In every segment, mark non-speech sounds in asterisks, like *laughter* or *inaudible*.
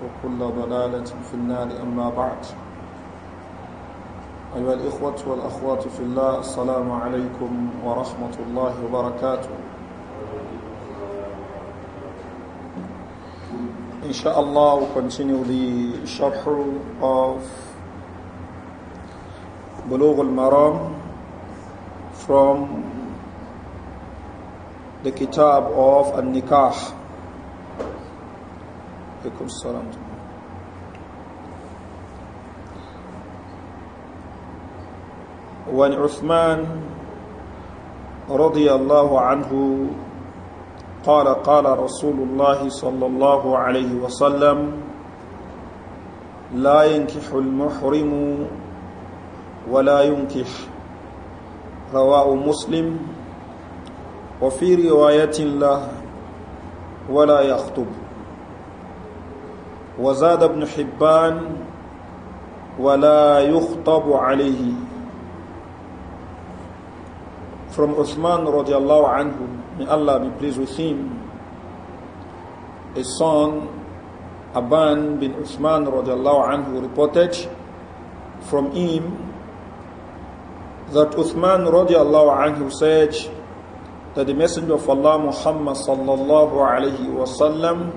وكل ضلالة في النار أما بعد أيها الإخوة والأخوات في الله السلام عليكم ورحمة الله وبركاته إن شاء الله we'll continue the sharh of بلوغ المرام from the kitab of An-Nikah عليكم السلام وعن عثمان رضي الله عنه قال قال رسول الله صلى الله عليه وسلم لا ينكح المحرم ولا ينكح رواه مسلم وفي رواية له ولا يخطب وزاد ابن حبان ولا يخطب عليه from Uthman الله عنه may Allah be pleased with him his son Aban bin Uthman الله عنه reported from him that Uthman الله عنه said that the messenger of Allah Muhammad sallallahu alayhi wasallam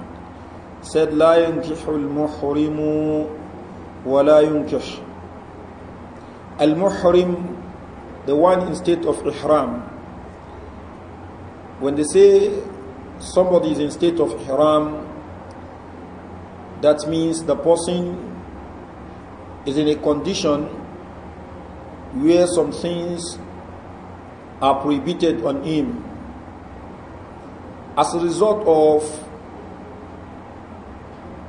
said لا ينكح المحرم ولا ينكح المحرم the one in state of ihram when they say somebody is in state of ihram that means the person is in a condition where some things are prohibited on him as a result of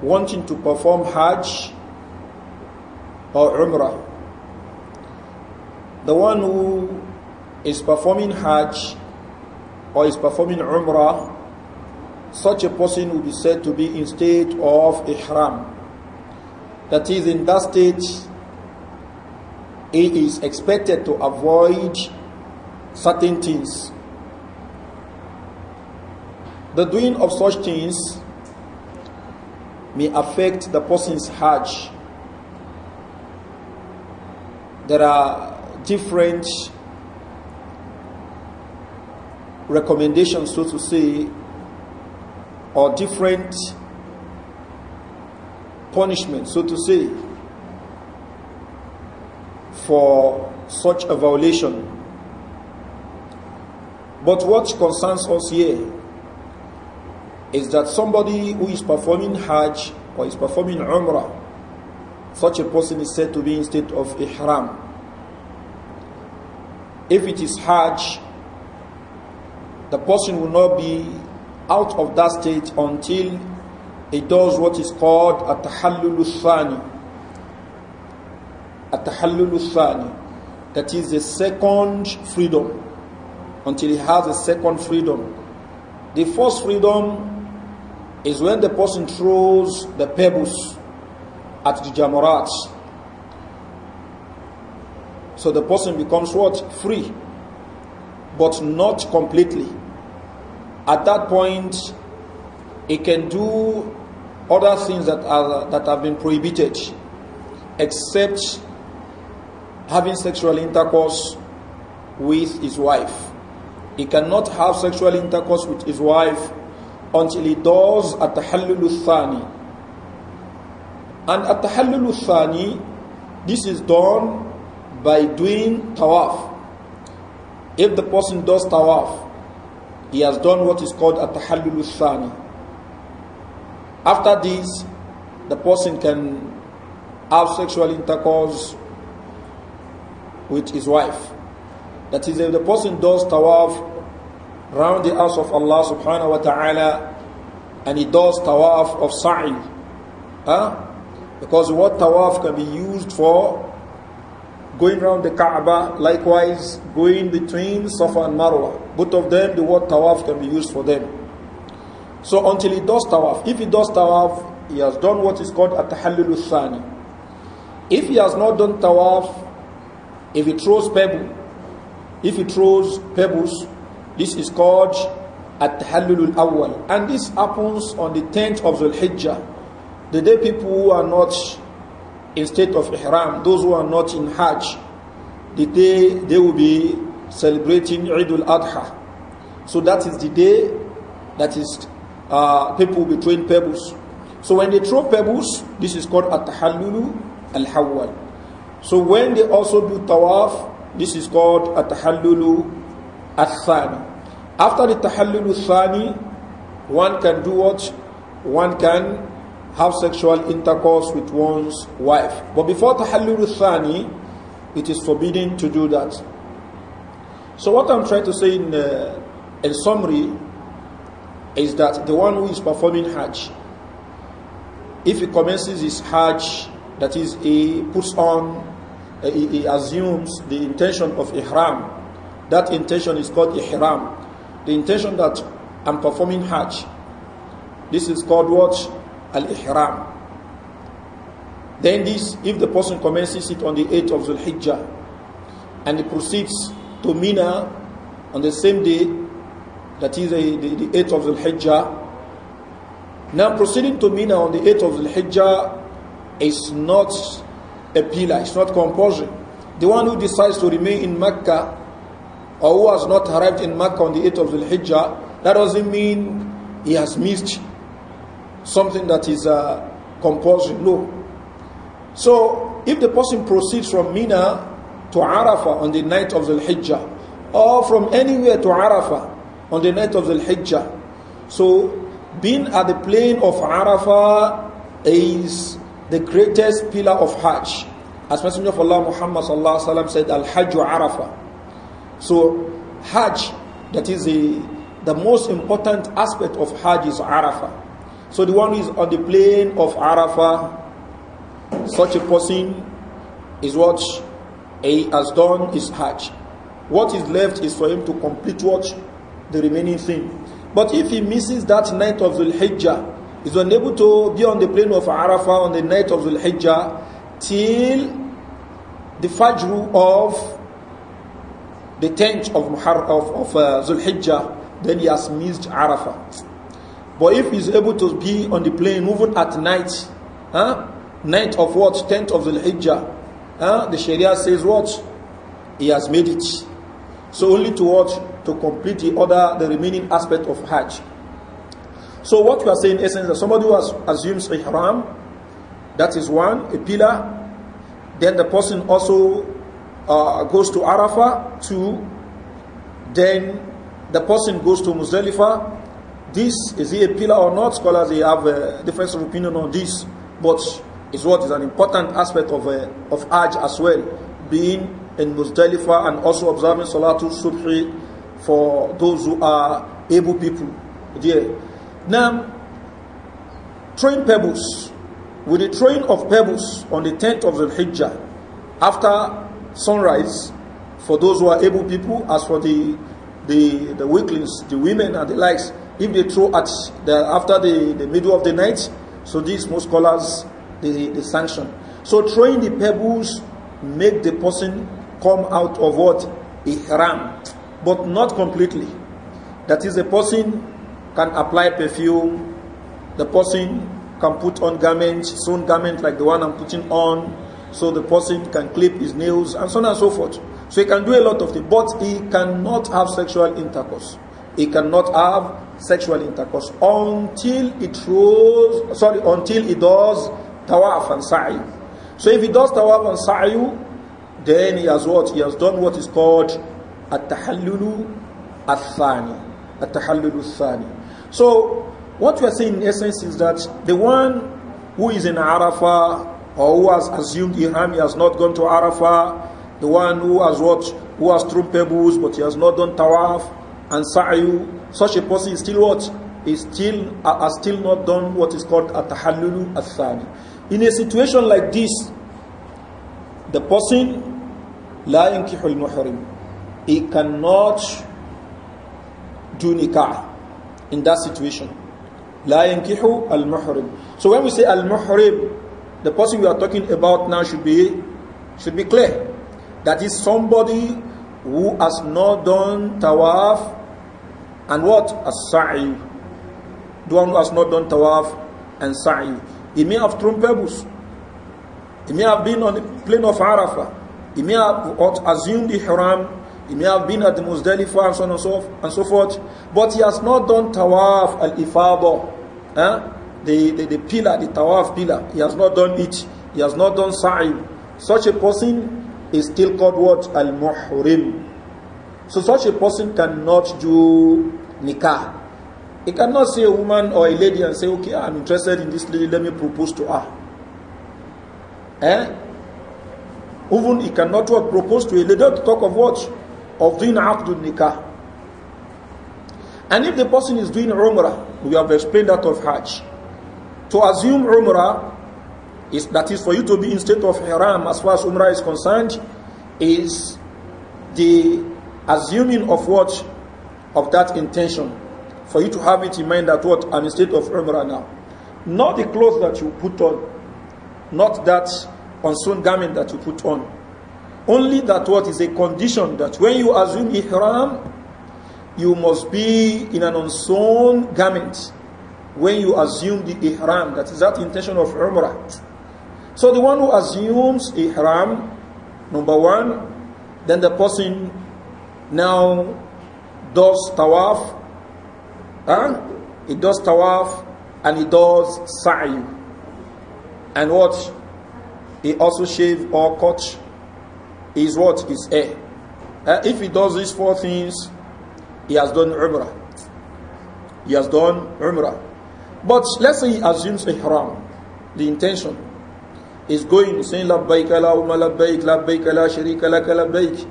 wanting to perform Hajj or Umrah. The one who is performing Hajj or is performing Umrah, such a person will be said to be in state of Ihram. That is, in that state, he is expected to avoid certain things. The doing of such things may affect the person's Hajj. There are different recommendations, so to say, or different punishment, so to say, for such a violation. But what concerns us here is that somebody who is performing Hajj or is performing Umrah, such a person is said to be in state of Ihram. If it is Hajj, the person will not be out of that state until he does what is called a tahallul thani a tahallul thani that is the second freedom until he has a second freedom the first freedom is when the person throws the pebbles at the jamarat. So the person becomes what? Free, but not completely. At that point, he can do other things that are that have been prohibited, except having sexual intercourse with his wife. He cannot have sexual intercourse with his wife until he does at tahallul thani. And at tahallul thani, this is done by doing tawaf. If the person does tawaf, he has done what is called at tahallul thani. After this, the person can have sexual intercourse with his wife. That is, if the person does tawaf round the house of Allah subhanahu wa ta'ala and he does tawaf of sa'i. Huh? Because what tawaf can be used for going round the Kaaba, likewise going between Safa and Marwa. Both of them, the word tawaf can be used for them. So until he does tawaf, if he does tawaf, he has done what is called at tahallul thani. If he has not done tawaf, if he throws pebble, if he throws pebbles, this is called At-Tahallul Awwal. And this happens on the 10th of Dhul Hijjah. The day people who are not in state of Ihram, those who are not in Hajj, the day they will be celebrating Eid al-Adha. So that is the day that is uh, people will be throwing pebbles. So when they throw pebbles, this is called at-tahallulu al-hawwal. So when they also do tawaf, this is called at-tahallulu Athani. After the Tahallul Athani, one can do what? One can have sexual intercourse with one's wife. But before Tahallul Athani, it is forbidden to do that. So, what I'm trying to say in, uh, in summary is that the one who is performing Hajj, if he commences his Hajj, that is, he puts on, he assumes the intention of Ihram that intention is called ihram. The intention that I'm performing Hajj. This is called what? Al ihram. Then this, if the person commences it on the 8th of Zulhijjah and he proceeds to Mina on the same day, that is the, the, 8th of Zulhijjah. Now proceeding to Mina on the 8th of Zulhijjah is not a pillar, it's not compulsory. The one who decides to remain in Mecca or who has not arrived in Makkah on the 8th of the Hijjah, that doesn't mean he has missed something that is uh, compulsory. No. So, if the person proceeds from Mina to Arafah on the night of the Hijjah, or from anywhere to Arafah on the night of the Hijjah, so being at the plain of Arafah is the greatest pillar of Hajj. As Messenger of Allah Muhammad said, Al Hajj Arafah. So Hajj, that is the, the most important aspect of Hajj is Arafah. So the one who is on the plane of Arafah, such a person is what he has done his Hajj. What is left is for him to complete what? The remaining thing. But if he misses that night of the Hijjah, is unable to be on the plane of Arafah on the night of the Hijjah till the Fajr of the 10th of, Muharr- of, of uh, Zulhijjah, then he has missed Arafah. But if he's able to be on the plane even at night, huh? night of what? 10th of Zulhijjah, huh? the Sharia says what? He has made it. So only to what? To complete the other, the remaining aspect of Hajj. So what we are saying in essence that somebody who has, assumes ihram, that is one, a pillar, then the person also uh, goes to Arafah, two. Then the person goes to Muzdalifah. This, is he a pillar or not? Scholars, they have a difference of opinion on this. But it's what is an important aspect of, uh, of Hajj as well. Being in Muzdalifah and also observing Salatul Subhi for those who are able people there. Now, throwing pebbles. With the throwing of pebbles on the 10th of the Hijjah, after sunrise for those who are able people, as for the the, the weaklings, the women and the likes, if they throw at the, after the, the middle of the night, so these most scholars they, the sanction. So throwing the pebbles make the person come out of what? Ihram, but not completely. That is, the person can apply perfume, the person can put on garments, sewn garment like the one I'm putting on, so the person can clip his nails and so on and so forth. So he can do a lot of things, but he cannot have sexual intercourse. He cannot have sexual intercourse until it rose. sorry, until he does tawaf and sa'i. So if he does tawaf and sa'i, then he has what? He has done what is called at-tahallulu al-thani. At-tahallulu al-thani. So what we are saying in essence is that the one who is in Arafah or who has assumed Ihram, he has not gone to Arafah, the one who has what, who has thrown pebbles, but he has not done Tawaf and Sa'yu, such a person is still what? Is still, uh, has still not done what is called At-Tahallulu Al-Thani. In a situation like this, the person, La Yankihul Muhrim, he cannot do Nikah in that situation. La Yankihu Al-Muhrim. So when we say Al-Muhrim, the person we are talking about now should be should be clear. That is somebody who has not done tawaf and what? As-sa'i. The one who has not done tawaf and sa'i. He may have thrown pebbles. He may have been on the plain of Arafah. He may have assumed the haram. He may have been at the Muzdalifah and so on and so, and so forth. But he has not done tawaf al-ifadah. Eh? the, the, the pillar, the tawaf pillar, he has not done it, he has not done sa'i. Such a person is still called what? Al muhrim. So such a person cannot do nikah. He cannot see a woman or a lady and say, okay, I'm interested in this lady, let me propose to her. Eh? Even he cannot what, propose to a lady to talk of what? Of doing aqdul nikah. And if the person is doing umrah, we have explained that of hajj. To assume Umrah, is, that is for you to be in state of Haram as far as Umrah is concerned, is the assuming of what? Of that intention. For you to have it in mind that what? I'm in state of Umrah now. Not the clothes that you put on, not that unsewn garment that you put on. Only that what is a condition that when you assume Ihram, you must be in an unsewn garment when you assume the ihram. That is that intention of umrah. So the one who assumes ihram, number one, then the person now does tawaf. Huh? He does tawaf and he does sa'i. And what? He also shave or cut his what? His hair. Uh, if he does these four things, he has done umrah. He has done umrah. But let's say he assumes ihram, the intention is going, saying labbaik Allahumma labbaik, labbaik la sharika laka labbaik.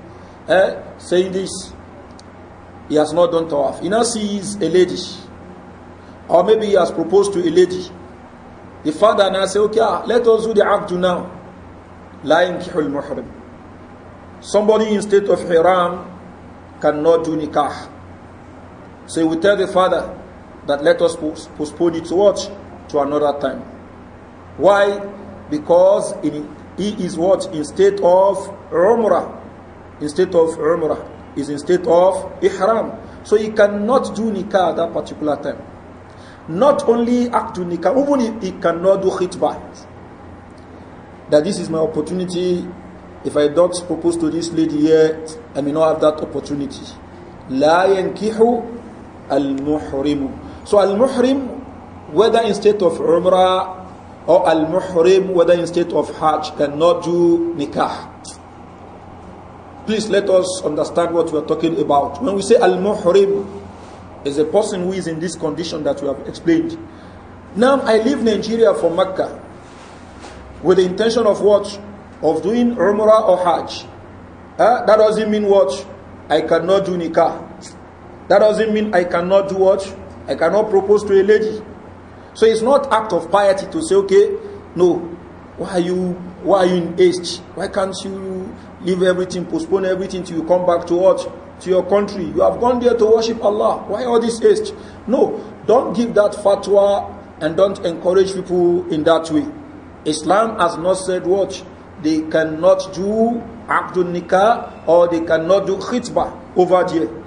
Eh? Saying this, he has not done tawaf. He now sees a lady, or maybe he has proposed to a lady. The father now says, okay, ah, let us do the abdu now. La yankihul muhrim. Somebody in state of haram cannot do nikah. So we tell the father, that let us postpone it to watch to another time. Why? Because in, he is what? In state of Umrah. In state of Umrah. Is in state of Ihram. So he cannot do nikah at that particular time. Not only act to nikah, even he, he cannot do khitbah. That this is my opportunity. If I don't propose to this lady here, I may not have that opportunity. لا ينكح المحرم so al-muhrim, whether in state of umrah or al-muhrim, whether in state of hajj, cannot do nikah. Please let us understand what we are talking about. When we say al-muhrim, is a person who is in this condition that we have explained. Now I leave Nigeria for Mecca with the intention of what? Of doing Umrah or Hajj. Uh, that doesn't mean what? I cannot do Nikah. That doesn't mean I cannot do what? I cannot propose to a lady. So it's not act of piety to say, okay, no, why are you, why are you in haste? Why can't you leave everything, postpone everything till you come back to what? To your country. You have gone there to worship Allah. Why all this haste? No, don't give that fatwa and don't encourage people in that way. Islam has not said what? They cannot do abdul nikah or they cannot do khitbah over there.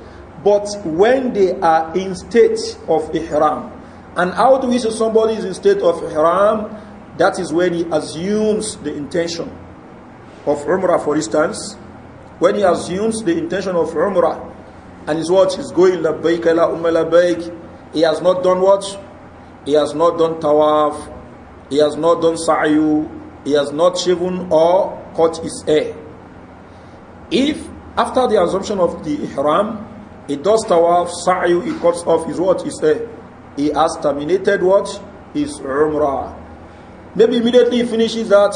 but when they are in state of ihram. And how do we say somebody is in state of ihram? That is when he assumes the intention of Umrah, for instance. When he assumes the intention of Umrah, and his is going labbaik la umma labbaik, he has not done what? He has not done tawaf, he has not done sa'yu, he has not shaven or cut his hair. If after the assumption of the ihram, he does tawaf, sa'yu, he cuts off his what? he hair. He has terminated what? His umrah. Maybe immediately he finishes that,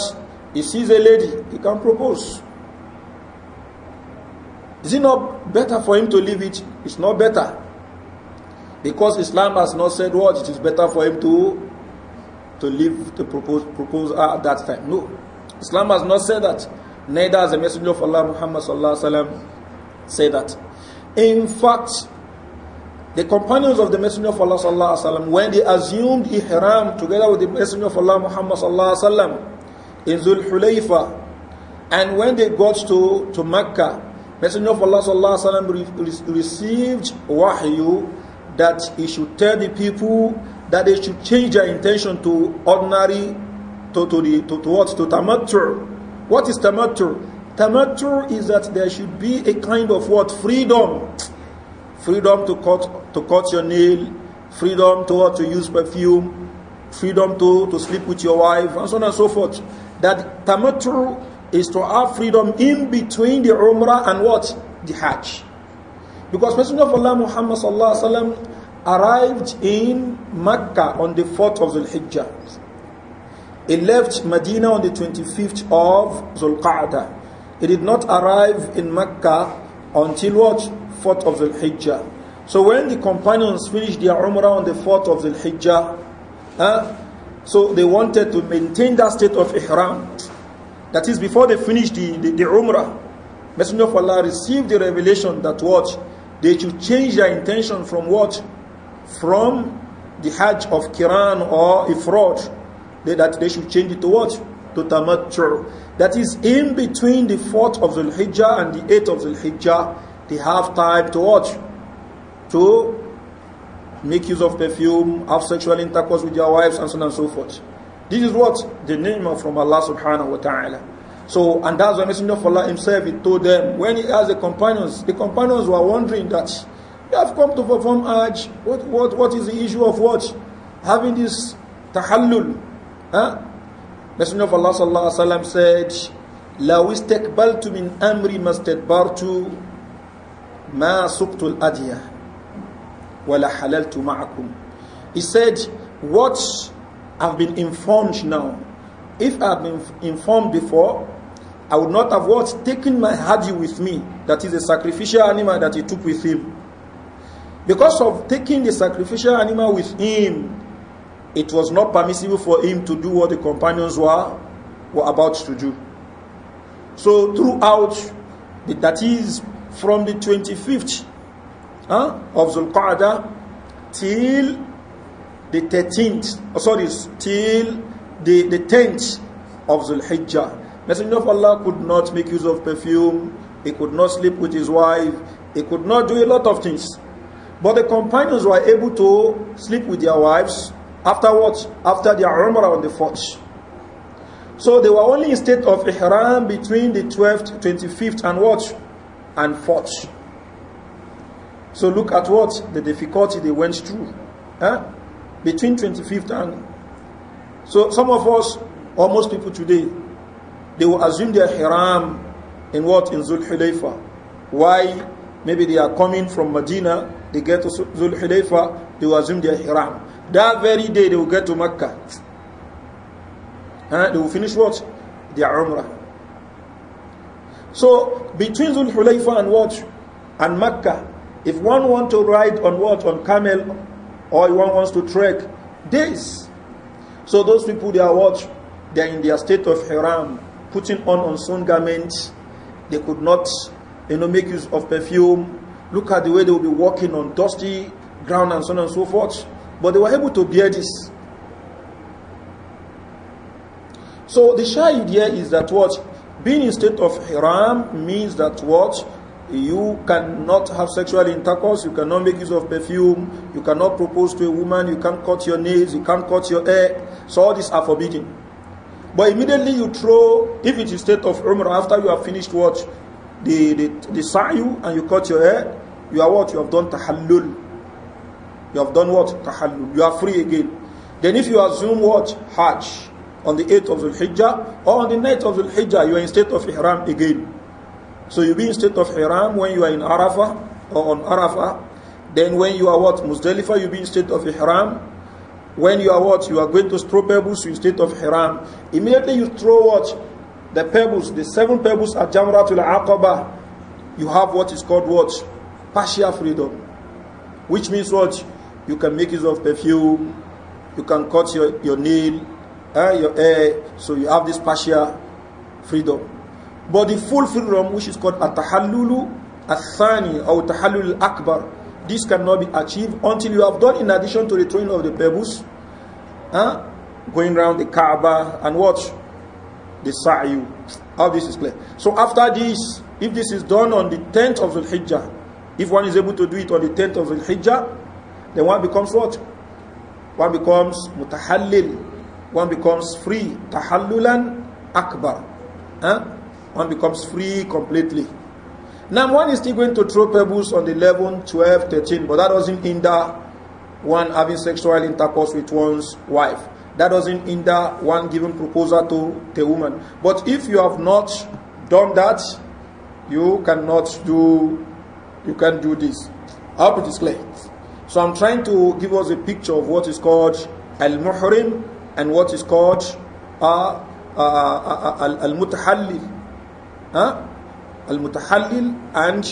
he sees a lady, he can propose. Is it not better for him to leave it? It's not better. Because Islam has not said what it is better for him to to leave to propose propose at that time. No. Islam has not said that. Neither has the Messenger of Allah Muhammad sallallahu said that. In fact, the companions of the Messenger of Allah sallallahu alaihi wasallam, when they assumed ihram together with the Messenger of Allah Muhammad sallallahu alaihi wasallam in Zul Hulayfa, and when they got to to Mecca, Messenger of Allah sallallahu alaihi wasallam re received Wahy that he should tell the people that they should change their intention to ordinary, to, to the to, to what to tamattu. What is tamattu? Tamatu is that there should be a kind of what? Freedom. Freedom to cut, to cut your nail, freedom to, what, to use perfume, freedom to, to sleep with your wife, and so on and so forth. That tamatu is to have freedom in between the umrah and what? The hajj. Because Messenger of Allah Muhammad sallallahu alaihi wasallam arrived in Mecca on the 4th of Zulhijjah. He left Medina on the 25th of Zulqa'dah. He did not arrive in Mecca until what? 4th of the Hijjah. So when the companions finished their Umrah on the 4th of the Hijjah, so they wanted to maintain that state of Ihram. That is, before they finished the, the, the Umrah, Messenger of Allah received the revelation that what? They should change their intention from what? From the Hajj of Kiran or Ifrod. They, that they should change it to what? To Tamattu. That is in between the 4th of the Hijjah and the 8th of the Hijjah, they have time to watch, to make use of perfume, have sexual intercourse with their wives, and so on and so forth. This is what the name of from Allah subhanahu wa ta'ala. So, and that's why Messenger of Allah himself he told them when he asked the companions, the companions were wondering that you have come to perform Hajj. What, what, what is the issue of what? Having this tahallul. Huh? Messenger of Allah sallallahu alaihi wasallam said, "La istakbaltu min amri mastadbartu ma suqtu al-adiya wa la halaltu ma'akum." He said, "What I've been informed now, if I've been informed before, I would not have what taken my hadi with me, that is a sacrificial animal that he took with him." Because of taking the sacrificial animal with him, it was not permissible for him to do what the companions were, were about to do. So throughout, the, that is from the 25th huh, of Zulqa'dah till the 13th, oh, sorry, till the, the 10th of Zulhijjah. Messenger of Allah could not make use of perfume, he could not sleep with his wife, he could not do a lot of things. But the companions were able to sleep with their wives, after what? After their Umrah on the 4th. So they were only in state of Ihram between the 12th, 25th and what? And 4th. So look at what? The difficulty they went through. Huh? Between 25th and... So some of us, or most people today, they will assume their Ihram in what? In Zul Hulayfa. Why? Maybe they are coming from Medina, they get to Zul Hulayfa, they will assume their Ihram. That very day they will get to Mecca. And they will finish what? Their Umrah. So between Zul and what? And Mecca, if one wants to ride on what? On camel or one wants to trek, days. So those people they are what? They are in their state of haram, putting on unsewn garments. They could not, you know, make use of perfume. Look at the way they will be walking on dusty ground and so on and so forth. But they were able to bear this. So the idea is that what? Being in state of haram means that what? You cannot have sexual intercourse, you cannot make use of perfume, you cannot propose to a woman, you can't cut your nails, you can't cut your hair. So all these are forbidden. But immediately you throw, if it is state of umrah, after you have finished what? The, the, the sa'yu and you cut your hair, you are what? You have done tahallul you have done what? Tahallul. You are free again. Then if you assume what? Hajj. On the 8th of Hijjah or on the night of Hijjah, you are in state of Ihram again. So you be in state of Ihram when you are in Arafah or on Arafah. Then when you are what? Muzdalifah, you be in state of Ihram. When you are what? You are going to throw pebbles, you in state of Ihram. Immediately you throw what? The pebbles, the seven pebbles at Jamratul Aqaba. You have what is called what? Partial freedom. Which means what? you can make use of perfume, you can cut your, your nail, uh, your hair, so you have this partial freedom. But the full freedom, which is called atahallulu athani or tahallul akbar, this cannot be achieved until you have done in addition to the throwing of the pebbles, huh? Eh, going around the Kaaba and watch the sa'i. How this is clear. So after this, if this is done on the 10th of the Hijjah, if one is able to do it on the 10th of the Hijjah, then one becomes what? One becomes mutahallil. One becomes free. Tahallulan akbar. Huh? One becomes free completely. Now one is still going to throw pebbles on the 11, 12, 13, but that doesn't hinder one having sexual intercourse with one's wife. That doesn't hinder one giving proposal to the woman. But if you have not done that, you cannot do you can do this. I hope it is clear. So I'm trying to give us a picture of what is called al muhrim and what is called uh, uh, uh, uh al mutahallil. Huh? Al mutahallil and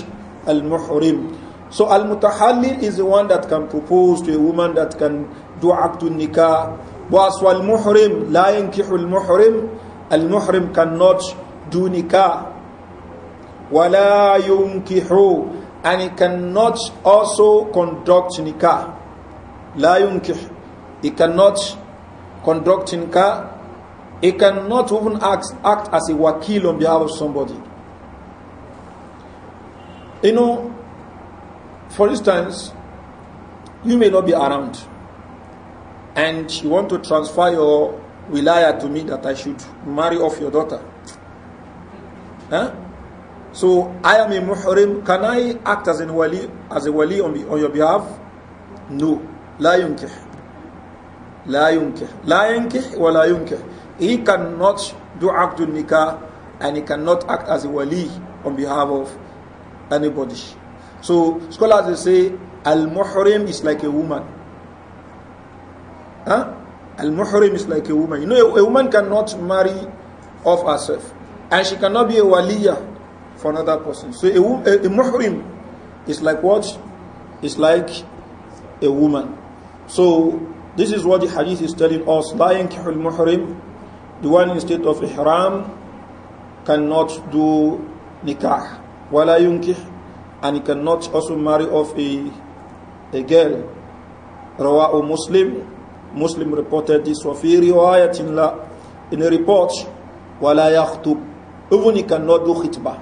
al muhrim. So al mutahallil is the one that can propose to a woman that can do aqtun nikah. But al muhrim, la yankihu al muhrim, al muhrim cannot do nikah. ولا ينكحوا and he cannot also conduct nikah. La yunkih. He cannot conduct nikah. He cannot even act, act as a wakil on behalf of somebody. You know, for instance, you may not be around and you want to transfer your wilaya to me that I should marry off your daughter. Huh? So I am a muhrim. Can I act as a wali, as a wali on, on your behalf? No. La yunkih. La yunkih. La yunkih wa la yunkih. He cannot do aqdul nikah and he cannot act as a wali on behalf of anybody. So scholars they say al-muhrim is like a woman. Huh? Al-muhrim is like a woman. You know, a, a woman cannot marry of herself and she cannot be a waliya for another person. So a, a, a muhrim is like what? It's like a woman. So this is what the hadith is telling us. La yankihul muhrim, the one in state of ihram cannot do nikah. Wala yunkih, and he cannot also marry off a, a girl. Rawahu Muslim, Muslim reported this. وفي رواية in a report, Wala يخطب, even he cannot do khitbah.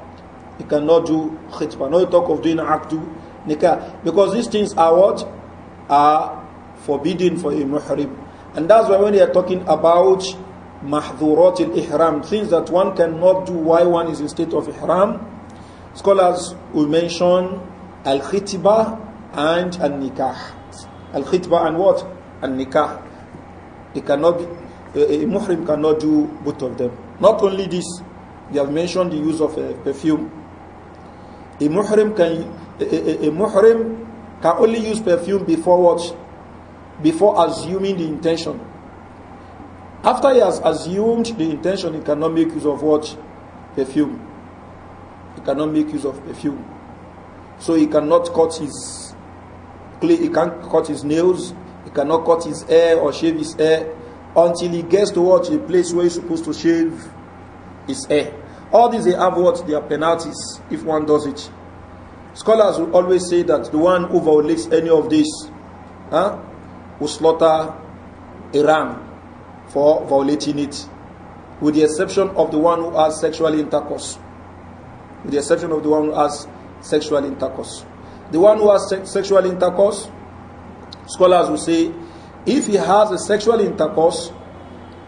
he cannot do khitbah. No talk of doing akdu nikah. Because these things are what? Are forbidden for a muhrim. And that's why when they are talking about mahdurat al-ihram, things that one cannot do while one is in state of ihram, scholars will mention al-khitbah and al-nikah. Al-khitbah and what? Al-nikah. They cannot, a, a muhrim cannot do both of them. Not only this, they have mentioned the use of perfume. A muhrim can a, a, a muhrim can only use perfume before what? Before assuming the intention. After he has assumed the intention, he cannot make use of what? Perfume. He cannot make use of perfume. So he cannot cut his he can't cut his nails, he cannot cut his hair or shave his hair until he gets to what the place where he's supposed to shave his hair. All these they have what their penalties if one does it. Scholars will always say that the one who violates any of these huh, will slaughter a ram for violating it, with the exception of the one who has sexual intercourse. With the exception of the one who has sexual intercourse. The one who has se sexual intercourse, scholars will say, if he has a sexual intercourse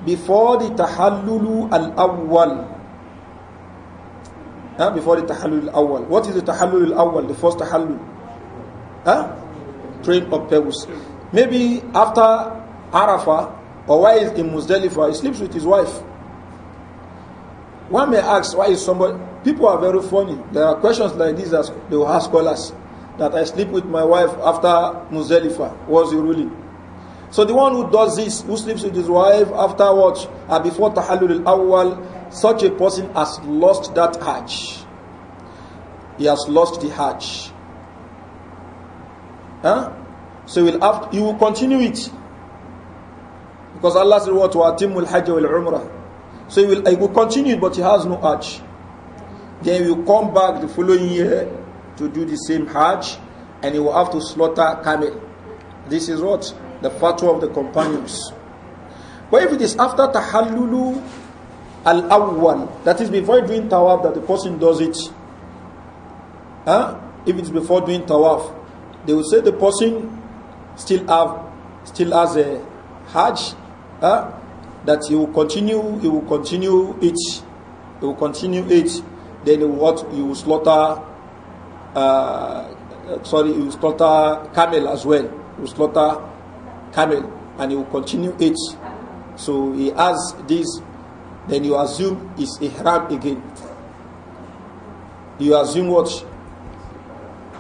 before the tahallulu al-awwal, Huh? Before the tahallul awal. What is the tahallul awal? The first tahallul. Huh? Trail of pebbles. Maybe after Arafah or is in Muzdalifah, he sleeps with his wife. One may ask, why is somebody. People are very funny. There are questions like these that they will ask scholars that I sleep with my wife after Muzdalifah. was the ruling? So the one who does this, who sleeps with his wife after what? Uh, before Tahallul al-Awwal, such a person has lost that Hajj. He has lost the Hajj. Huh? So he will have He will continue it. Because Allah said what will hajj will umrah. So he will he will continue but he has no hajj. Then he will come back the following year to do the same hajj and he will have to slaughter camel. This is what? The fatwa of the companions. But if it is after tahallulu al awwal that is before doing tawaf that the person does it huh? if it's before doing tawaf they will say the person still have still has a hajj huh? that he will continue he will continue it he will continue it then he will, what he will slaughter uh, sorry he will slaughter camel as well he will slaughter camel and he will continue it so he has this then you assume it's ihram again. You assume what?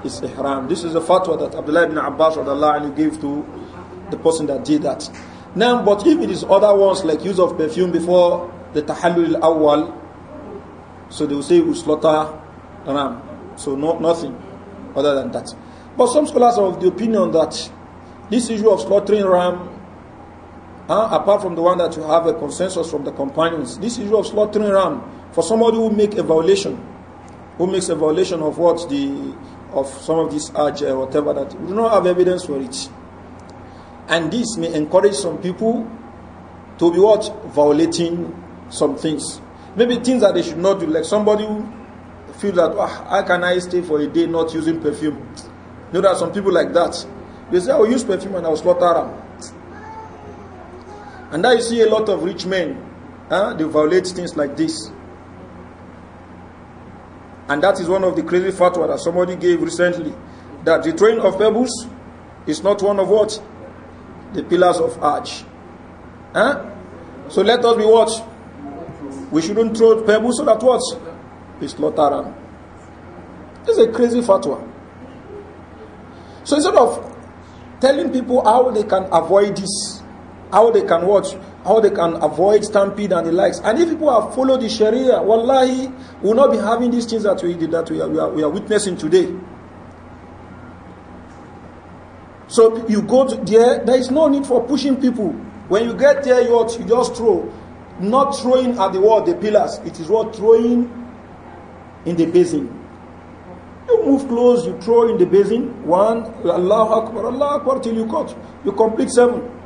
It's ihram. This is the fatwa that Abdullah ibn Abbas you gave to the person that did that. Now, but if it is other ones like use of perfume before the tahallul awwal, so they will say we slaughter ram. So no, nothing other than that. But some scholars are of the opinion that this issue of slaughtering ram uh, apart from the one that you have a consensus from the companions. This issue of slaughtering ram for somebody who make a violation, who makes a violation of what the of some of these hajj or whatever that we do not have evidence for it, and this may encourage some people to be what violating some things, maybe things that they should not do, like somebody who feel that oh, how can I stay for a day not using perfume? You know that some people like that they say I will use perfume and I will slaughter ram. And I see a lot of rich men, huh? they violate things like this. And that is one of the crazy fatwa that somebody gave recently that the train of pebbles is not one of what? The pillars of arch. Huh? So let us be what? We shouldn't throw pebbles so that what? We slaughter them. It's a crazy fatwa. So instead of telling people how they can avoid this, how they can watch, how they can avoid stampede and the likes. And if people have followed the Sharia, wallahi, will not be having these things that we did that we are, we are, we are witnessing today. So you go there, there is no need for pushing people. When you get there, you, ought, you just throw. Not throwing at the wall, the pillars. It is what throwing in the basin. You move close, you throw in the basin. One, Allah Akbar, Allah Akbar, till you catch. You complete seven.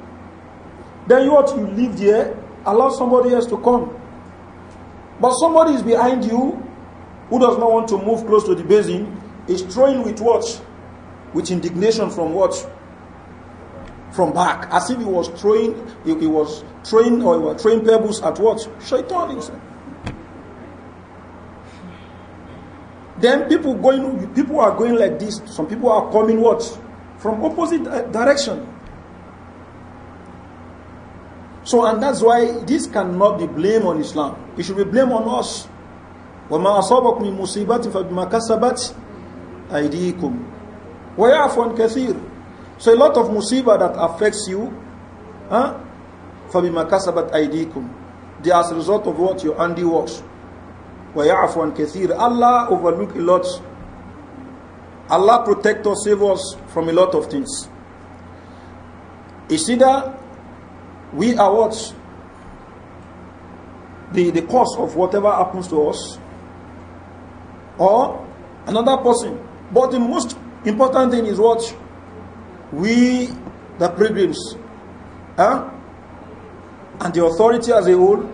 Then you what you leave there, allow somebody else to come. But somebody is behind you who does not want to move close to the basin, is throwing with what? With indignation from what? From back. As if he was throwing he, he was throwing or he was throwing pebbles at what? Shaitan himself. Then people going people are going like this. Some people are coming what? From opposite uh, direction. So, and that's why this cannot be blamed on Islam. It should be blamed on us. وَمَا أَصَابَكُمْ مِنْ مُصِيبَةٍ فَبِمَا كَسَبَتْ أَيْدِيكُمْ وَيَعْفُ كَثِيرٍ So a lot of musibah that affects you, huh? فَبِمَا كَسَبَتْ أَيْدِيكُمْ They are as a result of what your handiworks. وَيَعْفُ عَنْ كَثِيرٍ Allah overlook a lot. Allah protect us, save us from a lot of things. Isida we are what? The, the cause of whatever happens to us. Or another person. But the most important thing is what? We, the pilgrims, huh? and the authority as a whole,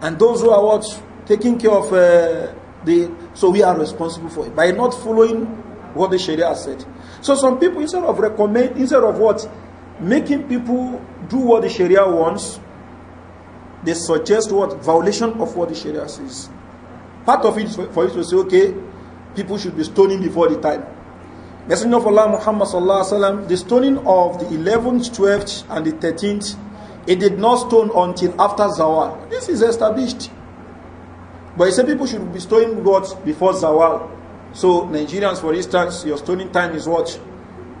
and those who are what? Taking care of uh, the. So we are responsible for it by not following what the Sharia said. So some people, instead of recommend, instead of what? making people do what the Sharia wants, they suggest what violation of what the Sharia says. Part of it is for you to say, okay, people should be stoning before the time. Messenger of Allah Muhammad sallallahu alaihi wasallam, the stoning of the 11th, 12th, and the 13th, it did not stone until after Zawal. This is established. But he said people should be stoning God before Zawal. So Nigerians, for instance, your stoning time is what?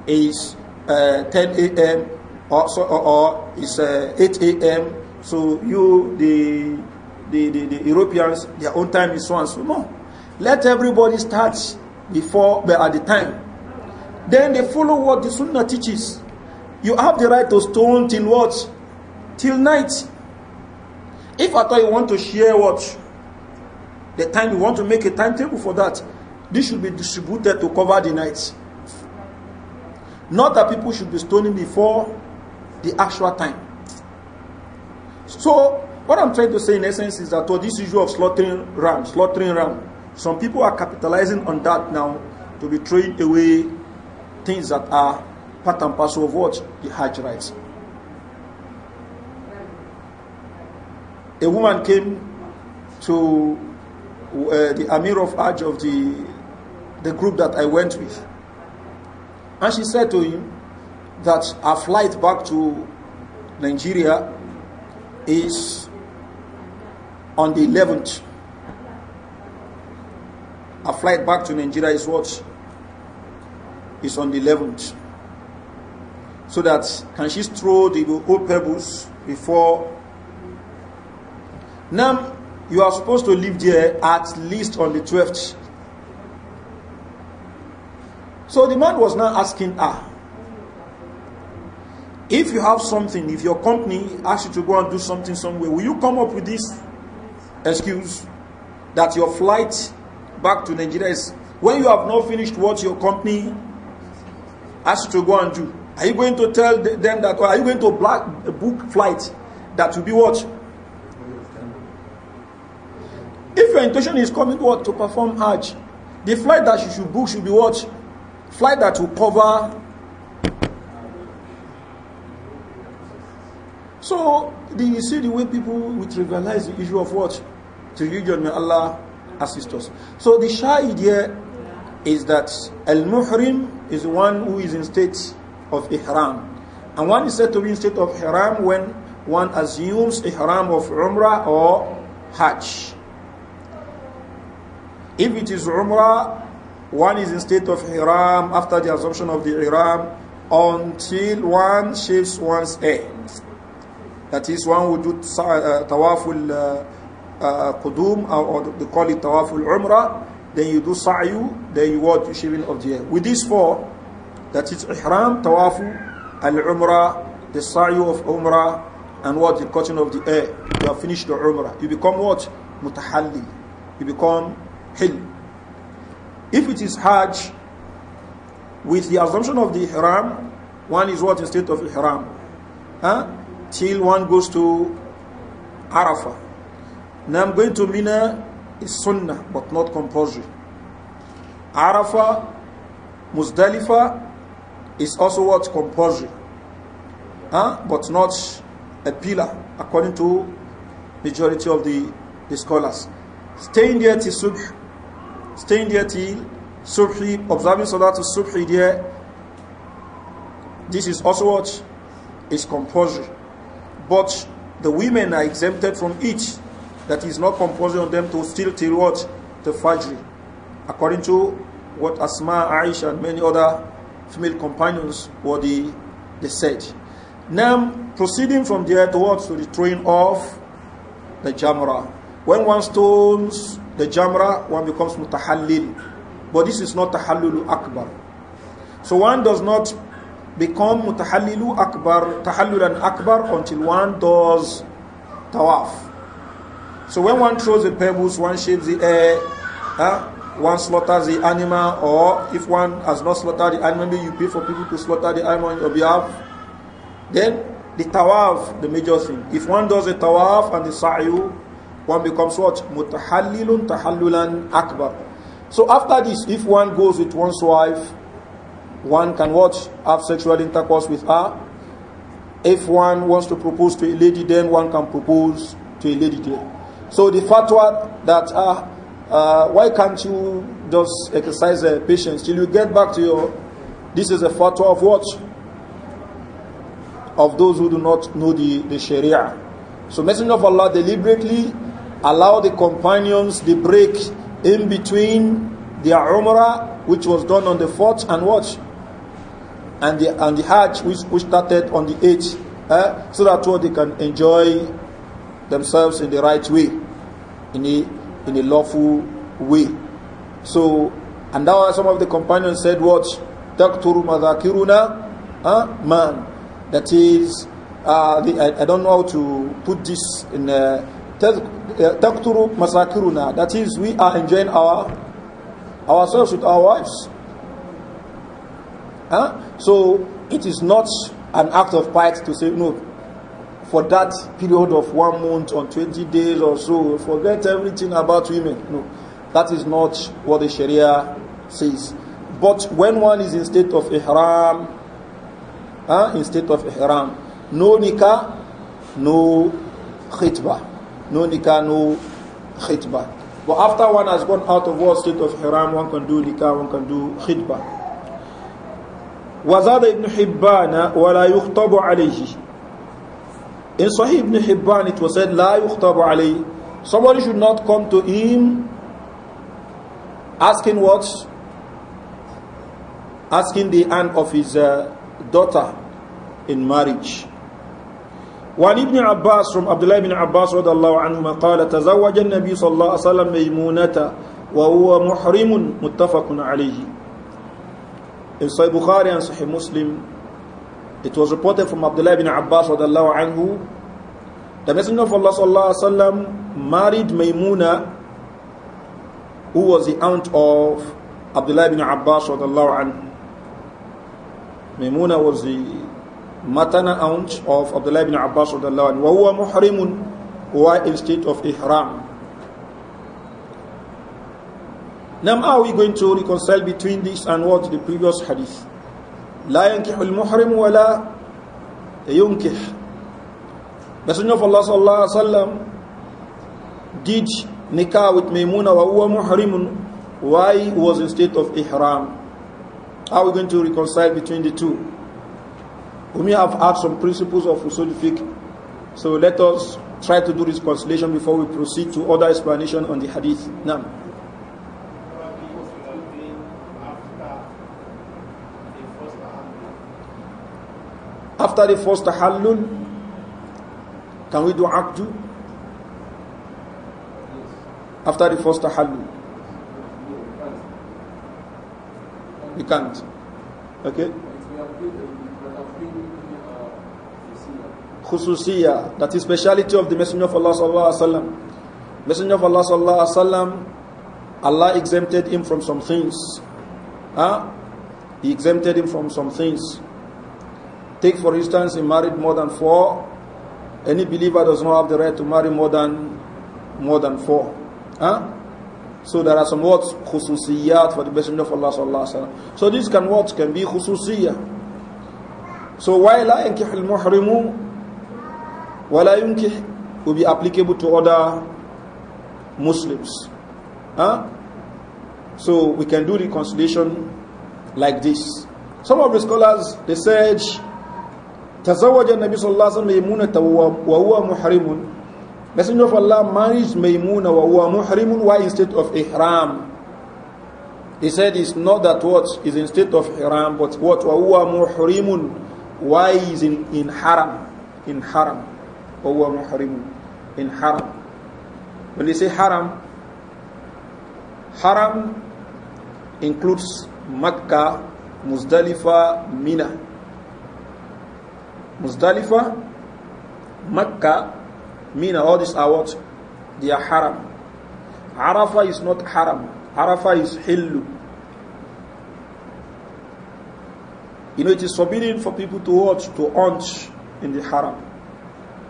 Is 10 uh, a.m. Or, so, or, or it's uh, 8 a.m. So you, the, the, the, the, Europeans, their own time is so and so. No. Let everybody start before, but at the time. Then they follow what the Sunnah teaches. You have the right to stone till what? Till night. If at all you want to share what? The time you want to make a timetable for that, this should be distributed to cover the night. Not that people should be stoning before the actual time. So, what I'm trying to say in essence is that well, oh, this issue of slaughtering ram, slaughtering ram, some people are capitalizing on that now to be throwing away things that are part and parcel of what the Hajj rights. A woman came to uh, the Amir of Hajj of the, the group that I went with And she said to him that her flight back to Nigeria is on the 11th. Her flight back to Nigeria is what? Is on the 11th. So that can she throw the old pebbles before? Now you are supposed to leave there at least on the 12th So the man was now asking her, if you have something, if your company asks you to go and do something somewhere, will you come up with this excuse that your flight back to Nigeria is when you have not finished what your company asked you to go and do? Are you going to tell them that, or are you going to black, book flight that will be what? If your intention is coming what to perform Hajj, the flight that you should book should be what? flight that will cover. So, do you see the way people would realize the issue of what? To religion, may Allah assist us. So, the Shah idea is that Al Muhrim is one who is in state of Ihram. And one is said to be in state of Ihram when one assumes Ihram of Umrah or Hajj. If it is Umrah, one is in state of ihram after the assumption of the ihram until one shaves one's hair. That is, one would do uh, tawaful uh, uh, qudum, or, or they call it tawaful umrah, then you do sa'yu, then you what? You shaving of the hair. With these four, that is ihram, tawaf, al-umrah, the sa'yu of umrah, and what? The cutting of the hair. You have finished the umrah. You become what? Mutahalli. You become hil. If it is Hajj, with the assumption of the Ihram, one is what instead state of Ihram? Huh? Till one goes to Arafah. Now I'm going to Mina is Sunnah, but not compulsory. Arafah, Muzdalifah is also what compulsory, huh? but not a pillar, according to majority of the, the scholars. Staying there till Subh staying there till subhi, observing salah to subhi there, this is also what is compulsory. But the women are exempted from it. That is not compulsory on them to still till what? The Fajr. According to what Asma, Aisha, and many other female companions were the, they said. Now, proceeding from there towards to the throwing of the Jamra. When one stones the jamra, one becomes mutahallil. But this is not tahallulu akbar. So one does not become mutahallilu akbar, tahallulan akbar until one does tawaf. So when one throws the pebbles, one shapes the air, huh? one slaughters the animal, or if one has not slaughtered the animal, maybe you pay for people to slaughter the animal on your behalf. Then the tawaf, the major thing. If one does the tawaf and the sa'yu, one becomes what? Mutahallilun tahallulan akbar. So after this, if one goes with one's wife, one can watch, have sexual intercourse with her. If one wants to propose to a lady, then one can propose to a lady there. So the fatwa that, uh, uh, why can't you just exercise uh, patience till you get back to your, this is a fatwa of what? Of those who do not know the, the Sharia. So Messenger of Allah deliberately allow the companions the break in between their umrah which was done on the 4th and what? And the, and the hajj which, which started on the 8th eh? so that what they can enjoy themselves in the right way in a, in a lawful way. So, and now some of the companions said what? Dakturu madakiruna eh, man. That is, uh, the, I, I, don't know how to put this in uh, Eh, takturu masakiruna. That is, we are enjoying our ourselves with our wives. Huh? So it is not an act of piety to say no. For that period of one month or 20 days or so, forget everything about women. No, that is not what the Sharia says. But when one is in state of ihram, huh? in state of ihram, no nikah, no khitbah no nikah, no khitbah. But after one has gone out of war state of haram, one can do nikah, one can do khitbah. وزاد ابن حبان ولا يخطب عليه In Sahih ibn Hibban it was said لا يخطب عليه Somebody should not come to him asking what? Asking the hand of his uh, daughter in marriage. وعن ابن عباس رم عبد الله بن عباس رضي الله عنهما قال تزوج النبي صلى الله عليه وسلم ميمونة وهو محرم متفق عليه In Sahih Bukhari and Sahih Muslim it was reported from Abdullah ibn Abbas رضي الله عنه The Messenger of Allah صلى الله عليه وسلم married ميمونة who was the aunt of Abdullah ibn Abbas الله عنه Maymuna was the matana aunt of Abdullah ibn Abbas radiallahu anhu, وَهُوَ مُحْرِمٌ Why instead of ihram? Now are we going to reconcile between this and what the previous hadith? لا ينكح المحرم ولا ينكح Messenger of Allah sallallahu alaihi wasallam did nikah with Maimuna wa huwa muhrimun why was in state of ihram? How are we going to reconcile between the two? We may have had some principles of usul fiqh. So let us try to do this consolation before we proceed to other explanation on the hadith. Now. After the first tahallul, can we do akdu? After the first tahallul. We can't. Okay? khususiyya, that is speciality of the Messenger of Allah sallallahu alaihi wasallam. Messenger of Allah sallallahu alaihi wasallam, Allah exempted him from some things. Huh? He exempted him from some things. Take for instance, he married more than four. Any believer does not have the right to marry more than more than four. Huh? So there are some words khususiyat for the Messenger of Allah sallallahu alaihi wasallam. So these can words can be khususiyah. So why la yankihul muhrimu Wala yunkih will be applicable to other Muslims. Huh? So we can do reconciliation like this. Some of the scholars they said تزوج النبي صلى الله عليه وسلم ميمونة وهو محرم Messenger of Allah married Maymuna wa muhrimun why instead of ihram he said it's not that what is in state of ihram, but what wa muhrimun, why is in, in haram, in haram. وهو محرم in haram. When they say haram, haram includes Makkah, Muzdalifa, Mina. Muzdalifa, Makkah, Mina, all these are what? They are haram. Arafah is not haram. Arafah is hillu. You know, it is forbidden for people to watch, to hunt in the haram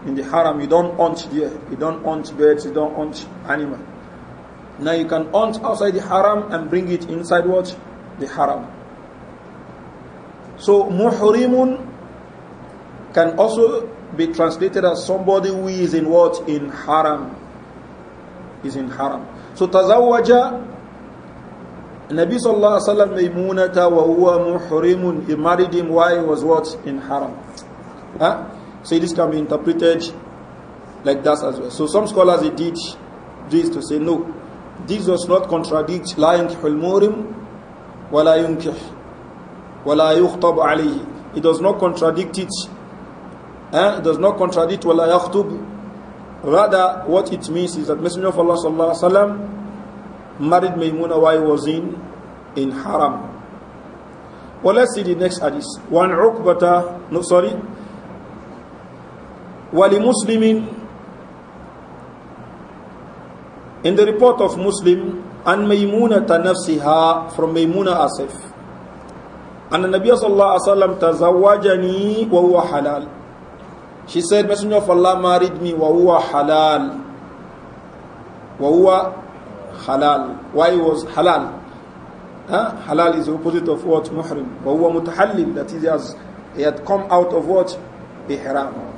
in the haram, you don't hunt deer, you don't hunt birds, you don't hunt animal. Now you can hunt outside the haram and bring it inside what? The haram. So muhrimun can also be translated as somebody who is in what? In haram. Is in haram. So tazawaja Nabi sallallahu alaihi wasallam maymunata wa huwa muhrimun. He married him while he was what? In haram. Huh? So this can be interpreted like that as well. So some scholars they did this to say no, this does not contradict لا ينكح المورم ولا ينكح ولا يخطب عليه. It does not contradict it. Eh? It does not contradict ولا يخطب. Rather, what it means is that Messenger of Allah sallallahu alaihi wasallam married Maimuna while he was in in Haram. Well, let's see the next hadith. One Uqbata, no, sorry, وَلِمُسْلِمٍ In the report of Muslim, and Maymuna nafsiha from Maymuna Asif. And the Nabi sallallahu alaihi wasallam tazawwajani wa huwa halal. She said, Messenger of Allah married me wa huwa halal. Wa halal. Why was halal? Halal is the opposite of what? Muhrim. Wa huwa mutahallil. That is, he, has, he had come out of what? Ihram.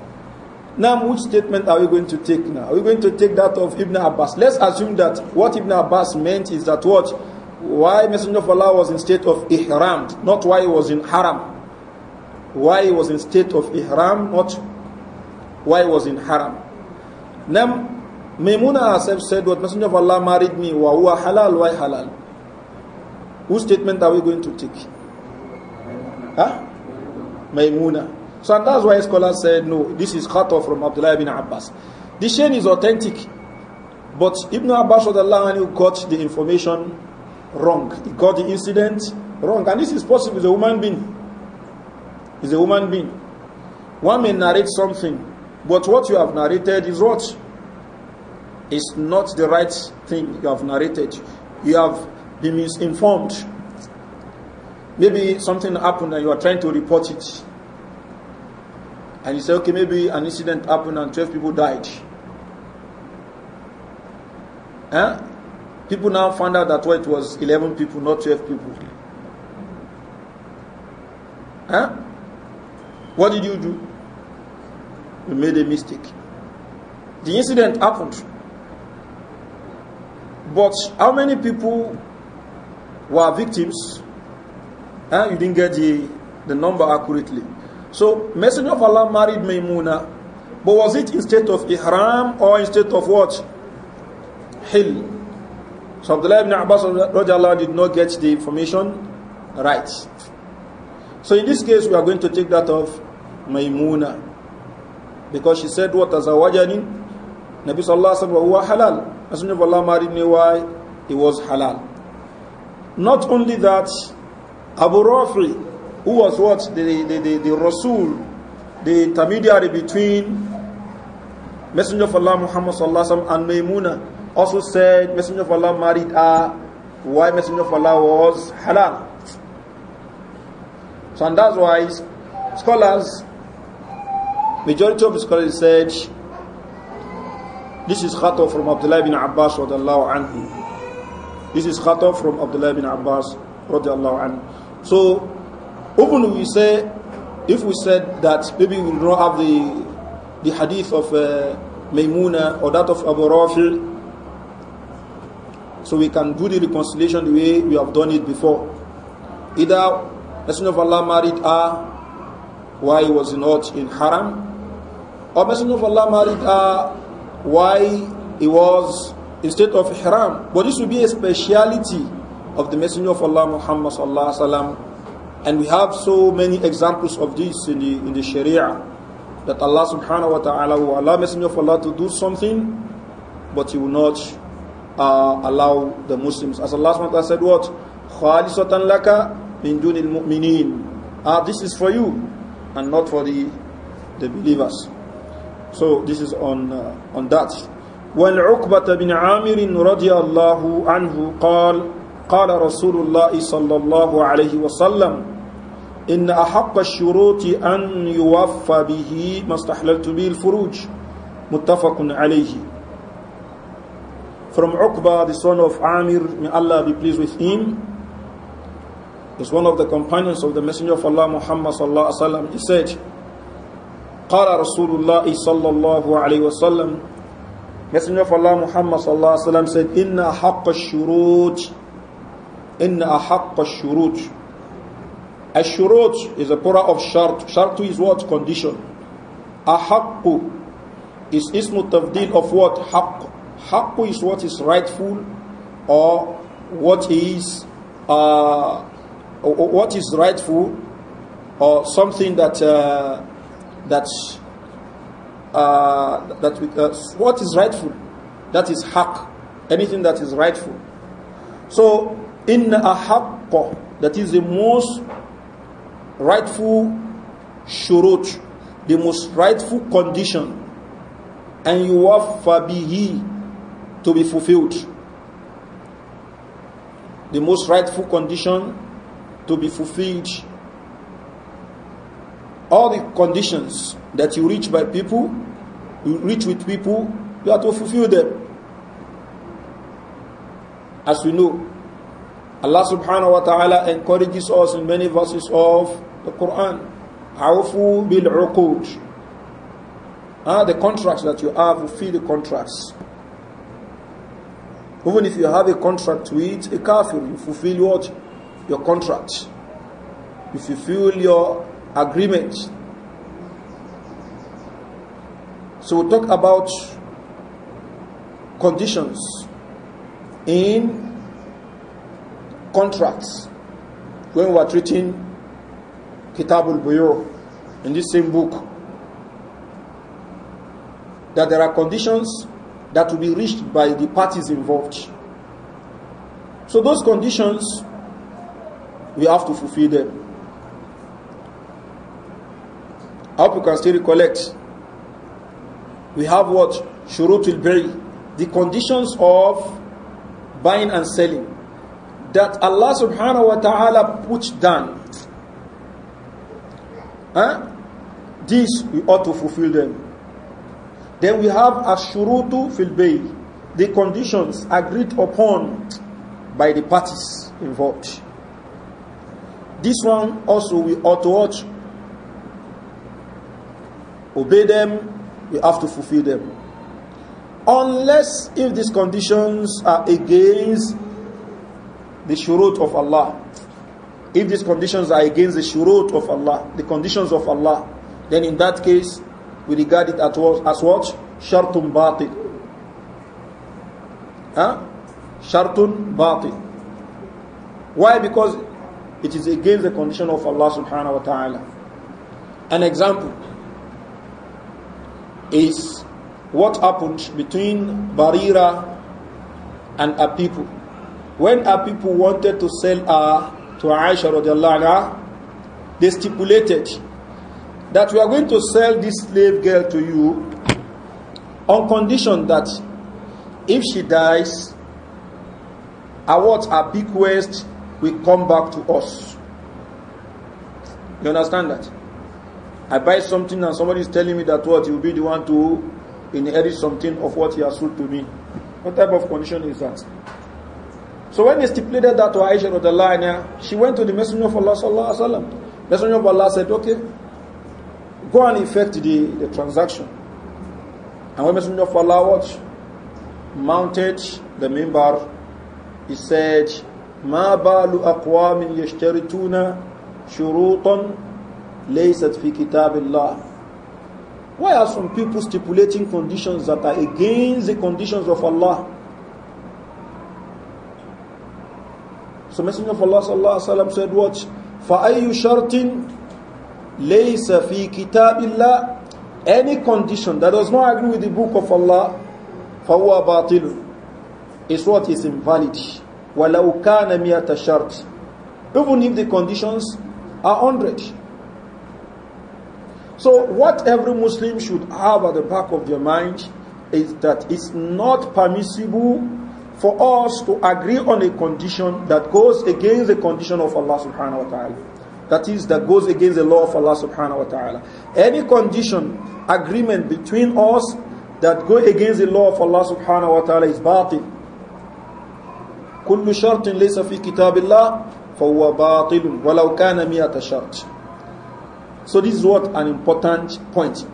Now, which statement are we going to take now? Are we going to take that of Ibn Abbas? Let's assume that what Ibn Abbas meant is that what? Why Messenger of Allah was in state of ihram, not why he was in haram. Why he was in state of ihram, not why he was in haram. Now, Maimuna herself said, What Messenger of Allah married me, wa huwa halal, why halal? Whose statement are we going to take? Huh? Maimuna. So and that's why scholars said, no, this is cut off from Abdullah ibn Abbas. The chain is authentic, but Ibn Abbas got the information wrong. He got the incident wrong. And this is possible. He's a human being. He's a human being. One may narrate something, but what you have narrated is what? It's not the right thing you have narrated. You have been misinformed. Maybe something happened and you are trying to report it. and you say, okay, maybe an incident happened and 12 people died. People now found out that well, it was 11 people, not 12 people. What did you do? You made a mistake. The incident happened. But how many people were victims? You didn't get the, the number accurately. So Messenger of Allah married Maimuna. But was it in state of ihram or in state of what? Hil. So Abdullah ibn Abbas did not get the information right. So in this case, we are going to take that of Maimuna. Because she said, What tazawajani? Nabi sallallahu alayhi wa sallam, halal. Messenger of Allah married me, why? He was halal. Not only that, Abu Rafi, who was what? The, the, the, the Rasul, the intermediary between Messenger of Allah Muhammad sallallahu and Maymuna, also said Messenger of Allah married her why Messenger of Allah was halal. So and that's why scholars, majority of scholars said this is khata from Abdullah bin Abbas radiallahu anhu. This is khata from Abdullah bin Abbas radiallahu anhu. So even if we say, if we said that maybe we don't have the, the hadith of uh, Maimuna or that of Abu Rafil, so we can do the reconciliation the way we have done it before. Either Messenger of Allah married her while he was not in Haram, or Messenger of Allah married her while he was instead of Haram. But this will be a speciality of the Messenger of Allah Muhammad sallallahu alaihi wasallam and we have so many examples of this in the, in the Sharia that Allah subhanahu wa ta'ala will allow Messenger of Allah to do something, but He will not uh, allow the Muslims. As Allah subhanahu wa ta'ala said, What? خَالِصَةً لَكَ مِن دُونِ ah, This is for you and not for the, the believers. So this is on, uh, on that. والعقبة بن عامر رضي الله عنه قال قال رسول الله صلى الله عليه وسلم إن أحق الشروط أن يوفى به ما استحللت به الفروج متفق عليه From Uqba, the son of Amir, may Allah be pleased with him, is one of the companions of the Messenger of Allah Muhammad sallallahu alayhi wa sallam. He said, "Qala Rasulullah sallallahu wa sallam. Messenger of Allah Muhammad sallallahu alayhi wa sallam said, "Inna haqqa shurut, inna haqqa shurut." Ashurot is a plural of shart. Shartu is what? Condition. Ahakku is ismu tafdil of what? Haqq. Haqq is what is rightful or what is uh, what is rightful or something that uh, that uh, that with, uh, what is rightful that is hak. anything that is rightful so in a haqq that is the most rightful shurut, the most rightful condition, and you be he to be fulfilled. The most rightful condition to be fulfilled. All the conditions that you reach by people, you reach with people, you have to fulfill them. As we know, Allah subhanahu wa ta'ala encourages us in many verses of the Quran. Awfu bil uqud. Ah, the contracts that you have, fulfill the contracts. Even if you have a contract with a kafir, you fulfill what? Your contract. You fulfill your agreement. So we we'll talk about conditions in contracts when we are treating Kitabul Buyo in this same book that there are conditions that will be reached by the parties involved. So those conditions we have to fulfill them. I hope you can still recollect. We have what? Shurutul Bay, the conditions of buying and selling. that Allah subhanahu wa ta'ala puts down. Huh? This we ought to fulfill them. Then we have ashurutu fil bayl, the conditions agreed upon by the parties involved. This one also we ought to watch. Obey them, we have to fulfill them. Unless if these conditions are against the shurut of Allah. If these conditions are against the shurut of Allah, the conditions of Allah, then in that case, we regard it as what? As what? Shartun batil. Huh? Shartun batil. Why? Because it is against the condition of Allah subhanahu wa ta'ala. An example is what happened between Barira and a people. when a people wanted to sell her to Aisha radiallahu anha, they stipulated that we are going to sell this slave girl to you on condition that if she dies, awards big bequest will come back to us. You understand that? I buy something and somebody is telling me that what you'll be the one to inherit something of what he has sold to me. What type of condition is that? So when he stipulated that to Aisha the Radallahu she went to the Messenger of Allah Sallallahu Alaihi Wasallam. Messenger of Allah said, okay, go and effect the, the transaction. And when Messenger of Allah watched, mounted the member, he said, "Ma ba'lu أقوام يشترطون شروطا ليست في كتاب Why are some people stipulating conditions that are against the conditions of Allah? So Messenger of Allah sallallahu alaihi wasallam said, "Watch, فَأَيُّ شَرْطٍ لَيْسَ فِي كِتَابِ اللَّهِ Any condition that does not agree with the book of Allah, فَهُوَ بَاطِلٌ is what is invalid. وَلَوْ كَانَ مِيَةَ شَرْطٍ Even if the conditions are hundred. So what every Muslim should have at the back of their mind is that it's not permissible for us to agree on a condition that goes against the condition of Allah subhanahu wa ta'ala. That is, that goes against the law of Allah subhanahu wa ta'ala. Any condition, agreement between us that go against the law of Allah subhanahu wa ta'ala is batil. كل شرط ليس في كتاب الله فهو باطل ولو كان مئة شرط So this is what an important point.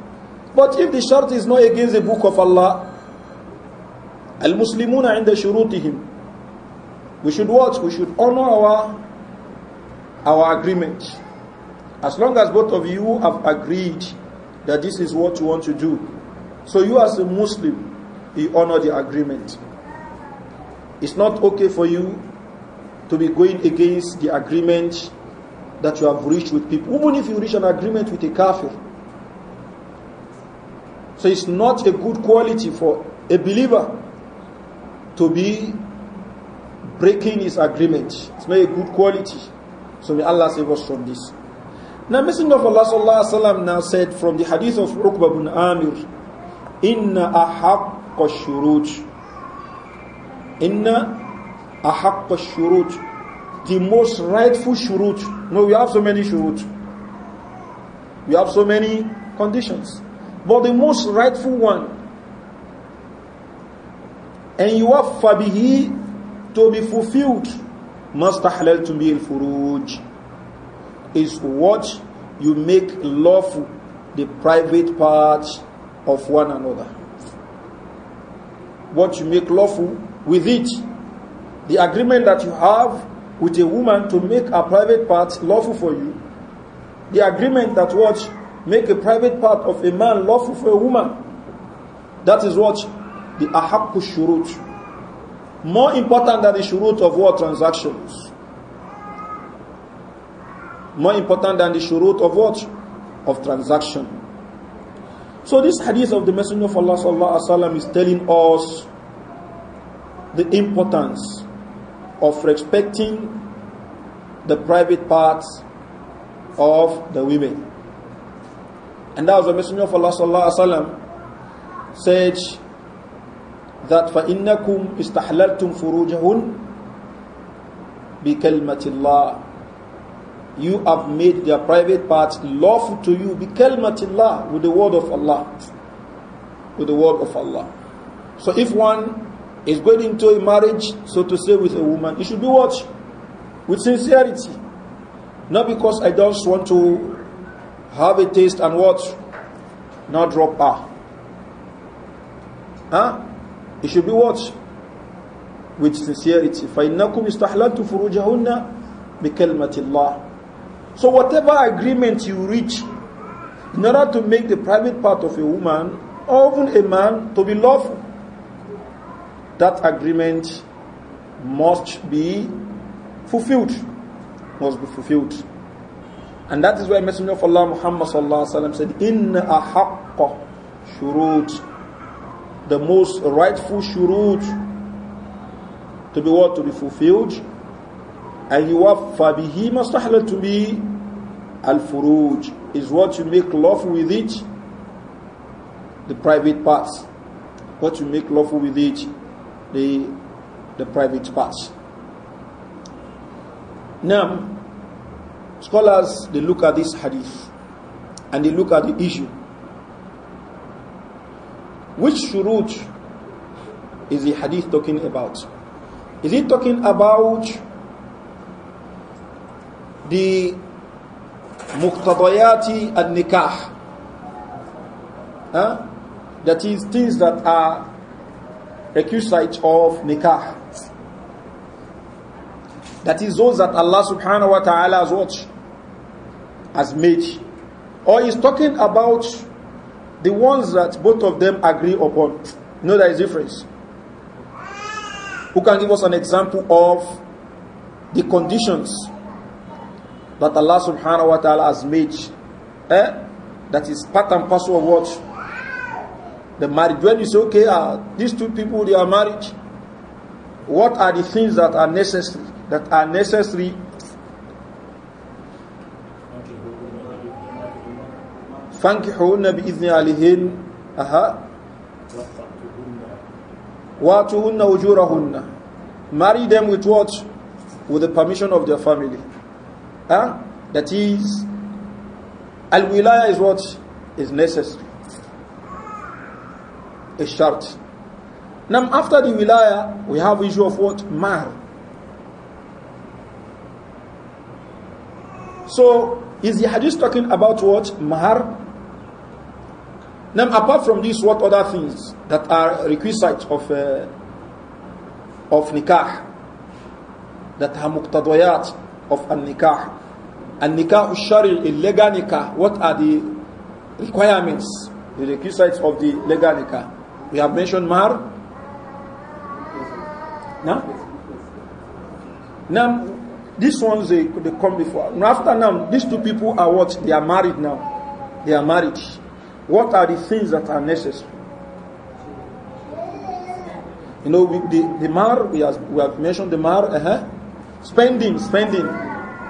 But if the shart is not against the book of Allah, Al-Muslimuna inda shurutihim. We should watch. We should honor our our agreement. As long as both of you have agreed that this is what you want to do. So you as a Muslim, you honor the agreement. It's not okay for you to be going against the agreement that you have reached with people. Even if you reach an agreement with a kafir. So it's not a good quality for a believer to be breaking his agreement. It's not a good quality. So may Allah save us from this. Now Messenger of Allah sallallahu alaihi wasallam now said from the hadith of Uqba bin Amir, Inna ahaqqa shuruj. Inna ahaqqa shuruj. The most rightful shurut. No, we have so many shurut. We have so many conditions. But the most rightful one and you yuwaffa to be fulfilled to be in furuj is what you make lawful the private parts of one another what you make lawful with it the agreement that you have with a woman to make a private part lawful for you the agreement that what make a private part of a man lawful for a woman that is what the ahakku shurut. More important than the shurut of what transactions. More important than the shurut of what? Of transaction. So this hadith of the Messenger of Allah sallallahu wasallam is telling us the importance of respecting the private parts of the women. And that was the Messenger of Allah sallallahu wasallam said that فَإِنَّكُمْ إِسْتَحْلَلْتُمْ فُرُوجَهُنْ بِكَلْمَةِ اللَّهِ You have made their private parts lawful to you بِكَلْمَةِ kalimatillah With the word of Allah. With the word of Allah. So if one is going into a marriage, so to say, with a woman, you should be what? With sincerity. Not because I just want to have a taste and what? Not drop her. Huh? It should be watched with sincerity. فَإِنَّكُمْ إِسْتَحْلَلْتُ فُرُوجَهُنَّ بِكَلْمَةِ اللَّهِ So whatever agreement you reach in order to make the private part of a woman or even a man to be lawful, that agreement must be fulfilled. Must be fulfilled. And that is why Messenger of Allah Muhammad said, إِنَّ أَحَقَّ شُرُوطٍ the most rightful shurut to be what to be fulfilled and you are fabihi mastahla to be al-furuj is what you make love with it the private parts what you make love with it the the private parts now scholars they look at this hadith and they look at the issue which shurut is the hadith talking about? Is it talking about the muqtadayati al-nikah? Huh? That is things that are requisite of nikah. That is those that Allah subhanahu wa ta'ala has watched, has made. Or is talking about the ones that both of them agree upon. You know there is difference. Who can give us an example of the conditions that Allah subhanahu wa ta'ala has made? Eh? That is part and parcel of what? The marriage. When you say, okay, uh, these two people, they are married. What are the things that are necessary? That are necessary فانكحوهن بإذن أهلهن أها واتوهن أجورهن marry them with what with the permission of their family huh? that is al-wilaya is what is necessary a shart now after the wilaya we have issue of what mar so is the hadith talking about what mahar now, apart from this, what other things that are requisites of uh, of nikah that are muqtadayat of an nikah? An nikah ushari, a legal nikah. What are the requirements, the requisites of the legal nikah? We have mentioned mar. Now, now this ones they, they come before. After now, these two people are what they are married now. They are married. What are the things that are necessary? You know, we, the, the mar, we, has, we have mentioned the mar, uh -huh. spending, spending.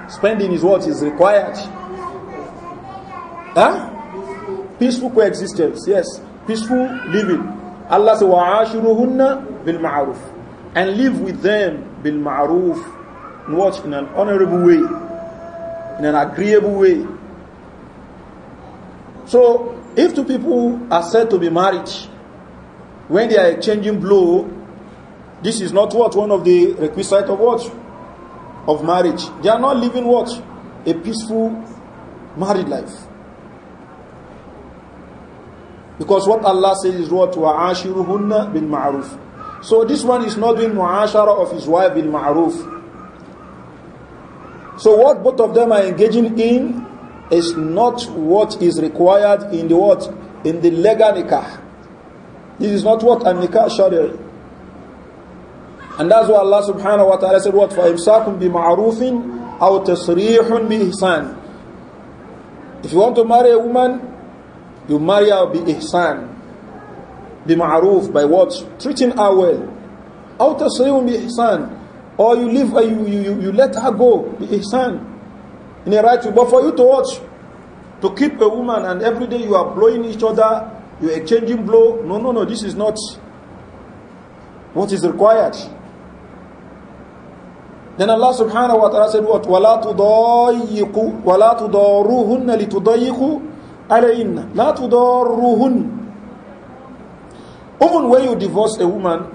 Spending is what is required. Huh? Peaceful coexistence, yes. Peaceful living. Allah says, وَعَاشِرُهُنَّ بِالْمَعْرُوفِ And live with them بِالْمَعْرُوفِ In what? In an honorable way. In an agreeable way. So, If two people are said to be married, when they are exchanging blow, this is not what one of the requisite of what of marriage. They are not living what a peaceful married life. Because what Allah says is what wa'ashiruhunna bin ma'ruf. So this one is not doing mu'ashara of his wife bin ma'ruf. So what both of them are engaging in is not what is required in the what? In the legal nikah. This is not what a nikah shari. And that's why Allah subhanahu wa ta'ala said what? bi فَإِمْسَاكُمْ بِمَعْرُوفٍ أَوْ bi ihsan." If you want to marry a woman, you marry her bi ihsan. بمعروف by what? Treating her well. أو bi ihsan, or you leave you, you, you let her go ihsan in a right way. But for you to watch, to keep a woman and every day you are blowing each other, you're exchanging blow. No, no, no, this is not what is required. Then Allah subhanahu wa ta'ala said what? وَلَا تُضَيِّقُوا وَلَا تُضَارُوهُنَّ لِتُضَيِّقُوا عَلَيْهِنَّ لَا تُضَارُوهُنَّ even when you divorce a woman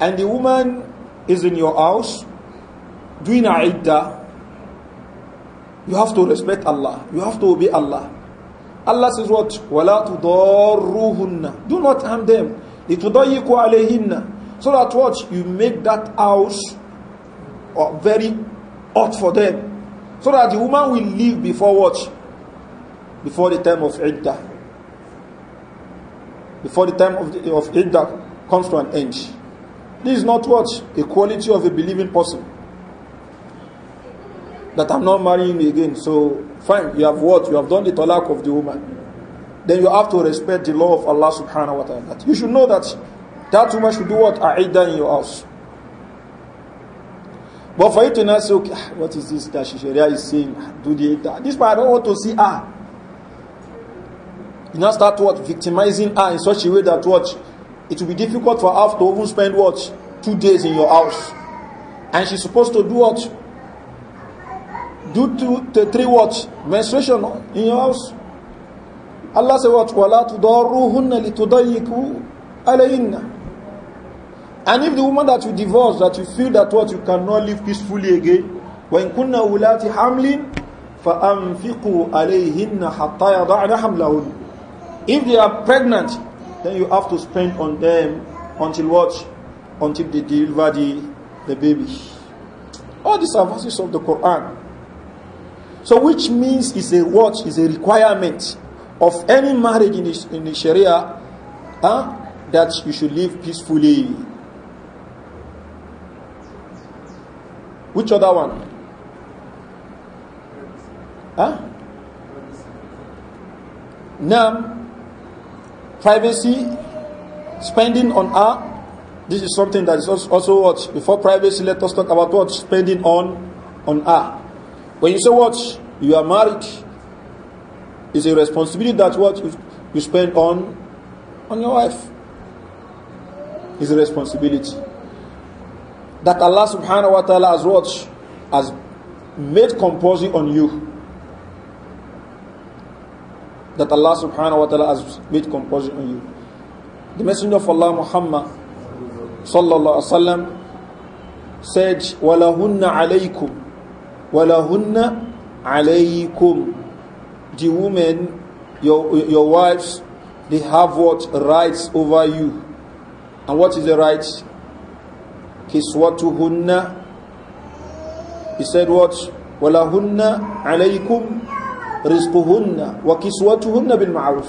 and the woman is in your house doing a iddah, you have to respect Allah. You have to obey Allah. Allah says what? وَلَا تُضَارُّهُنَّ Do not harm them. لِتُضَيِّكُ عَلَيْهِنَّ So that what? You make that house uh, very hot for them. So that the woman will leave before what? Before the time of idda, Before the time of, the, of comes to an end. This is not what? A quality of a believing person that I'm not marrying him again. So, fine, you have what? You have done the talak of the woman. Then you have to respect the law of Allah subhanahu wa ta'ala. You should know that that woman should do what? Aida in your house. But for you to not say, okay, ah, what is this that Sharia is saying? Do the Aida?" This part I don't want to see her. Ah. You now start what? Victimizing her ah, in such a way that what? It will be difficult for her to even spend what? Two days in your house. And she's supposed to do what? due to the three watch menstruation in your house. Allah said what? وَلَا تُضَرُّهُنَّ لِتُضَيِّكُوا عَلَيْهِنَّ And if the woman that you divorce, that you feel that what you cannot live peacefully again, when kunna ulati hamlin حَمْلٍ فَأَنْفِقُوا عَلَيْهِنَّ حَتَّى يَضَعْنَ حَمْلَهُنَّ If they are pregnant, then you have to spend on them until what? Until they deliver the, the baby. All these are verses of the Quran. So which means is a what is a requirement of any marriage in the, in the Sharia huh, that you should live peacefully. Which other one? Huh? Now, privacy, spending on her. This is something that is also, also what before privacy. Let us talk about what spending on on her. When you say what you are married, it's a responsibility that what you, you spend on on your wife. It's a responsibility. That Allah subhanahu wa ta'ala has what has made compulsory on you. That Allah subhanahu wa ta'ala has made compulsory on you. The Messenger of Allah Muhammad sallallahu wa wasallam said, وَلَهُنَّ عَلَيْكُمْ وَلَهُنَّ عَلَيْكُمْ The women, your, your wives, they have what? Rights over you. And what is the right? Kiswatuhunna. He said what? وَلَهُنَّ عَلَيْكُمْ رِزْقُهُنَّ وَكِسْوَتُهُنَّ بِالْمَعْرُوفِ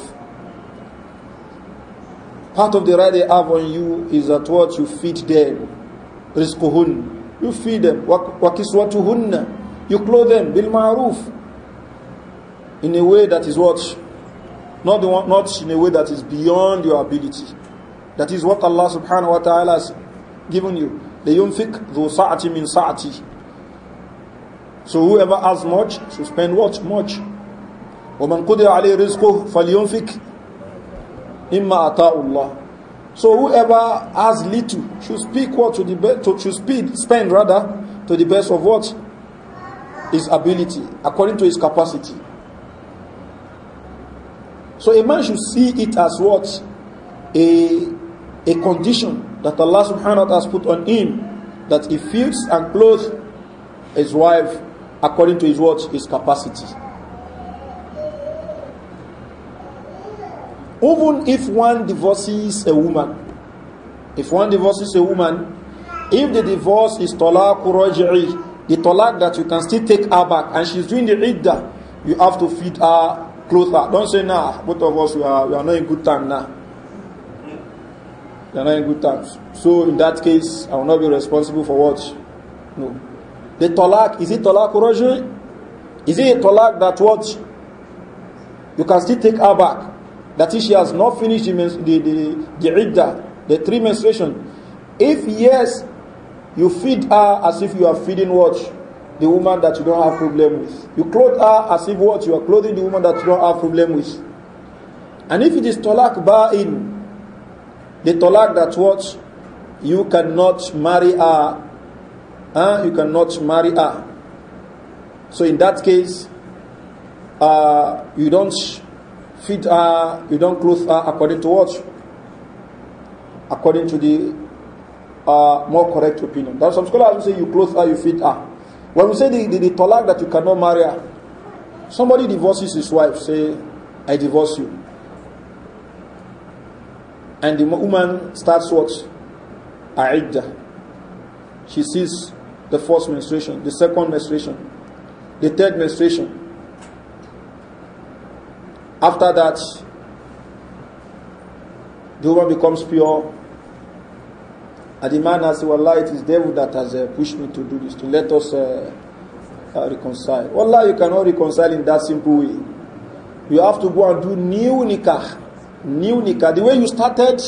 Part of the right they have on you is that what you feed them. Rizquhun. You feed them. Wakiswatuhunna. You clothe them bil ma'ruf in a way that is what not the one, not in a way that is beyond your ability. That is what Allah subhanahu wa ta'ala has given you. لينفق ذو sa'ati means saati. So whoever has much should spend what? Much. ومن قدر عليه رزقه فلينفق إما أتاه Allah. So whoever has little should speak what to the best, to, should speed, spend rather to the best of what his ability, according to his capacity. So a man should see it as what? A, a condition that Allah subhanahu wa ta'ala has put on him that he feeds and clothes his wife according to his what? His capacity. Even if one divorces a woman, if one divorces a woman, if the divorce is talaq raj'i, the talak that you can still take her back and she's doing the idda, you have to feed her, clothe her. Don't say, nah, both of us, we are, we are not in good time now. We are not in good times. So in that case, I will not be responsible for what? No. The talak is it talak rajul? Is it a talak that what? You can still take her back. That is, she has not finished the, the, the, the iddah, the three menstruation. If yes, You feed her as if you are feeding what? The woman that you don't have problem with. You clothe her as if what? You are clothing the woman that you don't have problem with. And if it is talak ba'in, the talak that what? You cannot marry her. Huh? You cannot marry her. So in that case, uh, you don't feed her, you don't clothe her according to what? According to the uh, more correct opinion. There are some scholars who say you close her, you feed her. When we say the, the, the talak that you cannot marry her, somebody divorces his wife, say, I divorce you. And the woman starts what? Aidda. She sees the first menstruation, the second menstruation, the third menstruation. After that, the woman becomes pure And the man has well, Wallah, it is devil that has uh, pushed me to do this, to let us uh, uh, reconcile. Wallah, you cannot reconcile in that simple way. You have to go and do new nikah. New nikah. The way you started,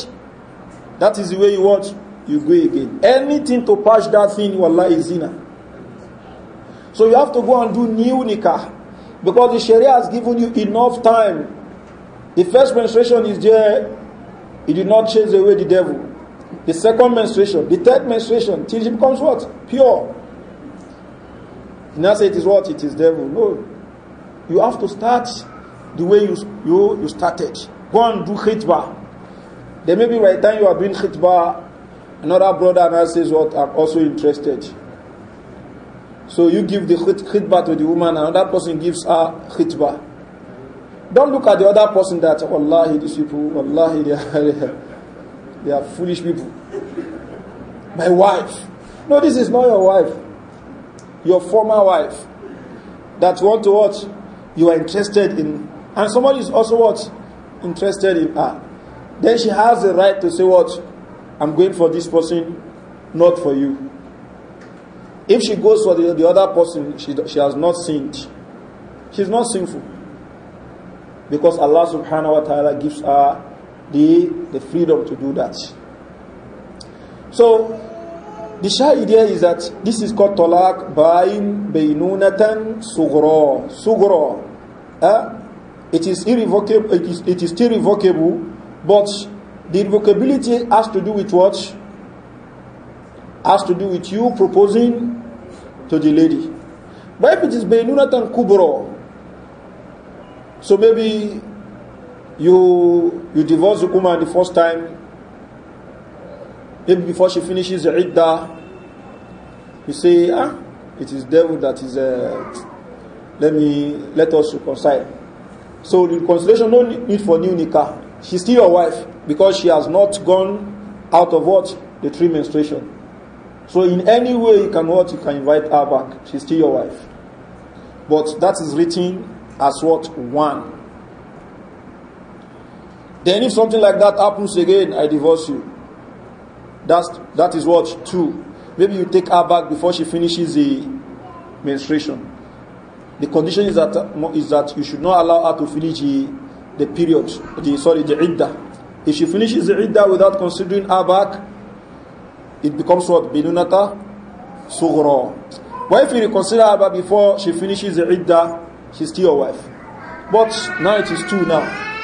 that is the way you want. You go again. Anything to patch that thing, wallah, is zina. So you have to go and do new nikah. Because the Sharia has given you enough time. The first menstruation is there. It did not chase away the devil. the second menstruation, the third menstruation, till she becomes what? Pure. now say it is what? It is devil. No. You have to start the way you, you, you started. Go and do khitbah. There may be right time you are doing khitbah, another brother now says what? I'm also interested. So you give the khitbah to the woman, another person gives her khitbah. Don't look at the other person that, Allah, these people, Allah, they are. *laughs* They are foolish people. My wife. No, this is not your wife. Your former wife. That want to what? You are interested in. And somebody is also what? Interested in her. Then she has the right to say what? I'm going for this person, not for you. If she goes for the, the other person, she, she has not sinned. She's not sinful. Because Allah subhanahu wa ta'ala gives her the, the freedom to do that. So, the shy idea is that this is called talaq ba'in bainunatan sugro sugro, Uh, eh? it is irrevocable, it is, it is still revocable, but the irrevocability has to do with what? Has to do with you proposing to the lady. But if it is bainunatan kubro, so maybe you you divorce the woman the first time maybe before she finishes the idda. you say ah it is devil that is uh, let me let us reconcile so the reconciliation no need for new nikah she's still your wife because she has not gone out of what the three menstruation so in any way you can what you can invite her back she's still your wife but that is written as what one Then if something like that happens again, I divorce you. That's, that is what? Two. Maybe you take her back before she finishes the menstruation. The condition is that, is that you should not allow her to finish the, the period, the, sorry, the iddah. If she finishes the iddah without considering her back, it becomes what? Binunata sughra. But if you reconsider her back before she finishes the iddah, she's still your wife. But now it is two now.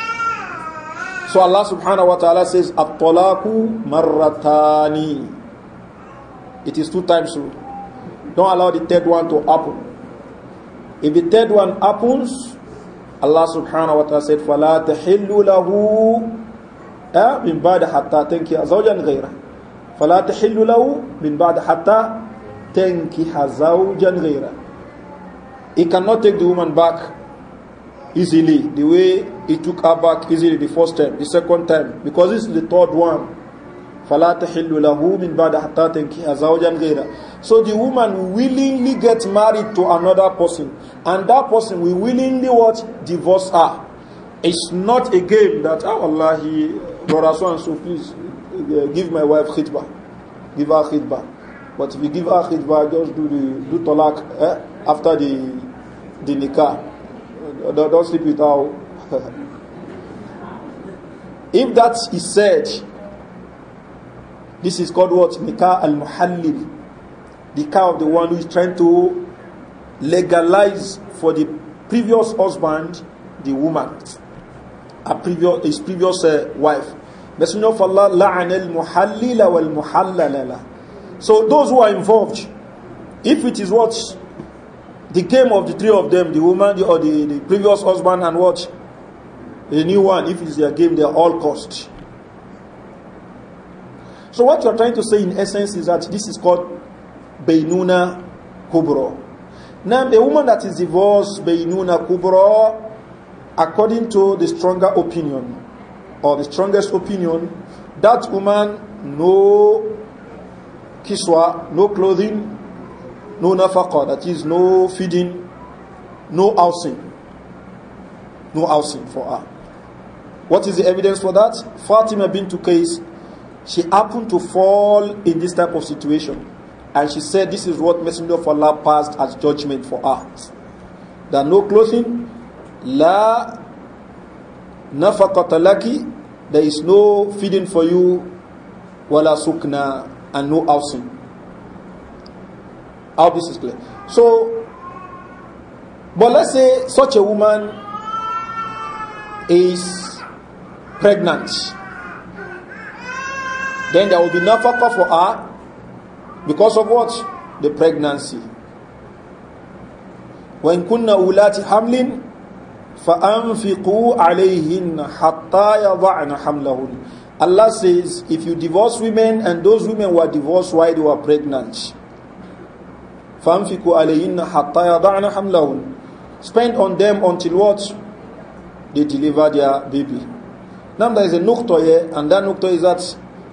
So Allah subhanahu wa ta'ala says, At-talaku marratani. It is two times rule. Don't allow the third one to happen. If the third one happens, Allah subhanahu wa ta'ala said, فَلَا تَحِلُّ لَهُ مِنْ بَعْدَ حَتَّى تَنْكِحَ زَوْجًا غَيْرَهُ فَلَا تَحِلُّ لَهُ مِنْ بَعْدَ حَتَّى تَنْكِحَ زَوْجًا He cannot take the woman back easily, the way he took her back easily the first time, the second time, because this is the third one. فَلَا تَحِلُّ لَهُ مِنْ بَعْدَ حَتَّى تَنْكِهَ زَوْجًا غَيْرًا So the woman willingly gets married to another person, and that person will willingly what? Divorce her. It's not a game that, oh ah, Allah, he, brother so and so, please uh, give my wife khidbah. Give her khidbah. But if you give her khidbah, just do the do talak eh? after the the nikah. Don't sleep with her *laughs* if that is said, this is called what? Nikah al Muhallil. The car of the one who is trying to legalize for the previous husband the woman, a previous, his previous uh, wife. So those who are involved, if it is what the game of the three of them, the woman the, or the, the previous husband and what a new one, if it's their game, they're all cost. So what you're trying to say in essence is that this is called Beinuna Kubro. Now, a woman that is divorced, Beinuna Kubro, according to the stronger opinion, or the strongest opinion, that woman, no kiswa, no clothing, no nafaka, that is, no feeding, no housing. No housing for her. What is the evidence for that? Fatima bin Qais, she happened to fall in this type of situation. And she said, This is what Messenger of Allah passed as judgment for us. That no clothing, la nafaqatalaki, there is no feeding for you, wala sukna, and no housing. How this is clear. So, but let's say such a woman is pregnant. Then there will be fakr for her because of what? The pregnancy. وإن كن أولات حمل فأنفقوا عليهن hatta يضعن حملهن Allah says, if you divorce women and those women were divorced while they were pregnant, فأنفقوا عليهن hatta يضعن حملهن Spend on them until what? They deliver their baby. Now there is a nukta here, and that nukta is that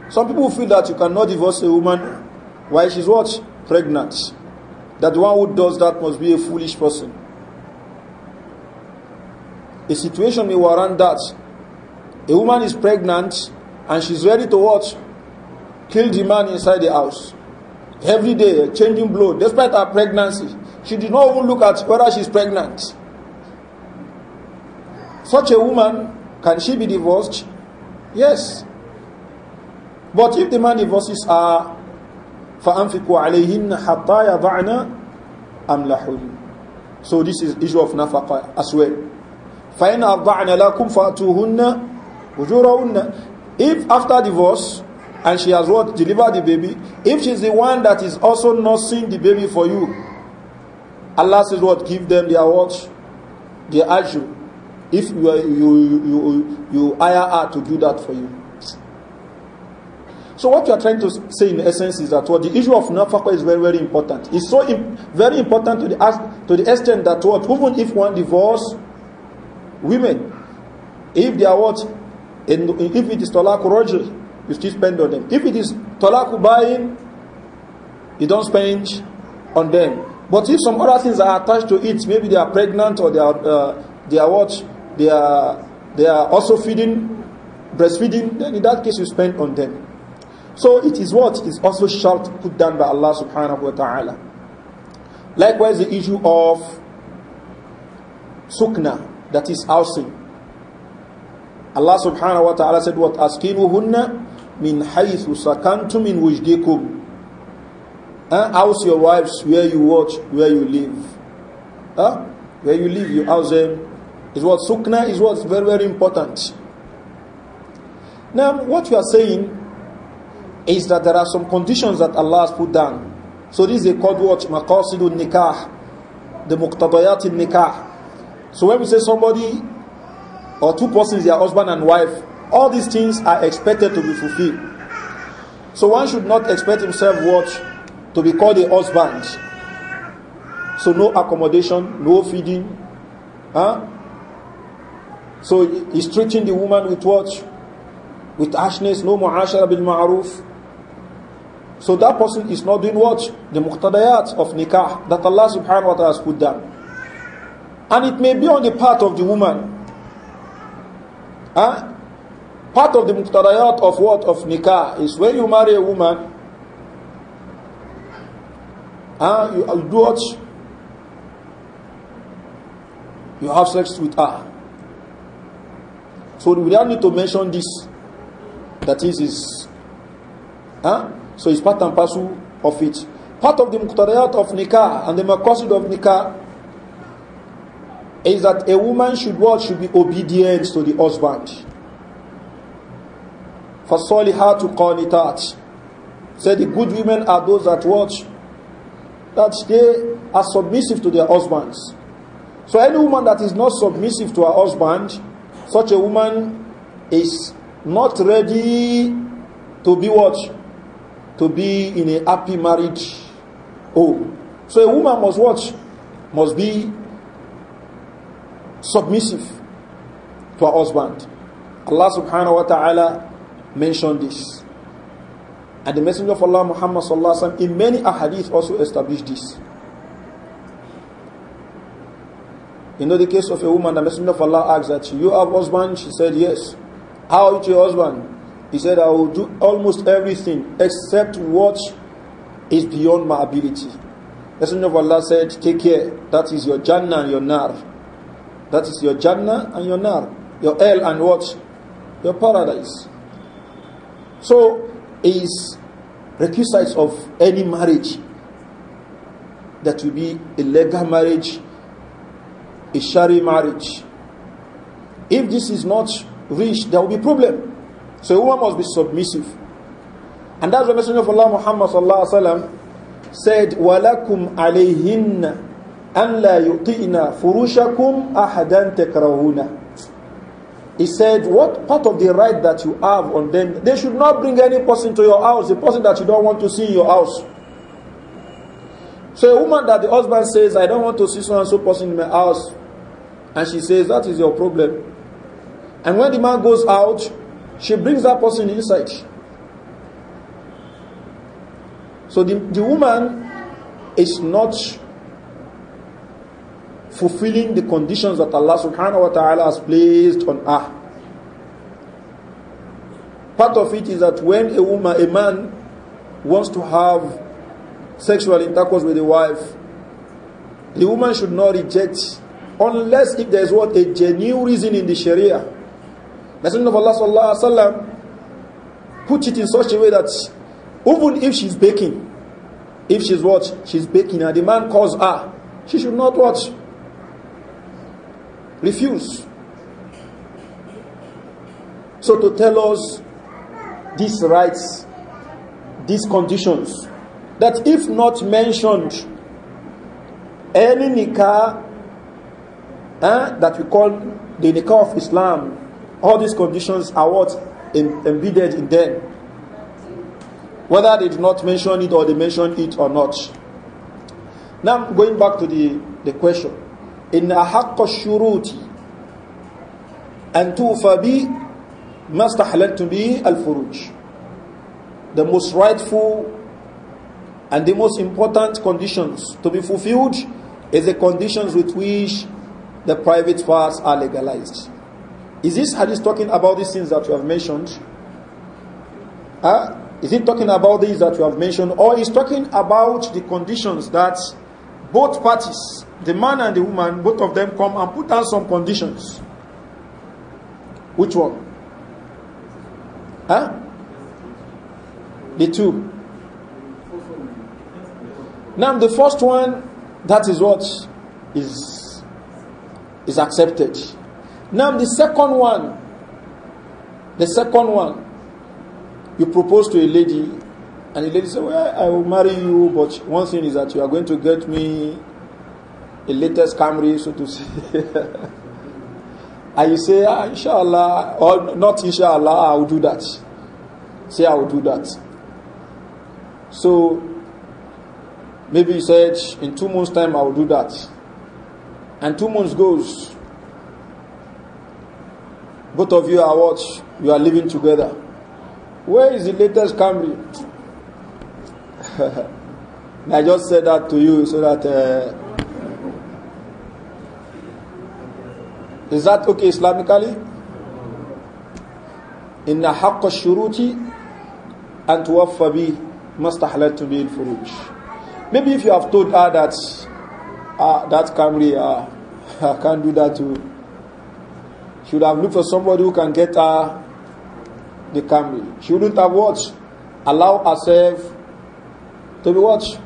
some people feel that you cannot divorce a woman while she's what? Pregnant. That the one who does that must be a foolish person. A situation may warrant that. A woman is pregnant and she's ready to what? Kill the man inside the house. Every day, changing blow, despite her pregnancy. She did not even look at whether she's pregnant. Such a woman Can she be divorced? Yes. But if the man divorces her, فَأَنْفِقُوا عَلَيْهِنَّ حَتَّى يَضَعْنَ أَمْلَحُنَّ So this is issue of nafaqa as well. فَإِنْ أَرْضَعْنَ لَكُمْ فَأْتُوهُنَّ وَجُورَهُنَّ If after divorce, and she has what? Delivered the baby. If she's the one that is also nursing the baby for you, Allah says what? Give them their watch, their ajr, if you, you, you, you hire her to do that for you. So what you are trying to say in essence is that what the issue of nafaka is very very important. It's so imp very important to the to the extent that what even if one divorce women, if they are what, in, if it is talaq rajul, you still spend on them. If it is talaq buying, you don't spend on them. But if some other things are attached to it, maybe they are pregnant or they are uh, they are what they are they are also feeding, breastfeeding, then in that case you spend on them. So it is what is also short put down by Allah subhanahu wa ta'ala. Likewise the issue of sukna, that is housing. Allah subhanahu wa ta'ala said what askinuhunna min haythu sakantum min wujdikum. Uh, house your wives where you watch, where you live. Huh? Where you live, you house them is what sukna is what's very, very important. Now, what we are saying is that there are some conditions that Allah has put down. So this is called what? Maqasidun nikah. The muqtadayat in nikah. So when we say somebody or two persons, their husband and wife, all these things are expected to be fulfilled. So one should not expect himself what? To be called a husband. So no accommodation, no feeding, huh? So he's treating the woman with what? With harshness, no mu'ashara bil ma'ruf. So that person is not doing what? The muqtadayat of nikah that Allah subhanahu wa ta'ala has put down. And it may be on the part of the woman. Huh? Part of the muqtadayat of what? Of nikah is when you marry a woman, huh? you, you do what? You have sex with her. So we really need to mention this. That is his. Huh? So it's part and parcel of it. Part of the muqtadiyat of nikah and the maqasid of nikah is that a woman should what? Should be obedient to the husband. For فَالصَّالِحَاتُ قَانِتَاتِ Said the good women are those that watch, that they are submissive to their husbands. So any woman that is not submissive to her husband, such a woman is not ready to be what? To be in a happy marriage. Oh. So a woman must watch, must be submissive to her husband. Allah subhanahu wa ta'ala mentioned this. And the Messenger of Allah Muhammad sallallahu alaihi wasallam in many ahadith also established this. You know the case of a woman, the Messenger of Allah asked that, you have husband? She said, yes. How is your husband? He said, I will do almost everything except what is beyond my ability. Messenger of Allah said, take care. That is your Jannah and your Nar. That is your Jannah and your Nar. Your hell and what? Your paradise. So, is requisites of any marriage that will be a legal marriage a Shari marriage. If this is not reached, there will be problem. So a woman must be submissive. And that's the Messenger of Allah Muhammad sallallahu said, "Walakum alayhin an la yuqina furushakum ahadan takrahuna." He said, "What part of the right that you have on them? They should not bring any person to your house, a person that you don't want to see in your house." So a woman that the husband says, "I don't want to see so and so person in my house," And she says, That is your problem. And when the man goes out, she brings that person inside. So the, the woman is not fulfilling the conditions that Allah subhanahu wa ta'ala has placed on her. Part of it is that when a woman, a man wants to have sexual intercourse with a wife, the woman should not reject unless if there is what a genuine reason in the Sharia. Messenger of Allah sallallahu alaihi wasallam put it in such a way that even if she's baking, if she's what she's baking, and the man calls her, she should not what refuse. So to tell us these rights, these conditions, that if not mentioned, any nikah eh, that we call the nikah of Islam, all these conditions are what in, embedded in them. Whether they did not mention it or they mention it or not. Now going back to the, the question. In أحق الشروط أن توفى بي ما استحللت al الفروج. The most rightful and the most important conditions to be fulfilled is the conditions with which the private parts are legalized. Is this hadith talking about these things that you have mentioned? Huh? Is it talking about these that you have mentioned? Or is talking about the conditions that both parties, the man and the woman, both of them come and put down some conditions? Which one? Huh? The two. Now, the first one, that is what is is accepted. Now, the second one, the second one, you propose to a lady, and the lady says, Well, I will marry you, but one thing is that you are going to get me a latest Camry, so to say. *laughs* and you say, ah, Inshallah, or not Inshallah, I will do that. Say, I will do that. So, maybe you said, In two months' time, I will do that and two months goes both of you are what you are living together where is the latest camry *laughs* i just said that to you so that uh, is that okay islamically ان حق الشروط ان توفى به ما استحللت به الفروج maybe if you have told her that ah, that Camry, ah, *laughs* I can't do that too. Should have looked for somebody who can get her ah, the Camry. She wouldn't have watched, allow herself to be watched,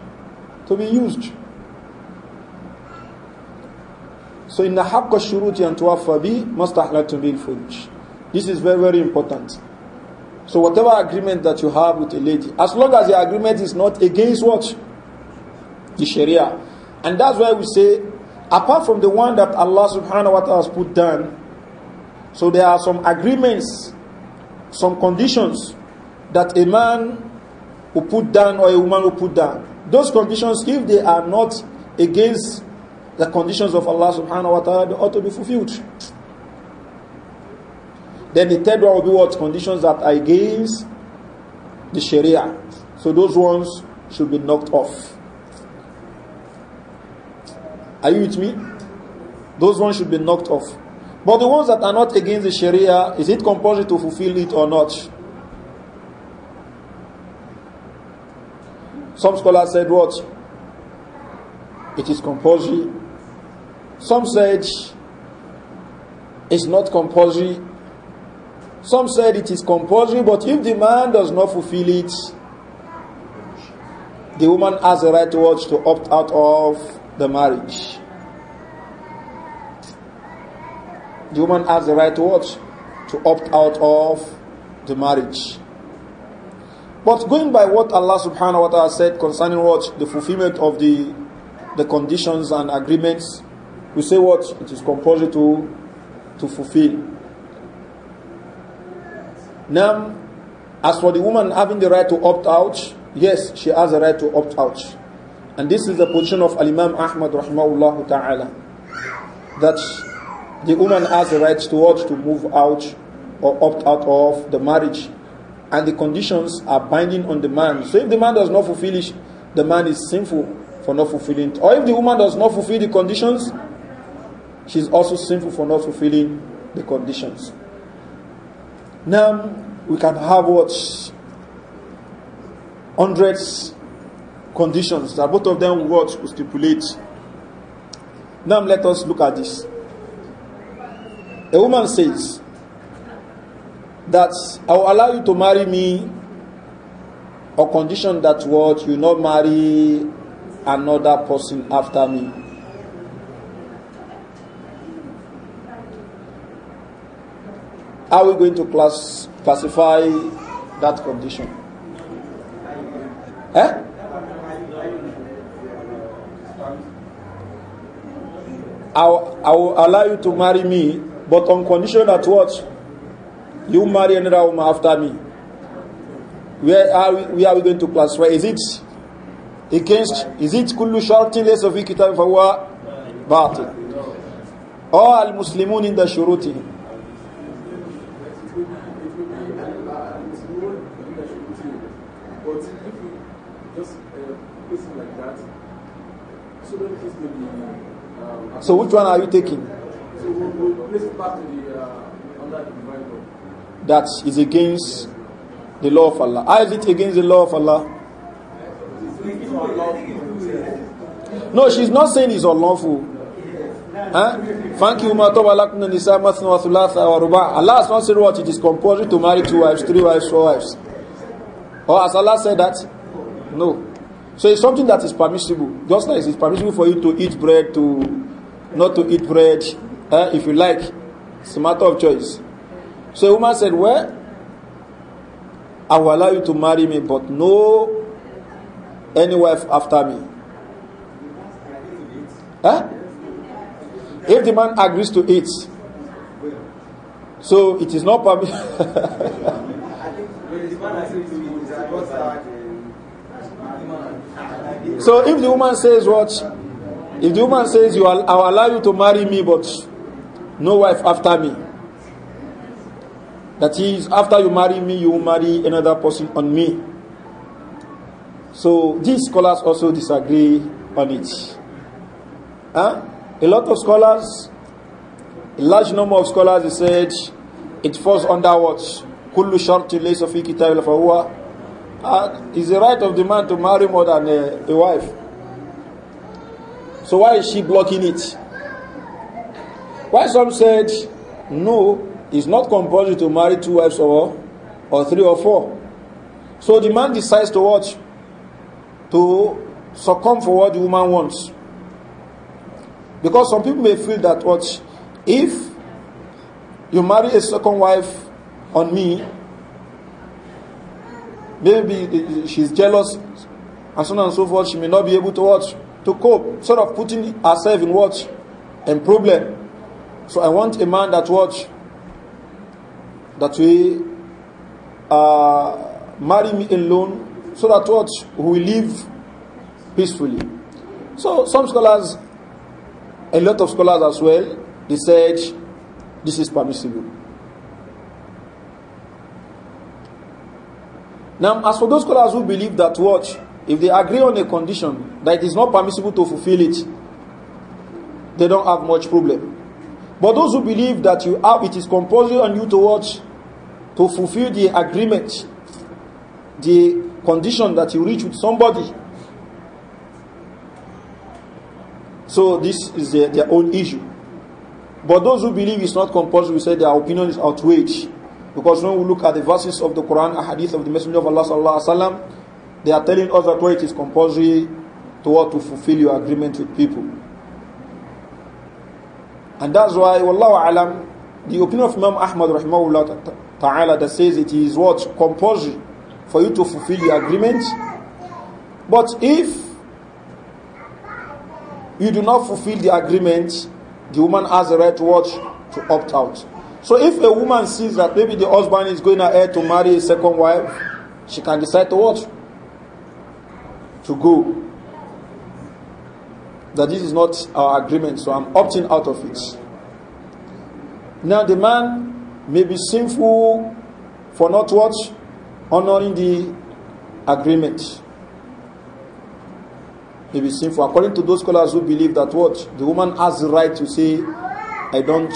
to be used. So in the haqqa shuruti and must bi to be foolish. This is very very important. So whatever agreement that you have with a lady, as long as the agreement is not against what? The Sharia. And that's why we say, apart from the one that Allah subhanahu wa ta'ala has put down, so there are some agreements, some conditions that a man will put down or a woman will put down. Those conditions, if they are not against the conditions of Allah subhanahu wa ta'ala, they ought to be fulfilled. Then the third one will be what? Conditions that are against the Sharia. So those ones should be knocked off. Are you with me? Those ones should be knocked off. But the ones that are not against the Sharia, is it compulsory to fulfill it or not? Some scholars said what? It is compulsory. Some said it's not compulsory. Some said it is compulsory, but if the man does not fulfill it, the woman has a right to watch to opt out of the marriage. The woman has the right to what? To opt out of the marriage. But going by what Allah subhanahu wa ta'ala said concerning what? The fulfillment of the, the conditions and agreements, we say what? It is compulsory to, to fulfill. Now, as for the woman having the right to opt out, yes, she has the right to opt out. And this is the position of Al Imam Ahmad rahimahullah ta'ala that the woman has the right to to move out or opt out of the marriage and the conditions are binding on the man. So if the man does not fulfill it, the man is sinful for not fulfilling it. Or if the woman does not fulfill the conditions, she's also sinful for not fulfilling the conditions. Now we can have what hundreds conditions that both of them what to stipulate. Now let us look at this. A woman says that I will allow you to marry me on condition that what you not marry another person after me. Are we going to class classify that condition? Eh? I will, allow you to marry me, but on condition that what? You marry another woman after me. Where are we, where are we going to classify? Is it against? Is it kullu shartin of fi kitab fawa batil? All al-muslimun in the shuruti. So which one are you taking? That is against the law of Allah. How ah, is it against the law of Allah? No, she's not saying it's unlawful. Fanki umma toba lakum nisa mathna wa thulatha wa Allah has not said what it is compulsory to marry two wives, three wives, four wives. Or has Allah said that? No. So it's something that is permissible. Just like it's permissible for you to eat bread, to not to eat bread uh, if you like. It's a matter of choice. So a woman said, Well, I will allow you to marry me, but no any wife after me. Huh? Eh? If the man agrees to eat, so it is not permitted. *laughs* so if the woman says what? If the woman says, you are, will allow you to marry me, but no wife after me. That is, after you marry me, you will marry another person on me. So these scholars also disagree on it. Huh? A lot of scholars, a large number of scholars, they said it falls under what? Kullu sharti laysa fi kitab al-fawwa. It's the right of the man to marry more than a, a wife. So why is she blocking it? Why some said, no, it's not compulsory to marry two wives or, or three or four. So the man decides to watch, to succumb for what the woman wants. Because some people may feel that what if you marry a second wife on me, maybe she's jealous and so on and so forth, she may not be able to watch to cope, sort of putting herself in watch and problem. So I want a man that watch That we uh, marry me alone, so that what? We live peacefully. So some scholars, a lot of scholars as well, they said this is permissible. Now, as for those scholars who believe that watch. If they agree on a condition that it is not permissible to fulfill it, they don't have much problem. But those who believe that you have it is compulsory on you to watch, to fulfill the agreement, the condition that you reach with somebody. So this is their, their own issue. But those who believe it's not compulsory, we say their opinion is outraged. Because when we look at the verses of the Quran, a hadith of the Messenger of Allah sallallahu alaihi wasallam, they are telling us that well, it is compulsory to what to fulfill your agreement with people. And that's why, Wallahu Alam, the opinion of Imam Ahmad rahimahullah ta'ala that says it is what compulsory for you to fulfill your agreement. But if you do not fulfill the agreement, the woman has the right to watch to opt out. So if a woman sees that maybe the husband is going ahead to marry a second wife, she can decide to watch to go. That this is not our agreement, so I'm opting out of it. Now the man may be sinful for not what? Honoring the agreement. May be sinful. According to those scholars who believe that what? The woman has the right to say, I don't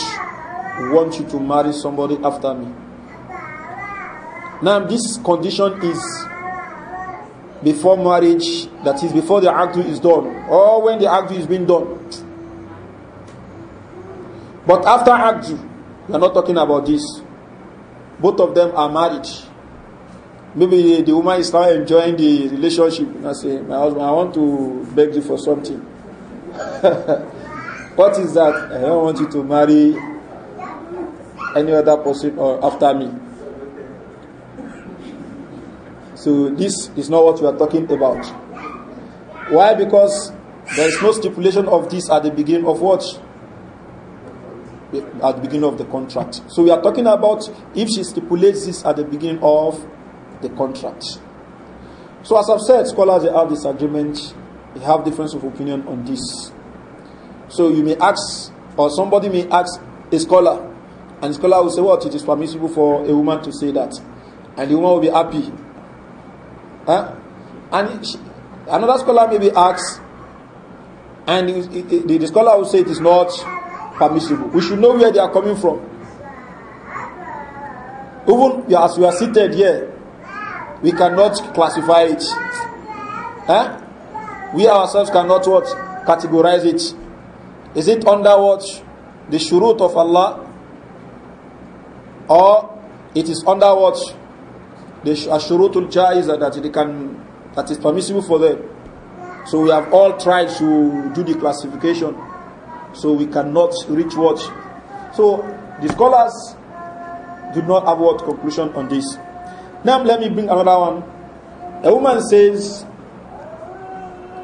want you to marry somebody after me. Now this condition is before marriage, that is, before the act is done, or when the act is being done. But after act, we are not talking about this. Both of them are married. Maybe the, the woman is now enjoying the relationship. and say, my husband, I want to beg you for something. *laughs* what is that? I don't want you to marry any other person or uh, after me. So this is not what we are talking about. Why? Because there is no stipulation of this at the beginning of what? At the beginning of the contract. So we are talking about if she stipulates this at the beginning of the contract. So as I've said, scholars they have disagreement, they have difference of opinion on this. So you may ask, or somebody may ask a scholar, and the scholar will say, What it is permissible for a woman to say that. And the woman will be happy Huh? And she, another scholar maybe asks, and it, it, it, the scholar will say it is not permissible. We should know where they are coming from. Even as we are seated here, we cannot classify it. Huh? We ourselves cannot what? Categorize it. Is it under what? The shurut of Allah? Or it is under what? the ashurutul jaiza that they can that is permissible for them. So we have all tried to do the classification. So we cannot reach what. So the scholars do not have what conclusion on this. Now let me bring another one. A woman says,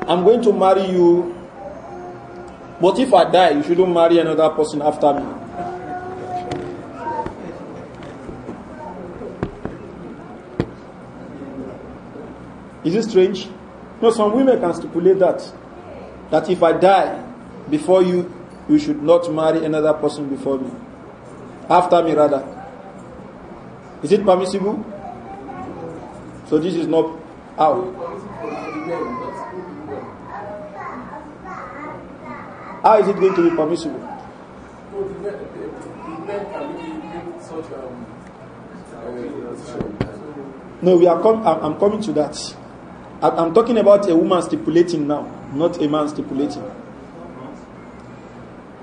I'm going to marry you, but if I die, you shouldn't marry another person after me. Is it strange? No, some women can stipulate that. That if I die before you, you should not marry another person before me. After me, rather. Is it permissible? So this is not how. How is it going to be permissible? No, we are com- I'm coming to that. I'm talking about a woman stipulating now, not a man stipulating.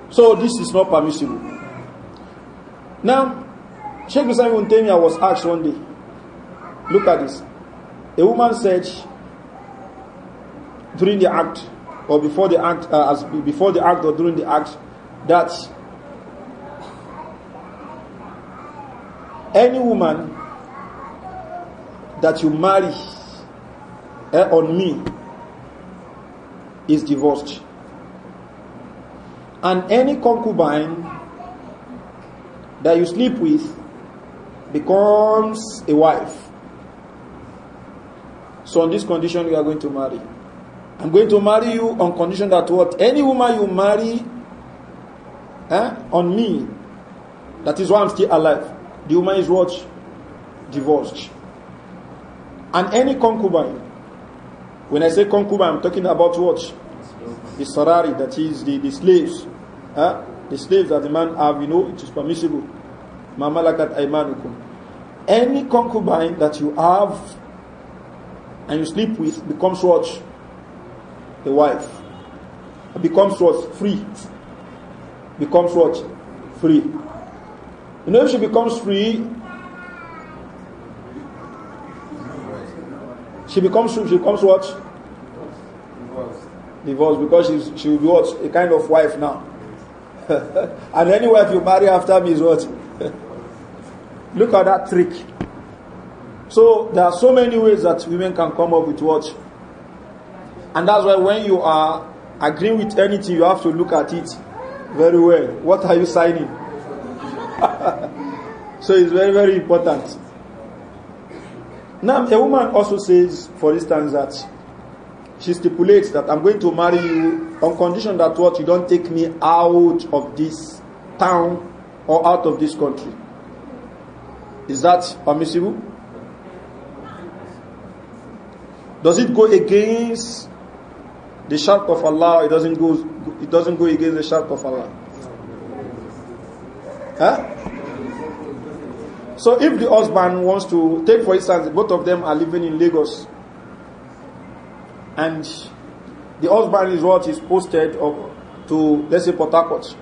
So this is not permissible. Now, Sheikh Musa Ibn I was asked one day, look at this. A woman said during the act or before the act, uh, as before the act or during the act, that any woman that you marry eh, on me is divorced. And any concubine that you sleep with becomes a wife. So, on this condition, you are going to marry. I'm going to marry you on condition that what? Any woman you marry eh, on me, that is why I'm still alive. The woman is what? Divorced. And any concubine when I say concubine, I'm talking about what? The sarari, that is the, the slaves. Huh? The slaves that the man have, you know, it is permissible. Mamalakat aimanukum. Any concubine that you have and you sleep with becomes what? the wife. It becomes what? Free. Becomes what? Free. You know, if she becomes free, she becomes she becomes what? divorce because she's, she will be what? A kind of wife now. *laughs* and any wife you marry after me is what? *laughs* Look at that trick. So there are so many ways that women can come up with what. And that's why when you are agreeing with anything, you have to look at it very well. What are you signing? *laughs* so it's very, very important. Now, a woman also says, for instance, that she stipulates that I'm going to marry you on condition that what you don't take me out of this town or out of this country. Is that permissible? Does it go against the shark of Allah? It doesn't go. It doesn't go against the shark of Allah. Huh? So if the husband wants to take, for instance, both of them are living in Lagos, and the husband is what is posted up to, let's say, Potakot.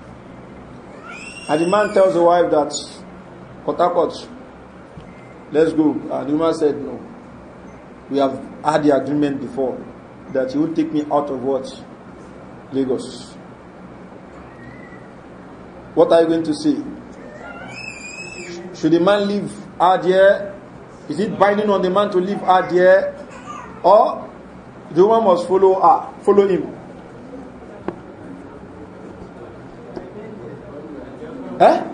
And the man tells the wife that, Potakot, let's go. And the woman said, no. We have had the agreement before that you will take me out of what? Lagos. What are you going to say? Should the man leave Adia? Is it binding on the man to leave Adia? Or the woman must follow her, follow him. Eh?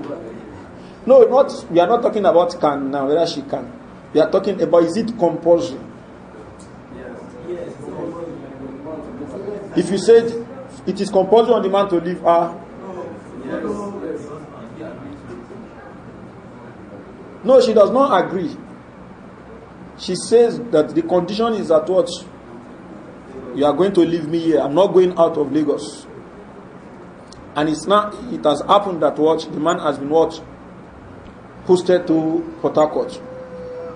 No, not we are not talking about can now, whether she can. We are talking about is it compulsory? If you said it is compulsory on the man to leave her. No, she does not agree. She says that the condition is that what You are going to leave me here. I'm not going out of Lagos. And it's not, it has happened that watch the man has been watched, posted to Port Harcourt.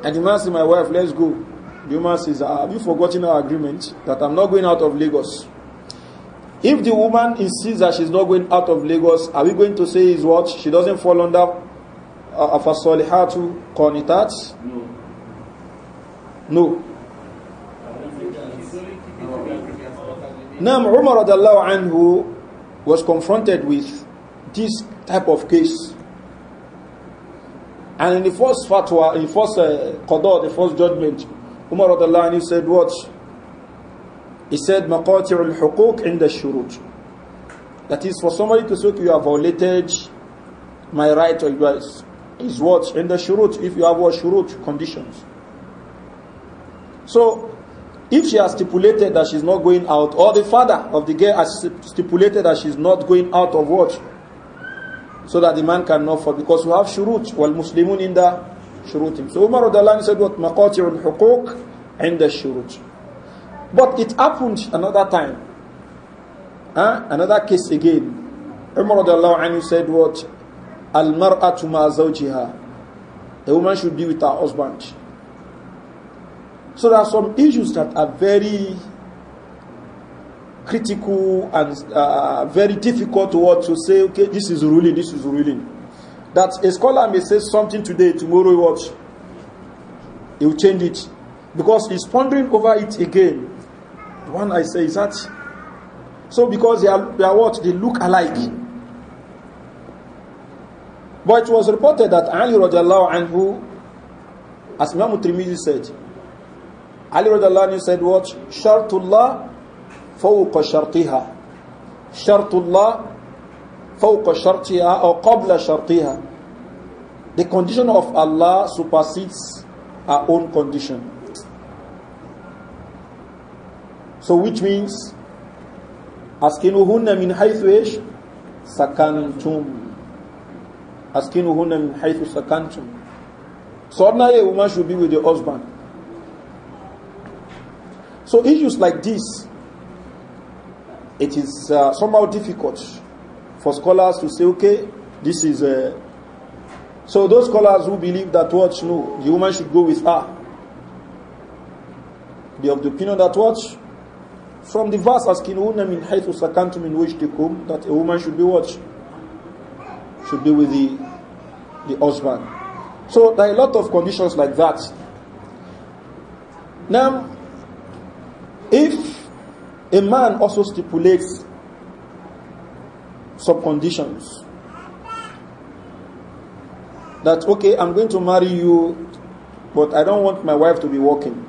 And the man says, My wife, let's go. The woman says, ah, Have you forgotten our agreement that I'm not going out of Lagos? If the woman insists that she's not going out of Lagos, are we going to say is what? She doesn't fall under uh, Afasolihatu Konitat? No. No. Now, Umar anhu was confronted with this type of case. And in the first fatwa, in the first uh, qadar, the first judgment, Umar anhu said, What? He said, مَقَاتِعُ الْحُقُوقِ عِنْدَ الشُّرُوطِ That is, for somebody to say, You have violated my right or yours. Is what? In the shurut, if you have what shurut, conditions. So, if she has stipulated that she's not going out, or the father of the girl has stipulated that she's not going out of watch, so that the man cannot fall, because we have shurut, wal muslimun in the shurutim. So Umar said, what al-hukuk and the shurut. But it happened another time. Huh? Another case again. Umar anhu said what? Al mar'atu ma zawjiha. The woman should be with her husband. So there are some issues that are very critical and uh, very difficult to what to say, okay, this is ruling, this is ruling. That a scholar may say something today, tomorrow what? He will change it. Because he's pondering over it again. The one I say is that. So because they are, they are what? They look alike. But it was reported that Ali radiallahu anhu, as Imam Trimidi said, Ali radiallahu said, what? Shartullah fawqa shartiha. Shartullah fawqa shartiha or qabla shartiha. The condition of Allah supersedes our own condition. So which means, askinuhunna min haythu ish? Sakantum. Askinuhunna min haythu sakantum. So ordinary woman should be with her husband. So issues like this, it is uh, somehow difficult for scholars to say, okay, this is a. Uh, so those scholars who believe that what no, the woman should go with her, they have the opinion that what from the verse asking una min in which they come, that a woman should be what should be with the the husband. So there are a lot of conditions like that. Now if a man also stipulates some conditions that, okay, I'm going to marry you, but I don't want my wife to be working.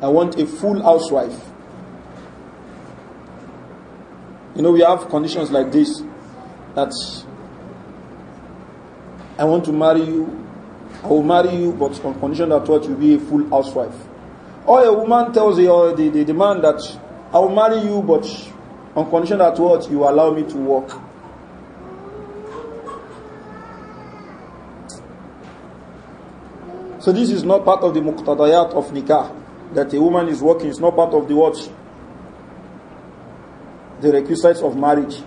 I want a full housewife. You know, we have conditions like this that I want to marry you, I will marry you, but on condition that what you be a full housewife. Or a woman tells the, uh, the, the, the man that I will marry you, but on condition that what you allow me to work. So this is not part of the muqtadayat of nikah that a woman is working. It's not part of the what the requisites of marriage.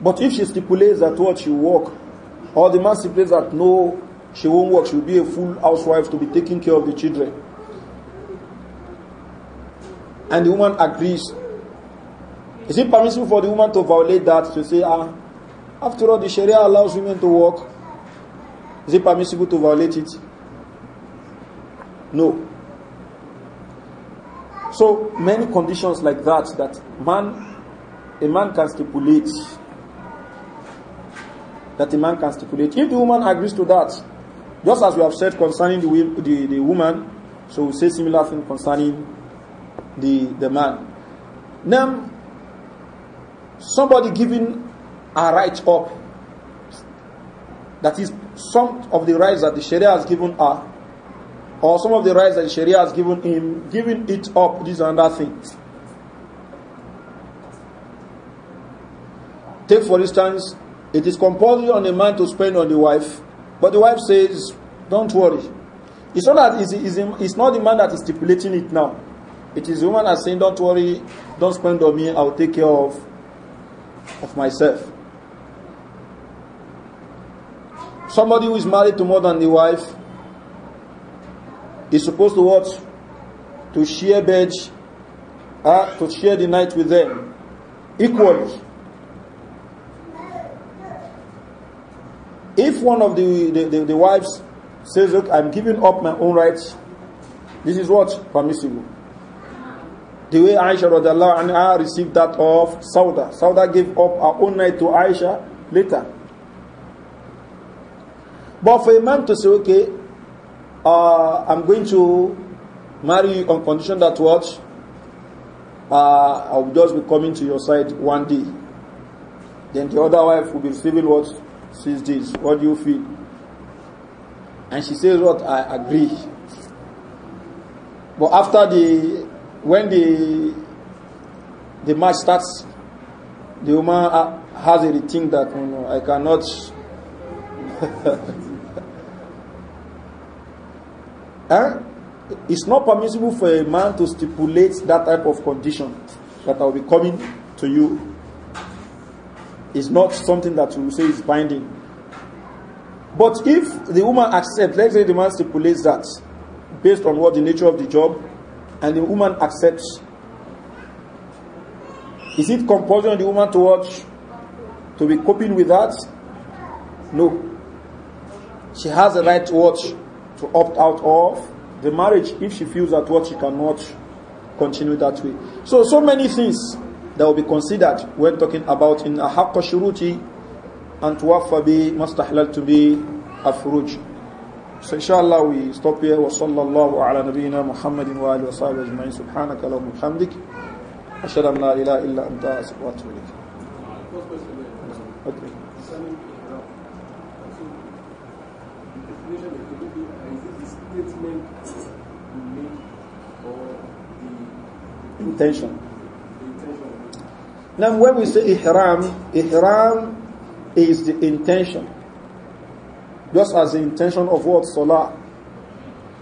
But if she stipulates that what she work, or the man stipulates that no, She won't work. She will be a full housewife to be taking care of the children. And the woman agrees. Is it permissible for the woman to violate that to say, ah, after all, the Sharia allows women to work? Is it permissible to violate it? No. So many conditions like that that man a man can stipulate that a man can stipulate. If the woman agrees to that, just as we have said concerning the, the, the woman, so we say similar thing concerning the, the man. Now, somebody giving a right up, that is some of the rights that the Sharia has given her, or some of the rights that the Sharia has given him, giving it up, these and that thing. Take, for instance, it is compulsory on a man to spend on the wife But the wife says, Don't worry. It's not, that it's, it's, it's not the man that is stipulating it now. It is the woman that's saying, Don't worry, don't spend on me, I'll take care of, of myself. Somebody who is married to more than the wife is supposed to what? To share bed, uh, to share the night with them equally. If one of the, the, the, the wives says, Look, I'm giving up my own rights, this is what? Permissible. The way Aisha radiallahu anha received that of Sauda. Sauda gave up her own right to Aisha later. But for a man to say, okay, uh, I'm going to marry you on condition that what? Uh, I'll just be coming to your side one day. Then the other wife will be receiving what? Since days. What do you feel? And she says, What I agree. But after the when the the match starts, the woman has a thing that you know, I cannot. eh? *laughs* It's not permissible for a man to stipulate that type of condition that I'll be coming to you is not something that we say is binding. But if the woman accepts, let's say the man stipulates that based on what the nature of the job, and the woman accepts, is it compulsory on the woman to watch, to be coping with that? No. She has a right to watch, to opt out of the marriage if she feels that what she cannot continue that way. So, so many things that will be considered when talking about in أحق الشروط أن توفى بما استحللت به الفروج So inshallah we stop here وصلى الله على نبينا محمد وآله وصحبه أجمعين سبحانك اللهم وبحمدك أشهد أن لا إله إلا أنت أستغفرك وأتوب إليك Okay. Intention. Now, when we say ihram, ihram is the intention. Just as the intention of what? Salah.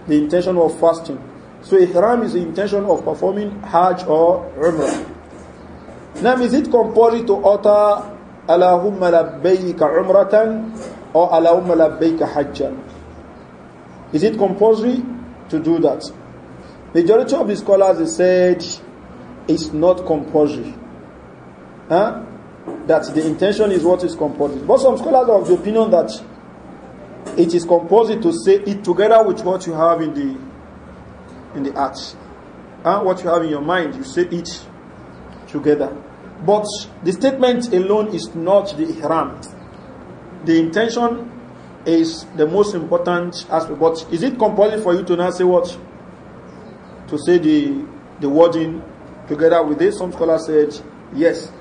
The intention of fasting. So, ihram is the intention of performing Hajj or Umrah. Now, is it compulsory to utter Allahumma labbayka umratan or Allahumma labbayka hajjan? Is it compulsory to do that? Majority of the scholars have said it's not compulsory huh? that the intention is what is composite. But some scholars are of the opinion that it is composite to say it together with what you have in the in the heart. Huh? What you have in your mind, you say it together. But the statement alone is not the ihram. The intention is the most important aspect. But is it composite for you to now say what? To say the the wording together with this? Some scholars said yes.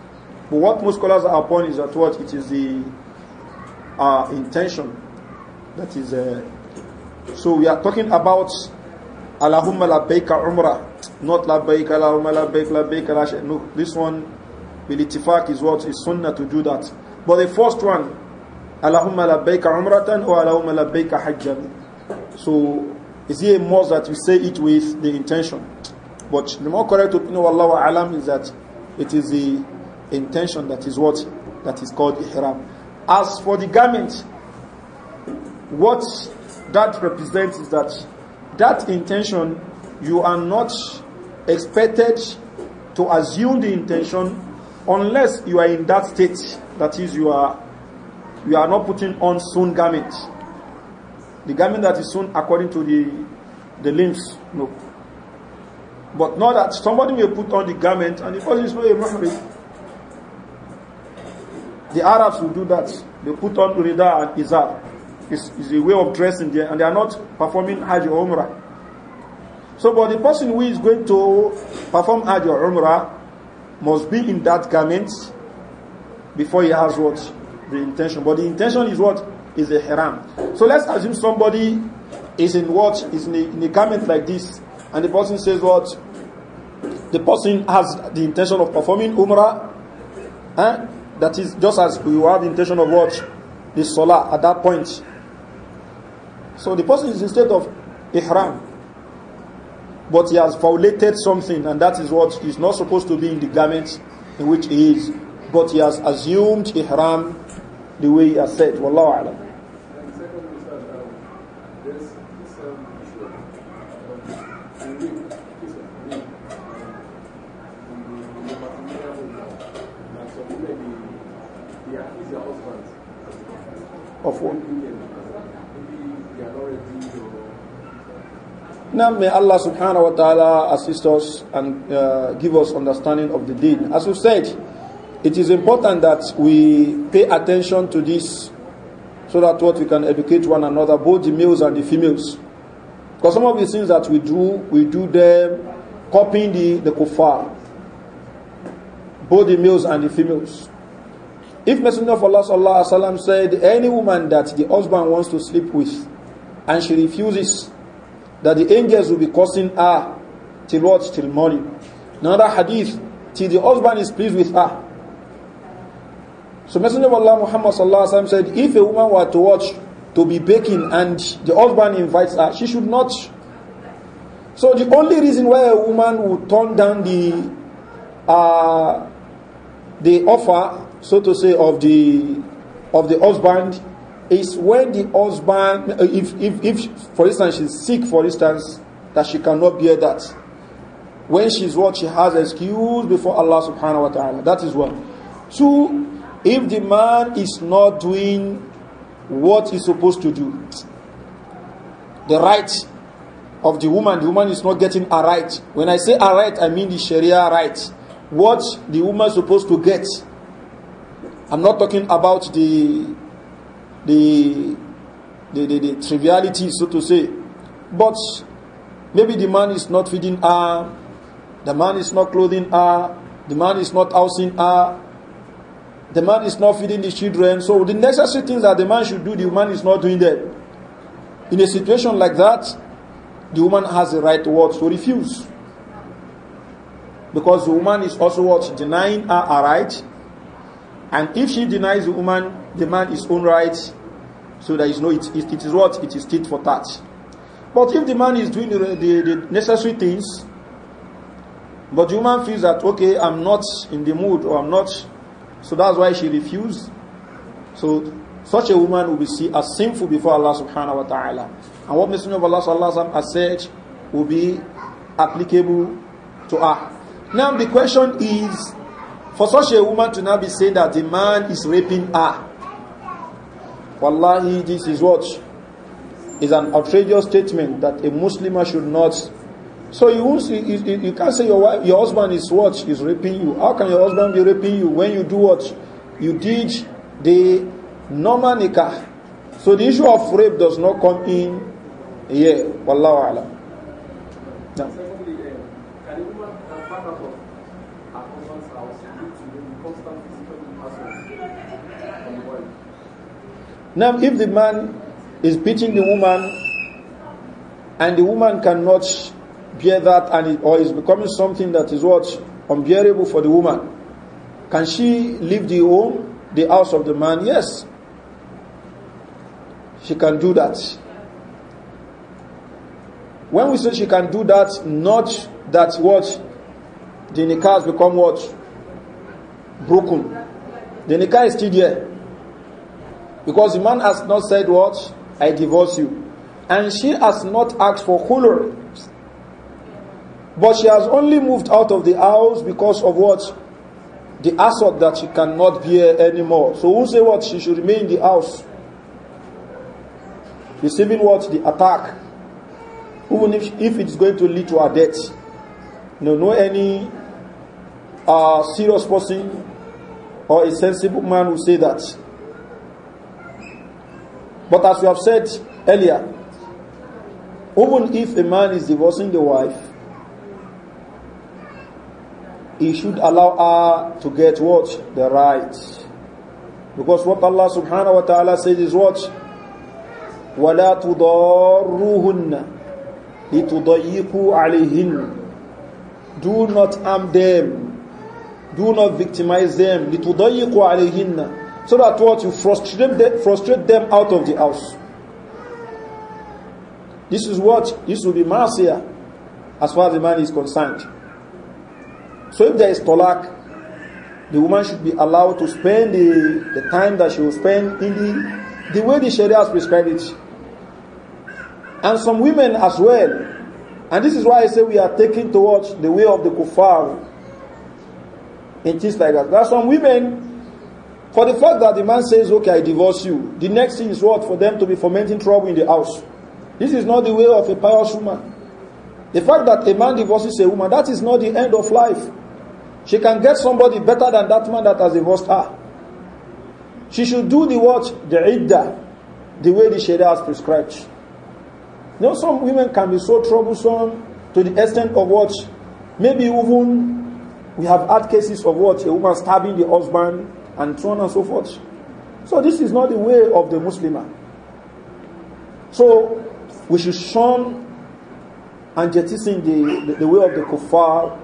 But what most scholars are upon is that what it is the uh, intention that is. Uh, so we are talking about Allahumma labbaika umrah, not labbaika Allahumma labbaik labbaik la No, this one, tifak is what is sunnah to do that. But the first one, Allahumma labbaika umratan or Allahumma labbaika hajjan. So is it a must that we say it with the intention? But the more correct opinion, Allah alam, is that it is the intention that is what that is called ihram. As for the garment, what that represents is that that intention you are not expected to assume the intention unless you are in that state that is you are you are not putting on sewn garment the garment that is sewn according to the the limbs no but not that somebody will put on the garment and the person is not a the Arabs will do that. They put on rida and izar. It's, it's a way of dressing there, and they are not performing Hajj or Umrah. So, but the person who is going to perform Hajj or Umrah must be in that garment before he has what? The intention. But the intention is what? Is a haram. So let's assume somebody is in what? Is in a, in a garment like this, and the person says what? The person has the intention of performing Umrah. huh? Eh? That is just as we have intention of what? The solar at that point. So the person is in state of ihram. But he has violated something, and that is what is not supposed to be in the garment in which he is. But he has assumed ihram the way he has said. Wallahu alam. Now may Allah subhanahu wa ta'ala assist us and uh, give us understanding of the deen. As we said, it is important that we pay attention to this so that what we can educate one another, both the males and the females. Because some of the things that we do, we do them copying the, the kuffar, both the males and the females. If Messenger of Allah sallallahu said, any woman that the husband wants to sleep with and she refuses, that the angels will be causing her till what? Till morning. Another hadith, till the husband is pleased with her. So Messenger of Allah Muhammad sallallahu alaihi wasallam said, if a woman were to watch to be baking and the husband invites her, she should not. So the only reason why a woman would turn down the uh, the offer, so to say, of the of the husband is when the husband, uh, if, if, if for instance she's sick, for instance, that she cannot bear that. When she's what she has excuse before Allah subhanahu wa ta'ala. That is one. Two, if the man is not doing what he's supposed to do, the right of the woman, the woman is not getting a right. When I say a right, I mean the Sharia right. What the woman is supposed to get. I'm not talking about the the, the, the, the triviality, so to say. But maybe the man is not feeding her, the man is not clothing her, the man is not housing her, the man is not feeding the children. So the necessary things that the man should do, the woman is not doing them. In a situation like that, the woman has the right to To refuse. Because the woman is also what? Denying her a right. And if she denies the woman, the man is own right So there is no, it, it, it is what? It is tit for tat. But if the man is doing the, the, the necessary things, but the woman feels that, okay, I'm not in the mood or I'm not, so that's why she refused. So such a woman will be seen as sinful before Allah subhanahu wa ta'ala. And what Messenger of Allah sallallahu Alaihi Wasallam has said will be applicable to her. Now the question is, for such a woman to now be saying that the man is raping her, Wallahi, this is what is an outrageous statement that a Muslim should not. So you won't see, you, you, can't say your wife, your husband is what is raping you. How can your husband be raping you when you do what you did the normal nikah? So the issue of rape does not come in here. Wallahu alam. Now, if the man is beating the woman and the woman cannot bear that and it, or is becoming something that is what unbearable for the woman, can she leave the home, the house of the man? Yes. She can do that. When we say she can do that, not that what the nikah has become what? Broken. The nikah is still there. Because the man has not said what? I divorce you. And she has not asked for hulur. But she has only moved out of the house because of what? The assault that she cannot bear anymore. So who say what? She should remain in the house. Receiving what? The attack. Even if, if it's going to lead to her death. No, no any uh, serious person or a sensible man will say that. But as we have said earlier, even if a man is divorcing the wife, he should allow her to get what? The rights. Because what Allah subhanahu wa ta'ala says is what? وَلَا تُضَارُّهُنَّ لِتُضَيِّقُوا عَلَيْهِنَّ Do not harm them. Do not victimize them. لِتُضَيِّقُوا عَلَيْهِنَّ so that what you frustrate them, frustrate them out of the house. This is what this will be marcia as far as the man is concerned. So if there is talak, the woman should be allowed to spend the, the time that she will spend in the, the way the Sharia has prescribed it. And some women as well. And this is why I say we are taking towards the way of the kuffar in things like that. There are some women For the fact that the man says, okay, I divorce you, the next thing is what? For them to be fomenting trouble in the house. This is not the way of a pious woman. The fact that a man divorces a woman, that is not the end of life. She can get somebody better than that man that has divorced her. She should do the what? The idda, the way the Sharia has prescribed. You know, some women can be so troublesome to the extent of what? Maybe even we have had cases of what? A woman stabbing the husband and so on and so forth. So this is not the way of the Muslimah. So we should shun and jettison the, the, the way of the kuffar,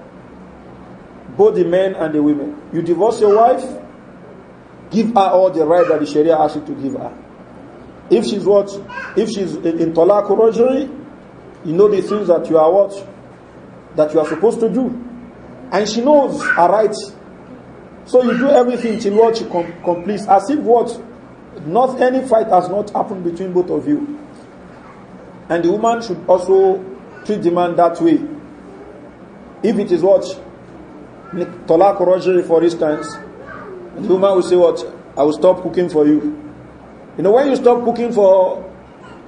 both the men and the women. You divorce your wife, give her all the rights that the Sharia asks you to give her. If she's what? If she's in, in talaq rajri, you know the things that you are what? That you are supposed to do. And she knows her rights. So you do everything till what you com complete. As if what? Not any fight has not happened between both of you. And the woman should also treat the man that way. If it is what? Talak Rajri, for instance, the woman will say what? I will stop cooking for you. You know, when you stop cooking for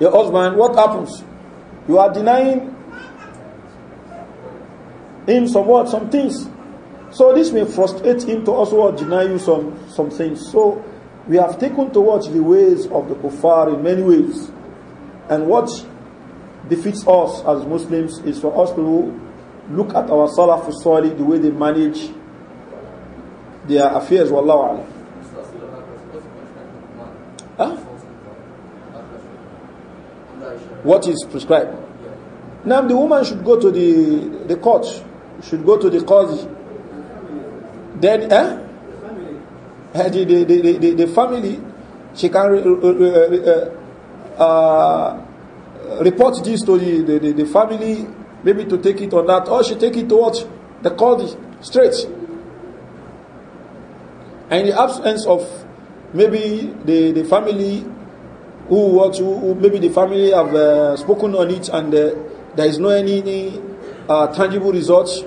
your husband, what happens? You are denying him some what, some things. So this may frustrate him to also deny you some, some things. So we have taken to watch the ways of the kuffar in many ways. And what defeats us as Muslims is for us to look at our salaf salih, the way they manage their affairs. Wallahu alam. Huh? What is prescribed? Now the woman should go to the, the court, should go to the qazi Then, eh? eh? The, the, the, the, the family, she can uh, uh, report this to the, the, the, family, maybe to take it on that, or she take it to what? The court straight. And in the absence of maybe the, the family who what who, maybe the family have uh, spoken on it and uh, there is no any, any uh, tangible results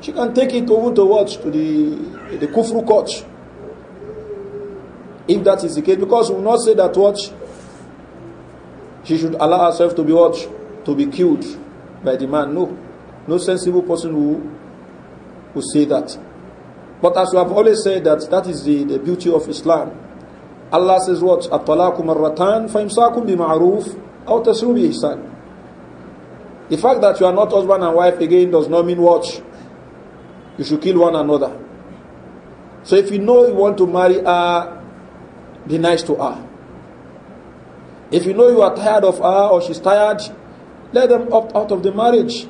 She can take it over to watch To the, the Kufru court. If that is the case, because we will not say that watch She should allow herself to be watched To be killed by the man. No. No sensible person who who say that. But as we have always said that that is the, the beauty of Islam. Allah says what? At-talaqu marratan fa'imsakum bima'ruf aw tasrihu ihsan. The fact that you are not husband and wife again does not mean watch you should kill one another. So if you know you want to marry her, be nice to her. If you know you are tired of her or she's tired, let them opt out of the marriage.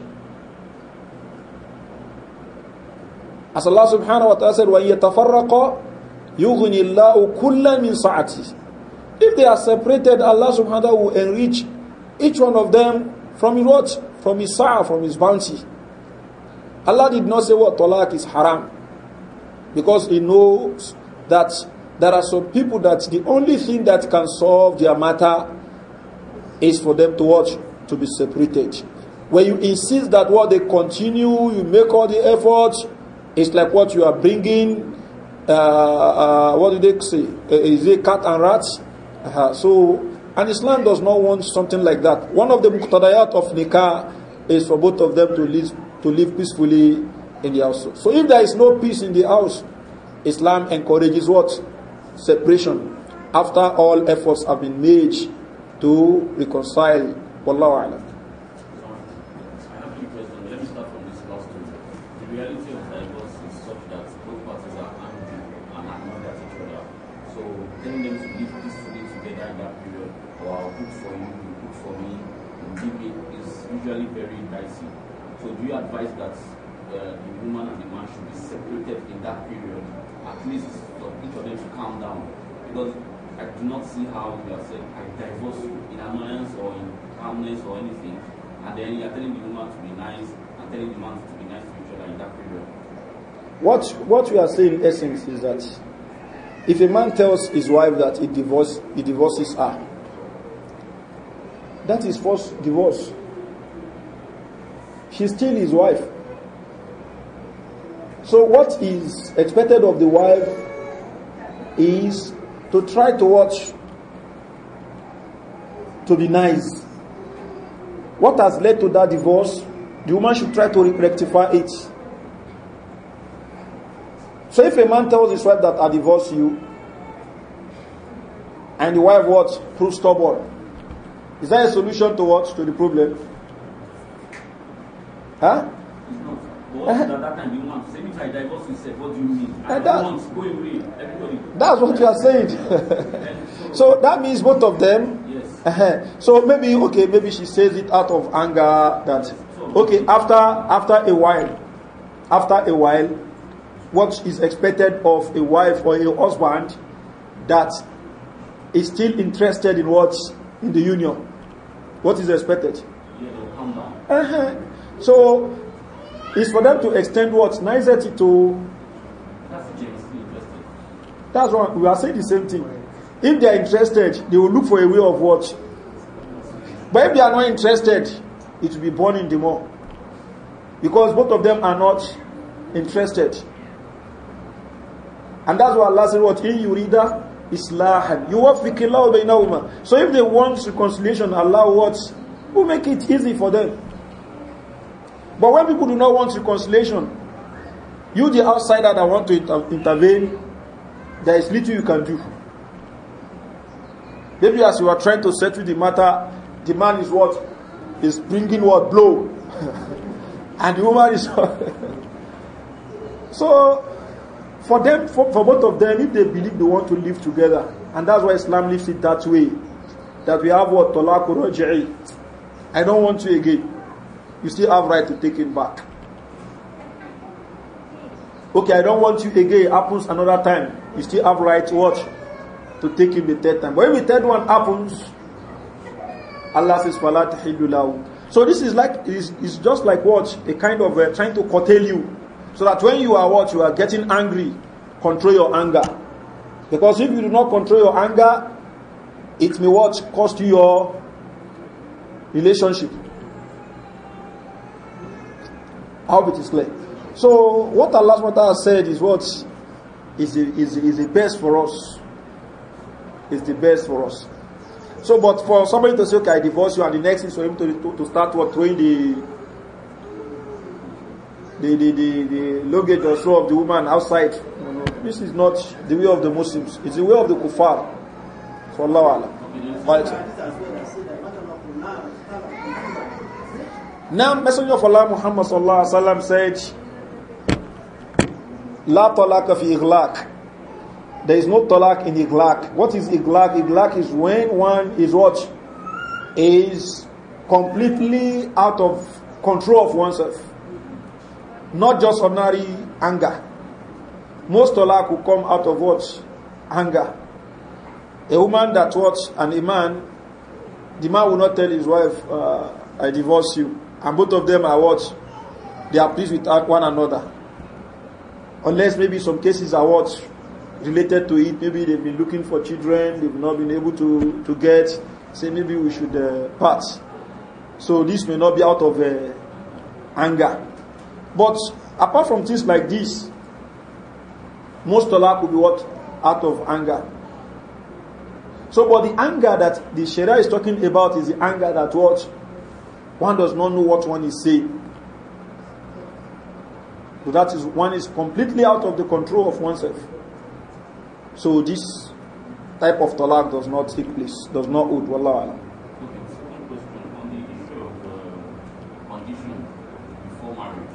As Allah subhanahu wa ta'ala said, وَإِن يَتَفَرَّقَ يُغْنِ اللَّهُ كُلًّا مِنْ سَعَتِهِ If they are separated, Allah subhanahu wa ta'ala will enrich each one of them from his what? From his sa'ah, from his bounty. Allah did not say what talaq is haram because He knows that there are some people that the only thing that can solve their matter is for them to watch to be separated. When you insist that what they continue, you make all the efforts. It's like what you are bringing. Uh, uh, what do they say? Uh, is it cat and rats? Uh -huh. So, and Islam does not want something like that. One of the muqtadayat of nikah is for both of them to live to live peacefully in the house. So if there is no peace in the house, Islam encourages what? Separation. After all efforts have been made to reconcile. Wallahu alam. harmless or anything, and then you are telling the woman to be nice and telling the man to be nice to each other in that period. What, what we are saying in essence is that if a man tells his wife that he, divorce, he divorces her, that is first divorce. She's still his wife. So, what is expected of the wife is to try to watch, to be nice, What has led to that divorce? The woman should try to rectify it. So if a man tells his wife that I divorce you, and the wife what? Proves stubborn. Is there a solution to what? To the problem? Huh? That's what you are saying. *laughs* so that means both of them Uh-huh. so maybe, okay, maybe she says it out of anger that, okay, after, after a while, after a while, what is expected of a wife or a husband that is still interested in what? In the union. What is expected? Uh-huh. So, it's for them to extend what? Nicety to. That's what we are saying the same thing. If they are interested, they will look for a way of what? But if they are not interested, it will be in them more. Because both of them are not interested. And that's why Allah said, What in Yurida Islahan. You woman. So if they want reconciliation, Allah what? Will make it easy for them. But when people do not want reconciliation, you the outsider that want to intervene, there is little you can do. Maybe as you are trying to settle the matter, the man is what? Is bringing what? Blow. *laughs* and the woman is. *laughs* so, for them, for, for both of them, if they believe they want to live together, and that's why Islam leaves it that way, that we have what? Talaq raj'i. I don't want you again. You still have right to take it back. Okay, I don't want you again. Happens another time. You still have right to watch to take him the third time. But if the third one happens, Allah says, Fala tahidulahu. So this is like, it's is just like what? A kind of uh, trying to curtail you. So that when you are what? You are getting angry, control your anger. Because if you do not control your anger, it may what? Cost you your relationship. I hope it is clear. So what Allah SWT said is what is the, is, is the best for us. is the best for us. So, but for somebody to say, okay, I divorce you, and the next is for him to, to, to start what, throwing the the, the, the, the luggage or so of the woman outside. You know, this is not the way of the Muslims. It's the way of the kuffar. For Allah Allah. Now, Messenger of Allah Muhammad sallallahu alaihi wasallam said, "La talaqa fi ighlaq." There is no talak in iglak. What is iglak? Iglak is when one is what? Is completely out of control of oneself. Not just ordinary anger. Most talak will come out of what? Anger. A woman that what? And a man, the man will not tell his wife, uh, I divorce you. And both of them are what? They are pleased with one another. Unless maybe some cases are what? related to it. Maybe they've been looking for children, they've not been able to, to get. Say, maybe we should uh, pass. So this may not be out of uh, anger. But apart from things like this, most talaq will be what? Out of anger. So, but the anger that the Sharia is talking about is the anger that what? One does not know what one is saying. So that is one is completely out of the control of oneself. So this type of talaq does not take place, does not hold. Wallah. Okay, second on the issue of uh, condition before marriage,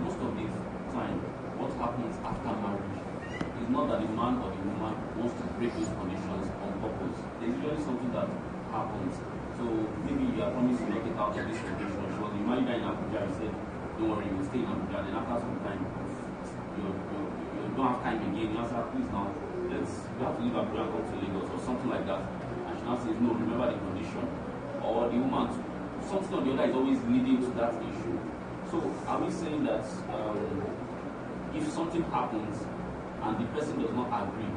most of this time, what happens after marriage is not that the man or the woman wants to break those conditions on purpose. There's usually something that happens. So maybe you are promising to make it out of this condition. Well, you might die in Abuja, you said, don't worry, you will stay in Abuja. Then after some time, you, you don't have time again. You have to please now. You have to leave Abuja come to Lagos or something like that. And she now says, no, remember the condition. Or the woman, something or the other is always leading to that issue. So are we saying that um, if something happens and the person does not agree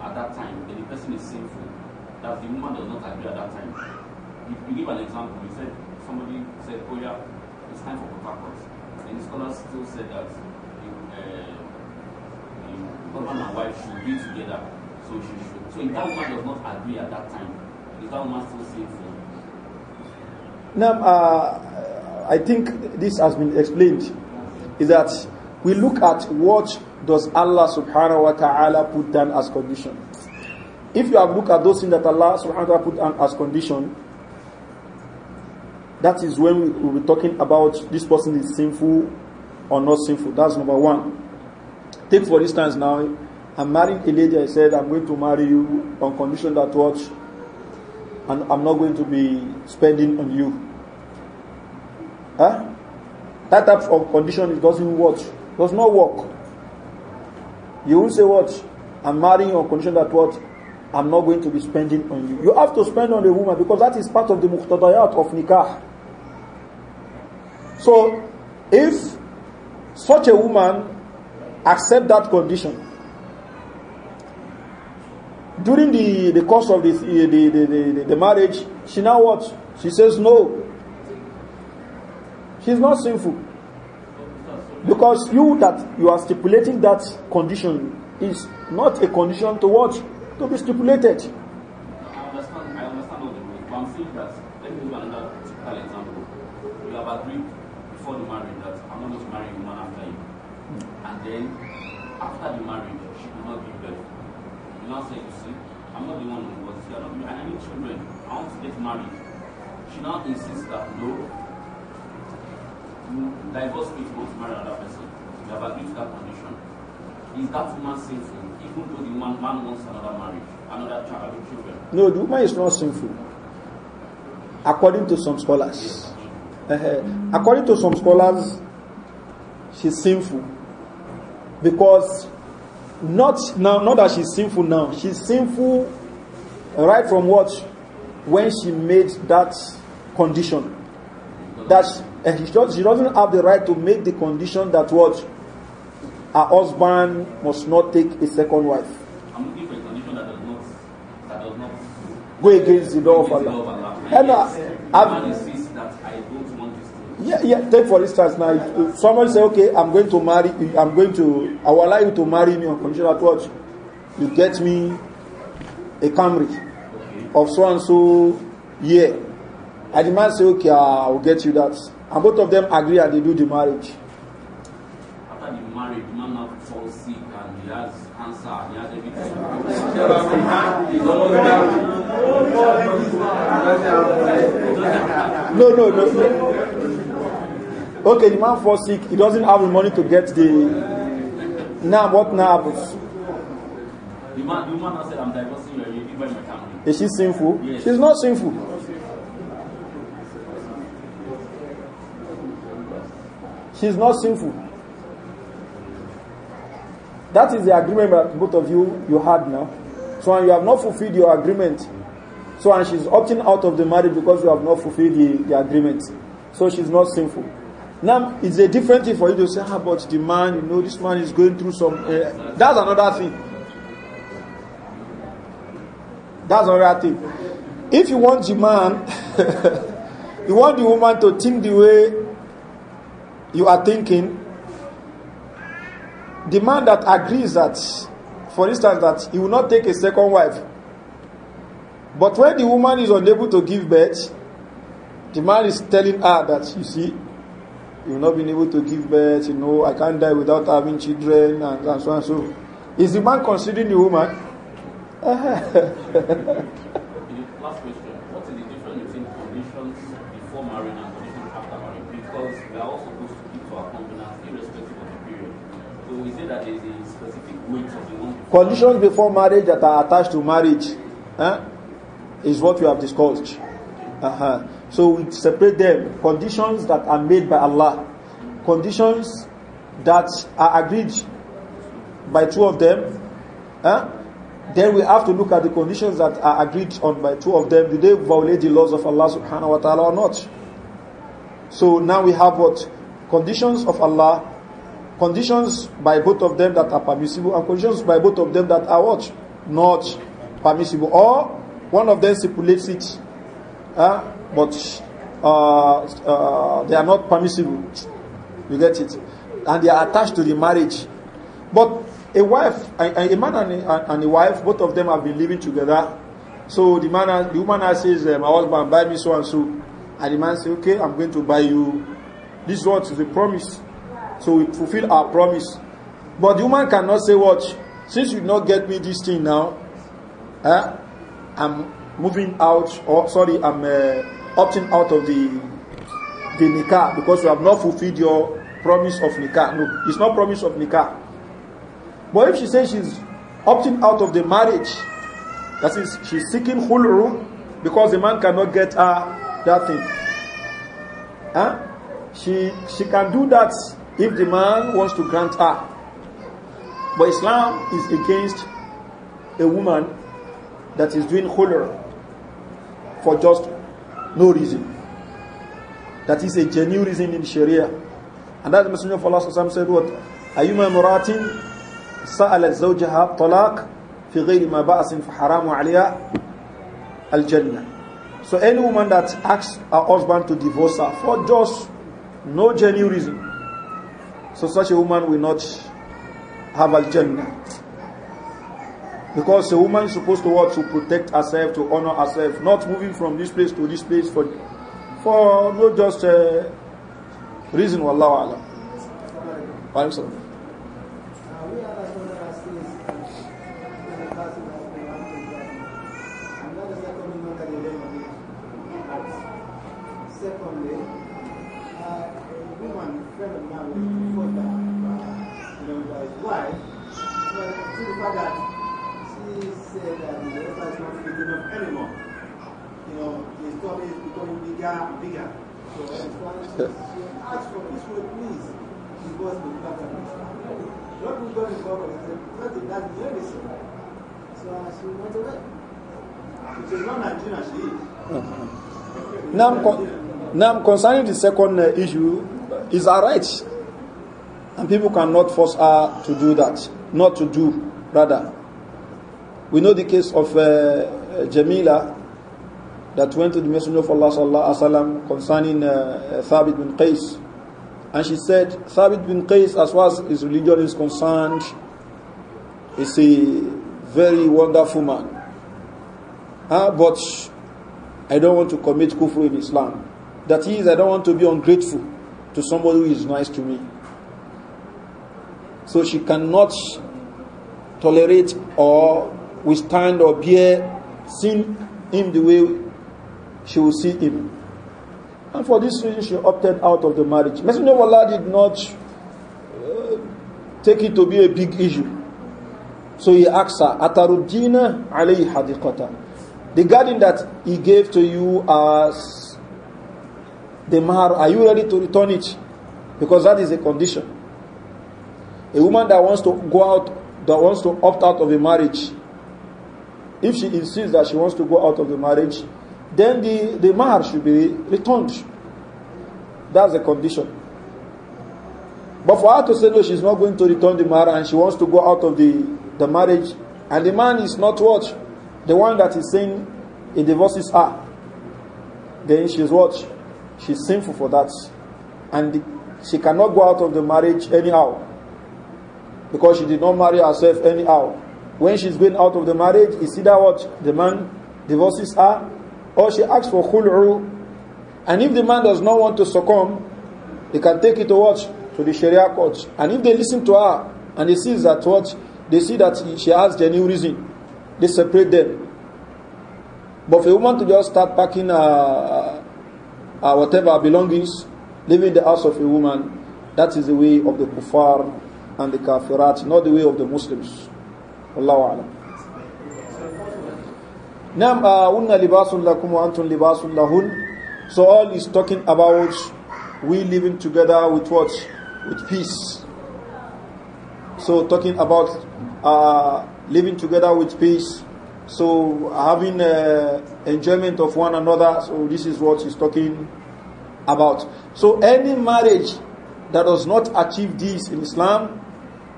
at that time, then the person is sinful, that the woman does not agree at that time? If you give an example, you said somebody said, oh yeah, it's time for Port Harcourt. And the scholars still said that husband and wife should be together. So she should. So if that woman does not agree at that time, is that woman still sinful? Now, uh, I think this has been explained. Is that we look at what does Allah subhanahu wa ta'ala put down as condition. If you have looked at those things that Allah subhanahu wa ta'ala put down as condition, that is when we will be talking about this person is sinful or not sinful. That's number one. Take for instance now, I'm marrying a lady, I said I'm going to marry you on condition that what and I'm not going to be spending on you. Huh? That type of condition it doesn't work. Does not work. You will say what? I'm marrying on condition that what I'm not going to be spending on you. You have to spend on the woman because that is part of the muqtadayat of nikah. So, if such a woman accept that condition. During the, the course of this, the, the, the, the marriage, she now what? She says no. She is not sinful. Because you that you are stipulating that condition is not a condition to what? To be stipulated. I understand, I understand what you mean. But I'm saying that, let me give another typical example. You have agreed not year, you see, I'm not the one who was here. I need children. I want to get married. She now insists that no, divorce me if you want to marry another person. You have agreed to that condition. Is that woman sinful? Even though the man, man wants another marriage, another child, another children. No, the woman is not sinful. According to some scholars. Yes. Uh, according to some scholars, she's sinful because Not now, not that she's sinful now. She's sinful right from what? When she made that condition. That she, eh, she doesn't have the right to make the condition that what? Her husband must not take a second wife. I'm looking for a condition that does not, that does not go against the law of Allah. And, uh, Yeah, yeah. Take for instance now, if, if somebody say, "Okay, I'm going to marry. I'm going to. I will allow you to marry me on condition that what you get me a Camry okay. of so and so year." And the man say, "Okay, I will get you that." And both of them agree and they do the marriage. After the marriage, the man now falls sick and he has cancer and he has everything. no, no. no. Okay, the man falls sick, he doesn't have the money to get the. Now, what now happens? The man, the woman said, I'm divorcing you, you my family. Is she sinful? Yes. She's not sinful. She's not sinful. That is the agreement that both of you you had now. So and you have not fulfilled your agreement. So and she's opting out of the marriage because you have not fulfilled the, the agreement. So she's not sinful. Now, it's a different thing for you to say, ah, but the man, you know, this man is going through some. Uh, that's another thing. That's another thing. If you want the man, *laughs* you want the woman to think the way you are thinking, the man that agrees that, for instance, that he will not take a second wife, but when the woman is unable to give birth, the man is telling her that, you see, you've not been able to give birth, you know, I can't die without having children, and, and so and so. Is the man considering the woman? *laughs* Last question. What is the difference between conditions before marriage and conditions after marriage? Because we are all supposed to keep to our covenants irrespective of the period. So we say that there is a specific weight of the one. conditions before marriage that are attached to marriage huh? Eh, is what we have discussed. Uh-huh. So we separate them. Conditions that are made by Allah, conditions that are agreed by two of them. Huh? Then we have to look at the conditions that are agreed on by two of them. Do they violate the laws of Allah subhanahu wa ta'ala or not? So now we have what? Conditions of Allah, conditions by both of them that are permissible, and conditions by both of them that are what? Not permissible. Or one of them stipulates it. Huh? but uh, uh, they are not permissible. You get it? And they are attached to the marriage. But a wife, a, a man and a, and a, wife, both of them have been living together. So the man, the woman says, eh, "My husband, buy me so and so," and the man says, "Okay, I'm going to buy you." This what is a promise. So we fulfill our promise. But the woman cannot say, "What? Since you not get me this thing now, eh, I'm moving out." Or sorry, I'm. Uh, opting out of the the nikah because you have not fulfilled your promise of nikah. No, it's not promise of nikah. But if she says she's opting out of the marriage, that is, she's seeking khulru because the man cannot get her that thing. Huh? She she can do that if the man wants to grant her. But Islam is against a woman that is doing khulr for just No reason. That is a genuine reason in Sharia. And that Messenger of Allah said what? أيما امرأة سألت زوجها الطلاق في غير ما بأس فحرام Al الجنة. So any woman that asks a husband to divorce her for just no genuine reason, so such a woman will not have al-jannah. Because a woman is supposed to what? To protect herself, to honor herself, not moving from this place to this place for for no just uh, reason, wallahu alam. Now, now concerning the second uh, issue, is our right. And people cannot force her to do that. Not to do, rather. We know the case of uh, uh Jamila that went to the Messenger of Allah sallallahu alaihi wasallam concerning uh, uh, Thabit bin Qais. And she said, Thabit bin Qais, as far as his religion is concerned, is a very wonderful man. Uh, but I don't want to commit kufru in Islam. That is, I don't want to be ungrateful to somebody who is nice to me. So she cannot tolerate or withstand or bear seeing him the way she will see him. And for this reason, she opted out of the marriage. Messenger of Allah did not uh, take it to be a big issue. So he asked her, Atarudina alayhi hadiqata. The garden that he gave to you as the mahar, are you ready to return it? Because that is a condition. A woman that wants to go out, that wants to opt out of a marriage, if she insists that she wants to go out of the marriage, then the, the mahar should be returned. That's a condition. But for her to say no, she's not going to return the mahar and she wants to go out of the, the marriage, and the man is not what? The one that is saying he divorces her, then she's what? She's sinful for that. And the, she cannot go out of the marriage anyhow. Because she did not marry herself anyhow. When she's going out of the marriage, is either what? The man divorces her, or she asks for khul'u. And if the man does not want to succumb, he can take it to watch To the Sharia court. And if they listen to her, and they see that what? They see that she has genuine reason they separate them. But for a woman to just start packing her, her whatever her belongings, leaving the house of a woman, that is the way of the kuffar and the kafirat, not the way of the Muslims. Allahu Alam. Nam uh, unna libasun lakum wa antum libasun So all is talking about we living together with what? With peace. So talking about uh, living together with peace, so having uh, enjoyment of one another. So this is what he's talking about. So any marriage that does not achieve this in Islam,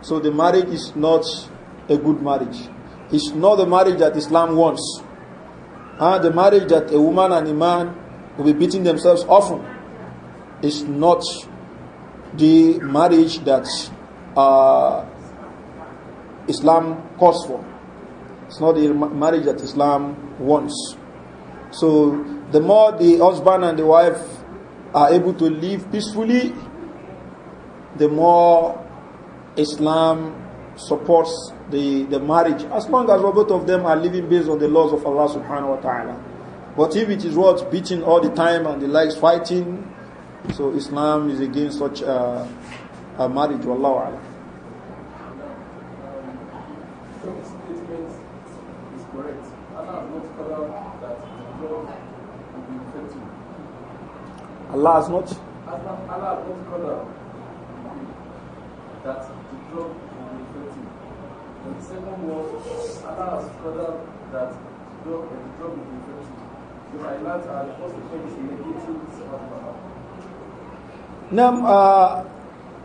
so the marriage is not a good marriage. It's not the marriage that Islam wants. Uh, the marriage that a woman and a man will be beating themselves often is not the marriage that uh, Islam calls for. It's not the marriage that Islam wants. So the more the husband and the wife are able to live peacefully, the more Islam supports the, the marriage, as long as both of them are living based on the laws of Allah subhanahu wa ta'ala. But if it is what beating all the time and the likes fighting, so Islam is against such a, a marriage, wallahu alam. Allah has not. Allah uh, has not called out that the drug And the second Allah has called out that the drug, the drug last and Now,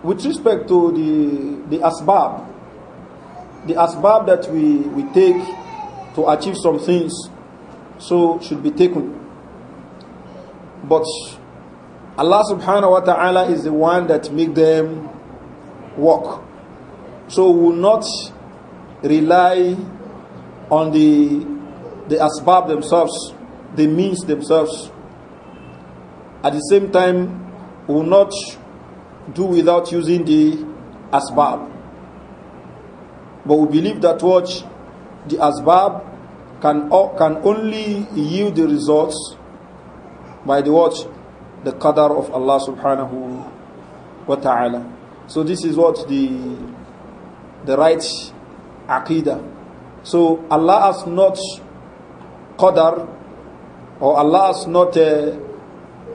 with respect to the the asbab, the asbab that we, we take to achieve some things, so should be taken. But Allah subhanahu wa ta'ala is the one that make them walk. So we will not rely on the, the asbab themselves, the means themselves. At the same time, we will not do without using the asbab. But we believe that what the asbab can, can only yield the results by the what the qadar of Allah subhanahu wa ta'ala. So this is what the the right aqidah. So Allah has not qadar or Allah has not uh,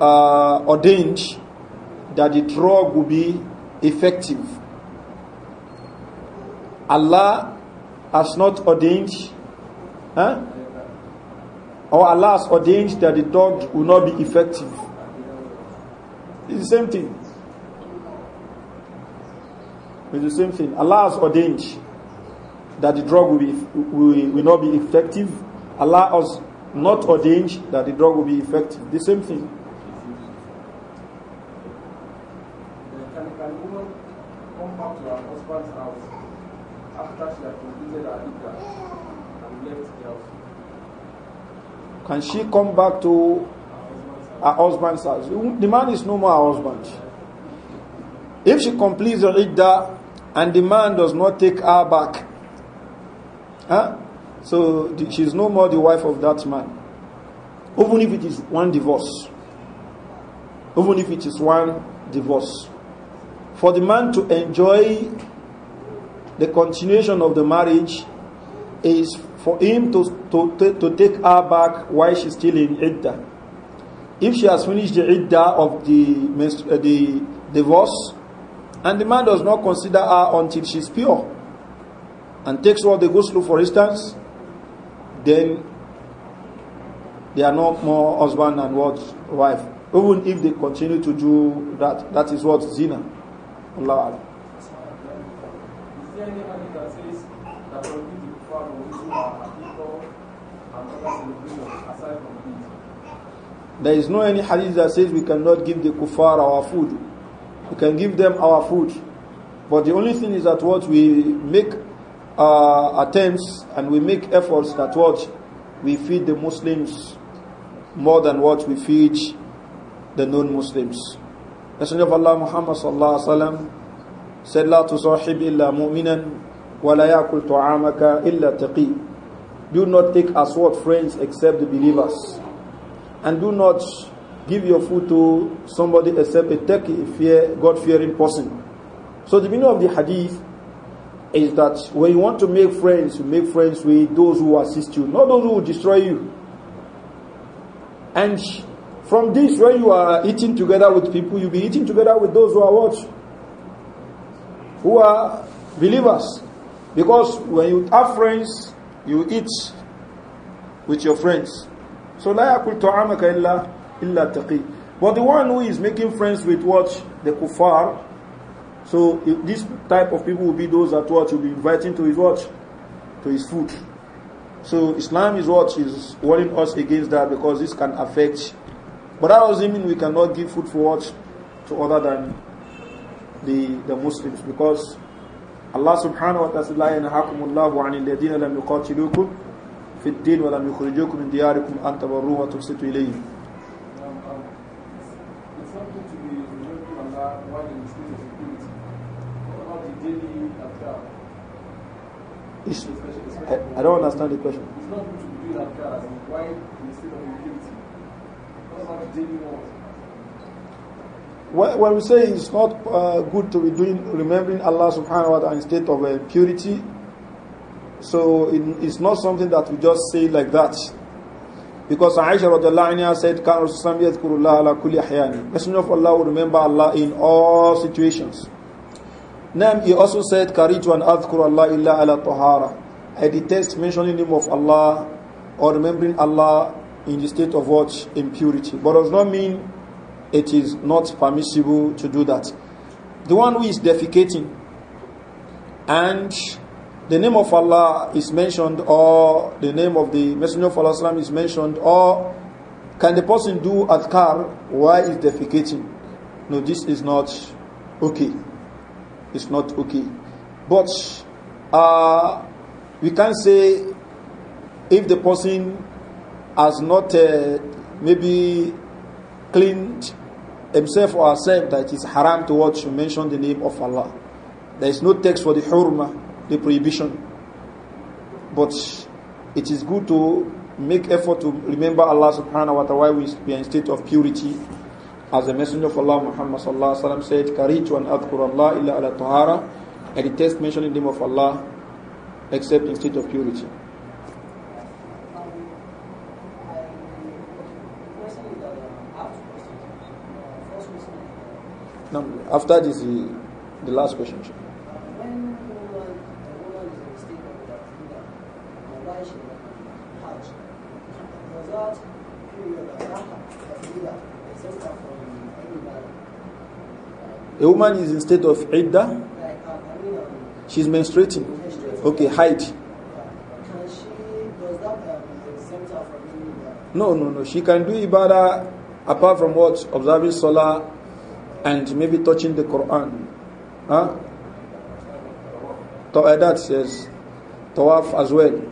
uh, ordained that the drug will be effective. Allah has not ordained, huh? or Allah has ordained that the drug will not be effective. It's the same thing. It's the same thing. Allah has ordained that the drug will, be, will, will not be effective. Allah has not ordained that the drug will be effective. The same thing. Can she come back to her husband's house. The man is no more her husband. If she completes the idda, and the man does not take her back, huh? so the, she's no more the wife of that man. Even if it is one divorce. Even if it is one divorce. For the man to enjoy the continuation of the marriage is for him to, to, to take her back while she's still in idda. If she has finished the idda of the, uh, the divorce, and the man does not consider her until she's pure, and takes all the ghusl, for instance, then they are not more husband and what wife. Even if they continue to do that, that is what zina. Allah. Is there is no any hadith that says we cannot give the kuffar our food. We can give them our food. But the only thing is that what we make uh, attempts and we make efforts that what we feed the Muslims more than what we feed the non-Muslims. Messenger of Allah Muhammad sallallahu alaihi wasallam said, "La tusahib illa mu'minan, wa la yakul ta'amaka illa taqi." Do not take as what friends except the believers and do not give your food to somebody except a techie, fear, God-fearing person. So the meaning of the hadith is that when you want to make friends, you make friends with those who assist you, not those who destroy you. And from this, when you are eating together with people, you'll be eating together with those who are what? Who are believers. Because when you have friends, you eat with your friends. So la yakul ta'amaka illa, illa taqi. But the one who is making friends with what? The kuffar. So this type of people will be those that what you'll be inviting to his what? To his food. So Islam is what is warning us against that because this can affect. But that doesn't mean we cannot give food for what? To other than the, the Muslims because Allah subhanahu wa ta'ala said, لَا يَنْهَاكُمُ اللَّهُ عَنِ الَّذِينَ في الدين ولم يخرجوكم من دياركم أن I, don't understand the question. It's not good to that car. Why in state of impurity? What about the daily When we say it's not uh, good to be doing, remembering Allah subhanahu wa ta'ala in state of uh, purity, so it, it's not something that we just say like that. Because Aisha anha said, Messenger of Allah will remember Allah in all situations. Then he also said, Karitu an adhkur Allah illa ala tahara. I detest mentioning the name of Allah or remembering Allah in the state of what? Impurity. But does not mean it is not permissible to do that. The one who is defecating and the name of Allah is mentioned or the name of the Messenger of Allah is mentioned or can the person do adkar while is defecating? No, this is not okay. It's not okay. But uh, we can say if the person has not uh, maybe cleaned himself or herself that it's haram to watch, mention the name of Allah. There is no text for the hurmah the prohibition. But it is good to make effort to remember Allah subhanahu wa ta'ala while we are in state of purity. As the Messenger of Allah Muhammad sallallahu alaihi wasallam said, "Karitu an adhkur Allah illa ala tahara." I detest mentioning the name of Allah except in state of purity. Now, after this, the last question. not a woman is in state of idda. She's menstruating. Okay, hide. No, no, no. She can do ibadah apart from what? Observing salah and maybe touching the Quran. Huh? Tawaf, eh, that says. Tawaf as well.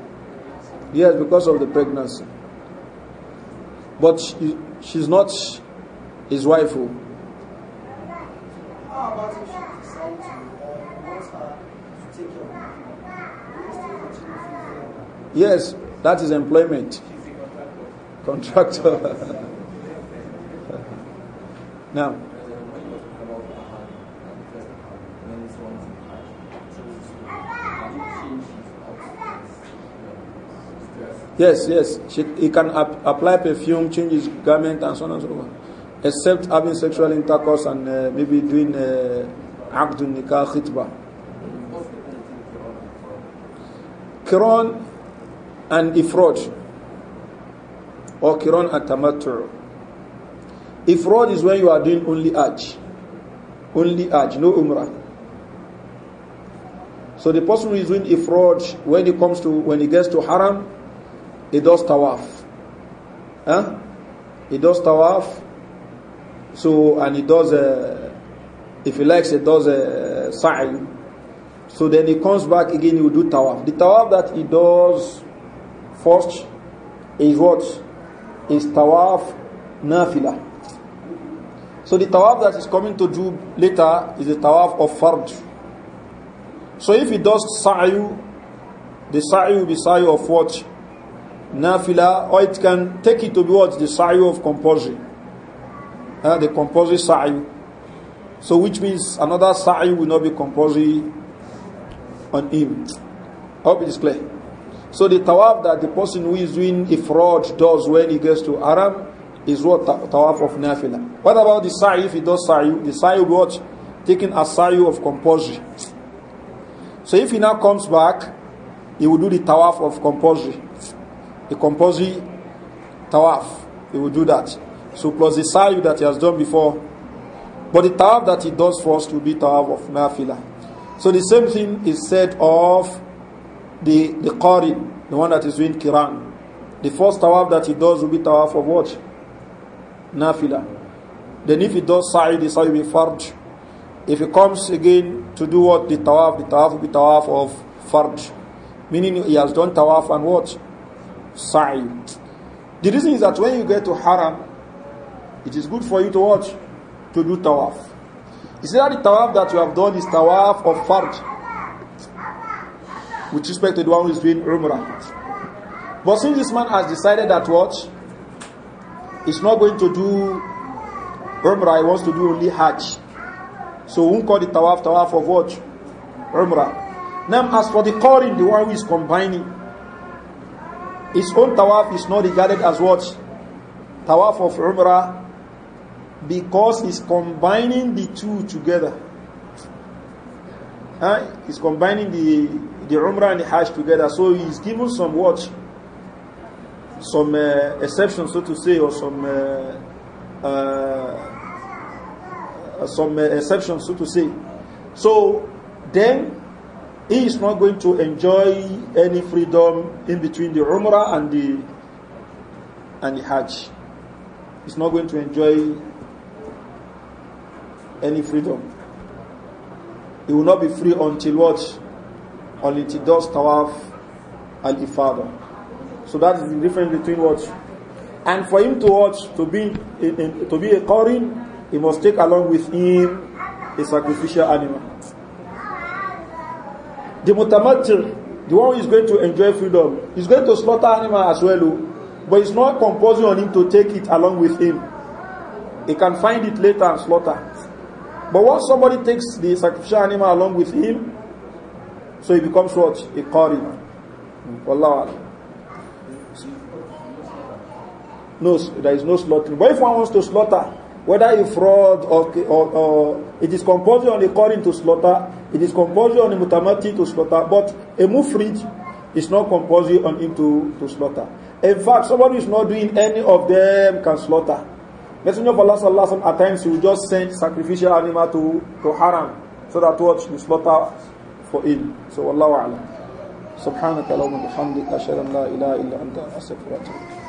Yes, because of the pregnancy. But she, she's not his wife. Who? Oh. Yes, that is employment. Contractor. *laughs* now. Yes, yes. She, he can ap apply perfume, change his garment, and so on and so on. Except having sexual intercourse and uh, maybe doing uh, aqdun nikah khitbah. Kiran and ifrod, or kiran and tamattu. Ifrod is when you are doing only hajj. Only hajj, no umrah. So the person who is doing ifrod when he comes to when he gets to haram, he does tawaf. Huh? He does tawaf. So, and he does, uh, if he likes, he does a uh, sa'i. So then he comes back again, he will do tawaf. The tawaf that he does first is what? Is tawaf nafila. So the tawaf that is coming to do later is the tawaf of fard. So if he does sa'i, the sa'i will be sa'i of what? nafila, or it can take it towards The sayu of compulsory. Uh, the compulsory sayu. So which means another sa'i will not be compulsory on him. I hope it is clear. So the tawaf that the person who is doing a fraud does when he gets to Haram is what tawaf of nafila. What about the sa'i if he does sa'i? The sa'i will be what? Taking a sa'i of compulsory. So if he now comes back, he will do the tawaf of compulsory a compulsory tawaf. He will do that. So plus the sa'i that he has done before. But the tawaf that he does first will be tawaf of nafila. So the same thing is said of the, the qari, the one that is doing kiran. The first tawaf that he does will be tawaf of what? Nafila. Then if he does sa'i, the sa'i will be farj. If he comes again to do what? The tawaf, the tawaf will be tawaf of farj. Meaning he has done tawaf and what? Sa'id. The reason is that when you get to Haram, it is good for you to watch, to do tawaf. Is that the tawaf that you have done is tawaf of Farj? With respect to the one who is doing Umrah. But since this man has decided that what? He's not going to do Umrah, he wants to do only Hajj. So we won't call the tawaf tawaf of what? Umrah. Now as for the calling, the one who is combining, his own tawaf is not regarded as what? Tawaf of Umrah because he's combining the two together. Huh? He's combining the, the Umrah and the Hajj together. So he's given some watch, some uh, exception, so to say, or some uh, uh, uh some uh, exception, so to say. So then he is not going to enjoy any freedom in between the Umrah and the and the Hajj. He's not going to enjoy any freedom. He will not be free until what? Until he does tawaf al ifada. So that is the difference between what? And for him to watch, to be in, in, to be a Korean, he must take along with him a sacrificial animal. The mutamatir, the one who is going to enjoy freedom, is going to slaughter animal as well, oh. but it's not compulsory on him to take it along with him. He can find it later and slaughter. But once somebody takes the sacrificial animal along with him, so he becomes what? A qarin. Wallahu No, there is no slaughtering. But if one wants to slaughter, Whether you fraud or, or, or it is compulsory on the to slaughter, it is compulsory on the mutamati to slaughter, but a mufrid is not compulsory on him to, to slaughter. In fact, somebody who is not doing any of them can slaughter. Messenger of Allah sallallahu alaihi at times he will just send sacrificial animal to, to haram so that what you slaughter for him. So Allah wa alam. سبحانك اللهم وبحمدك اشهد ان لا اله الا انت استغفرك واتوب اليك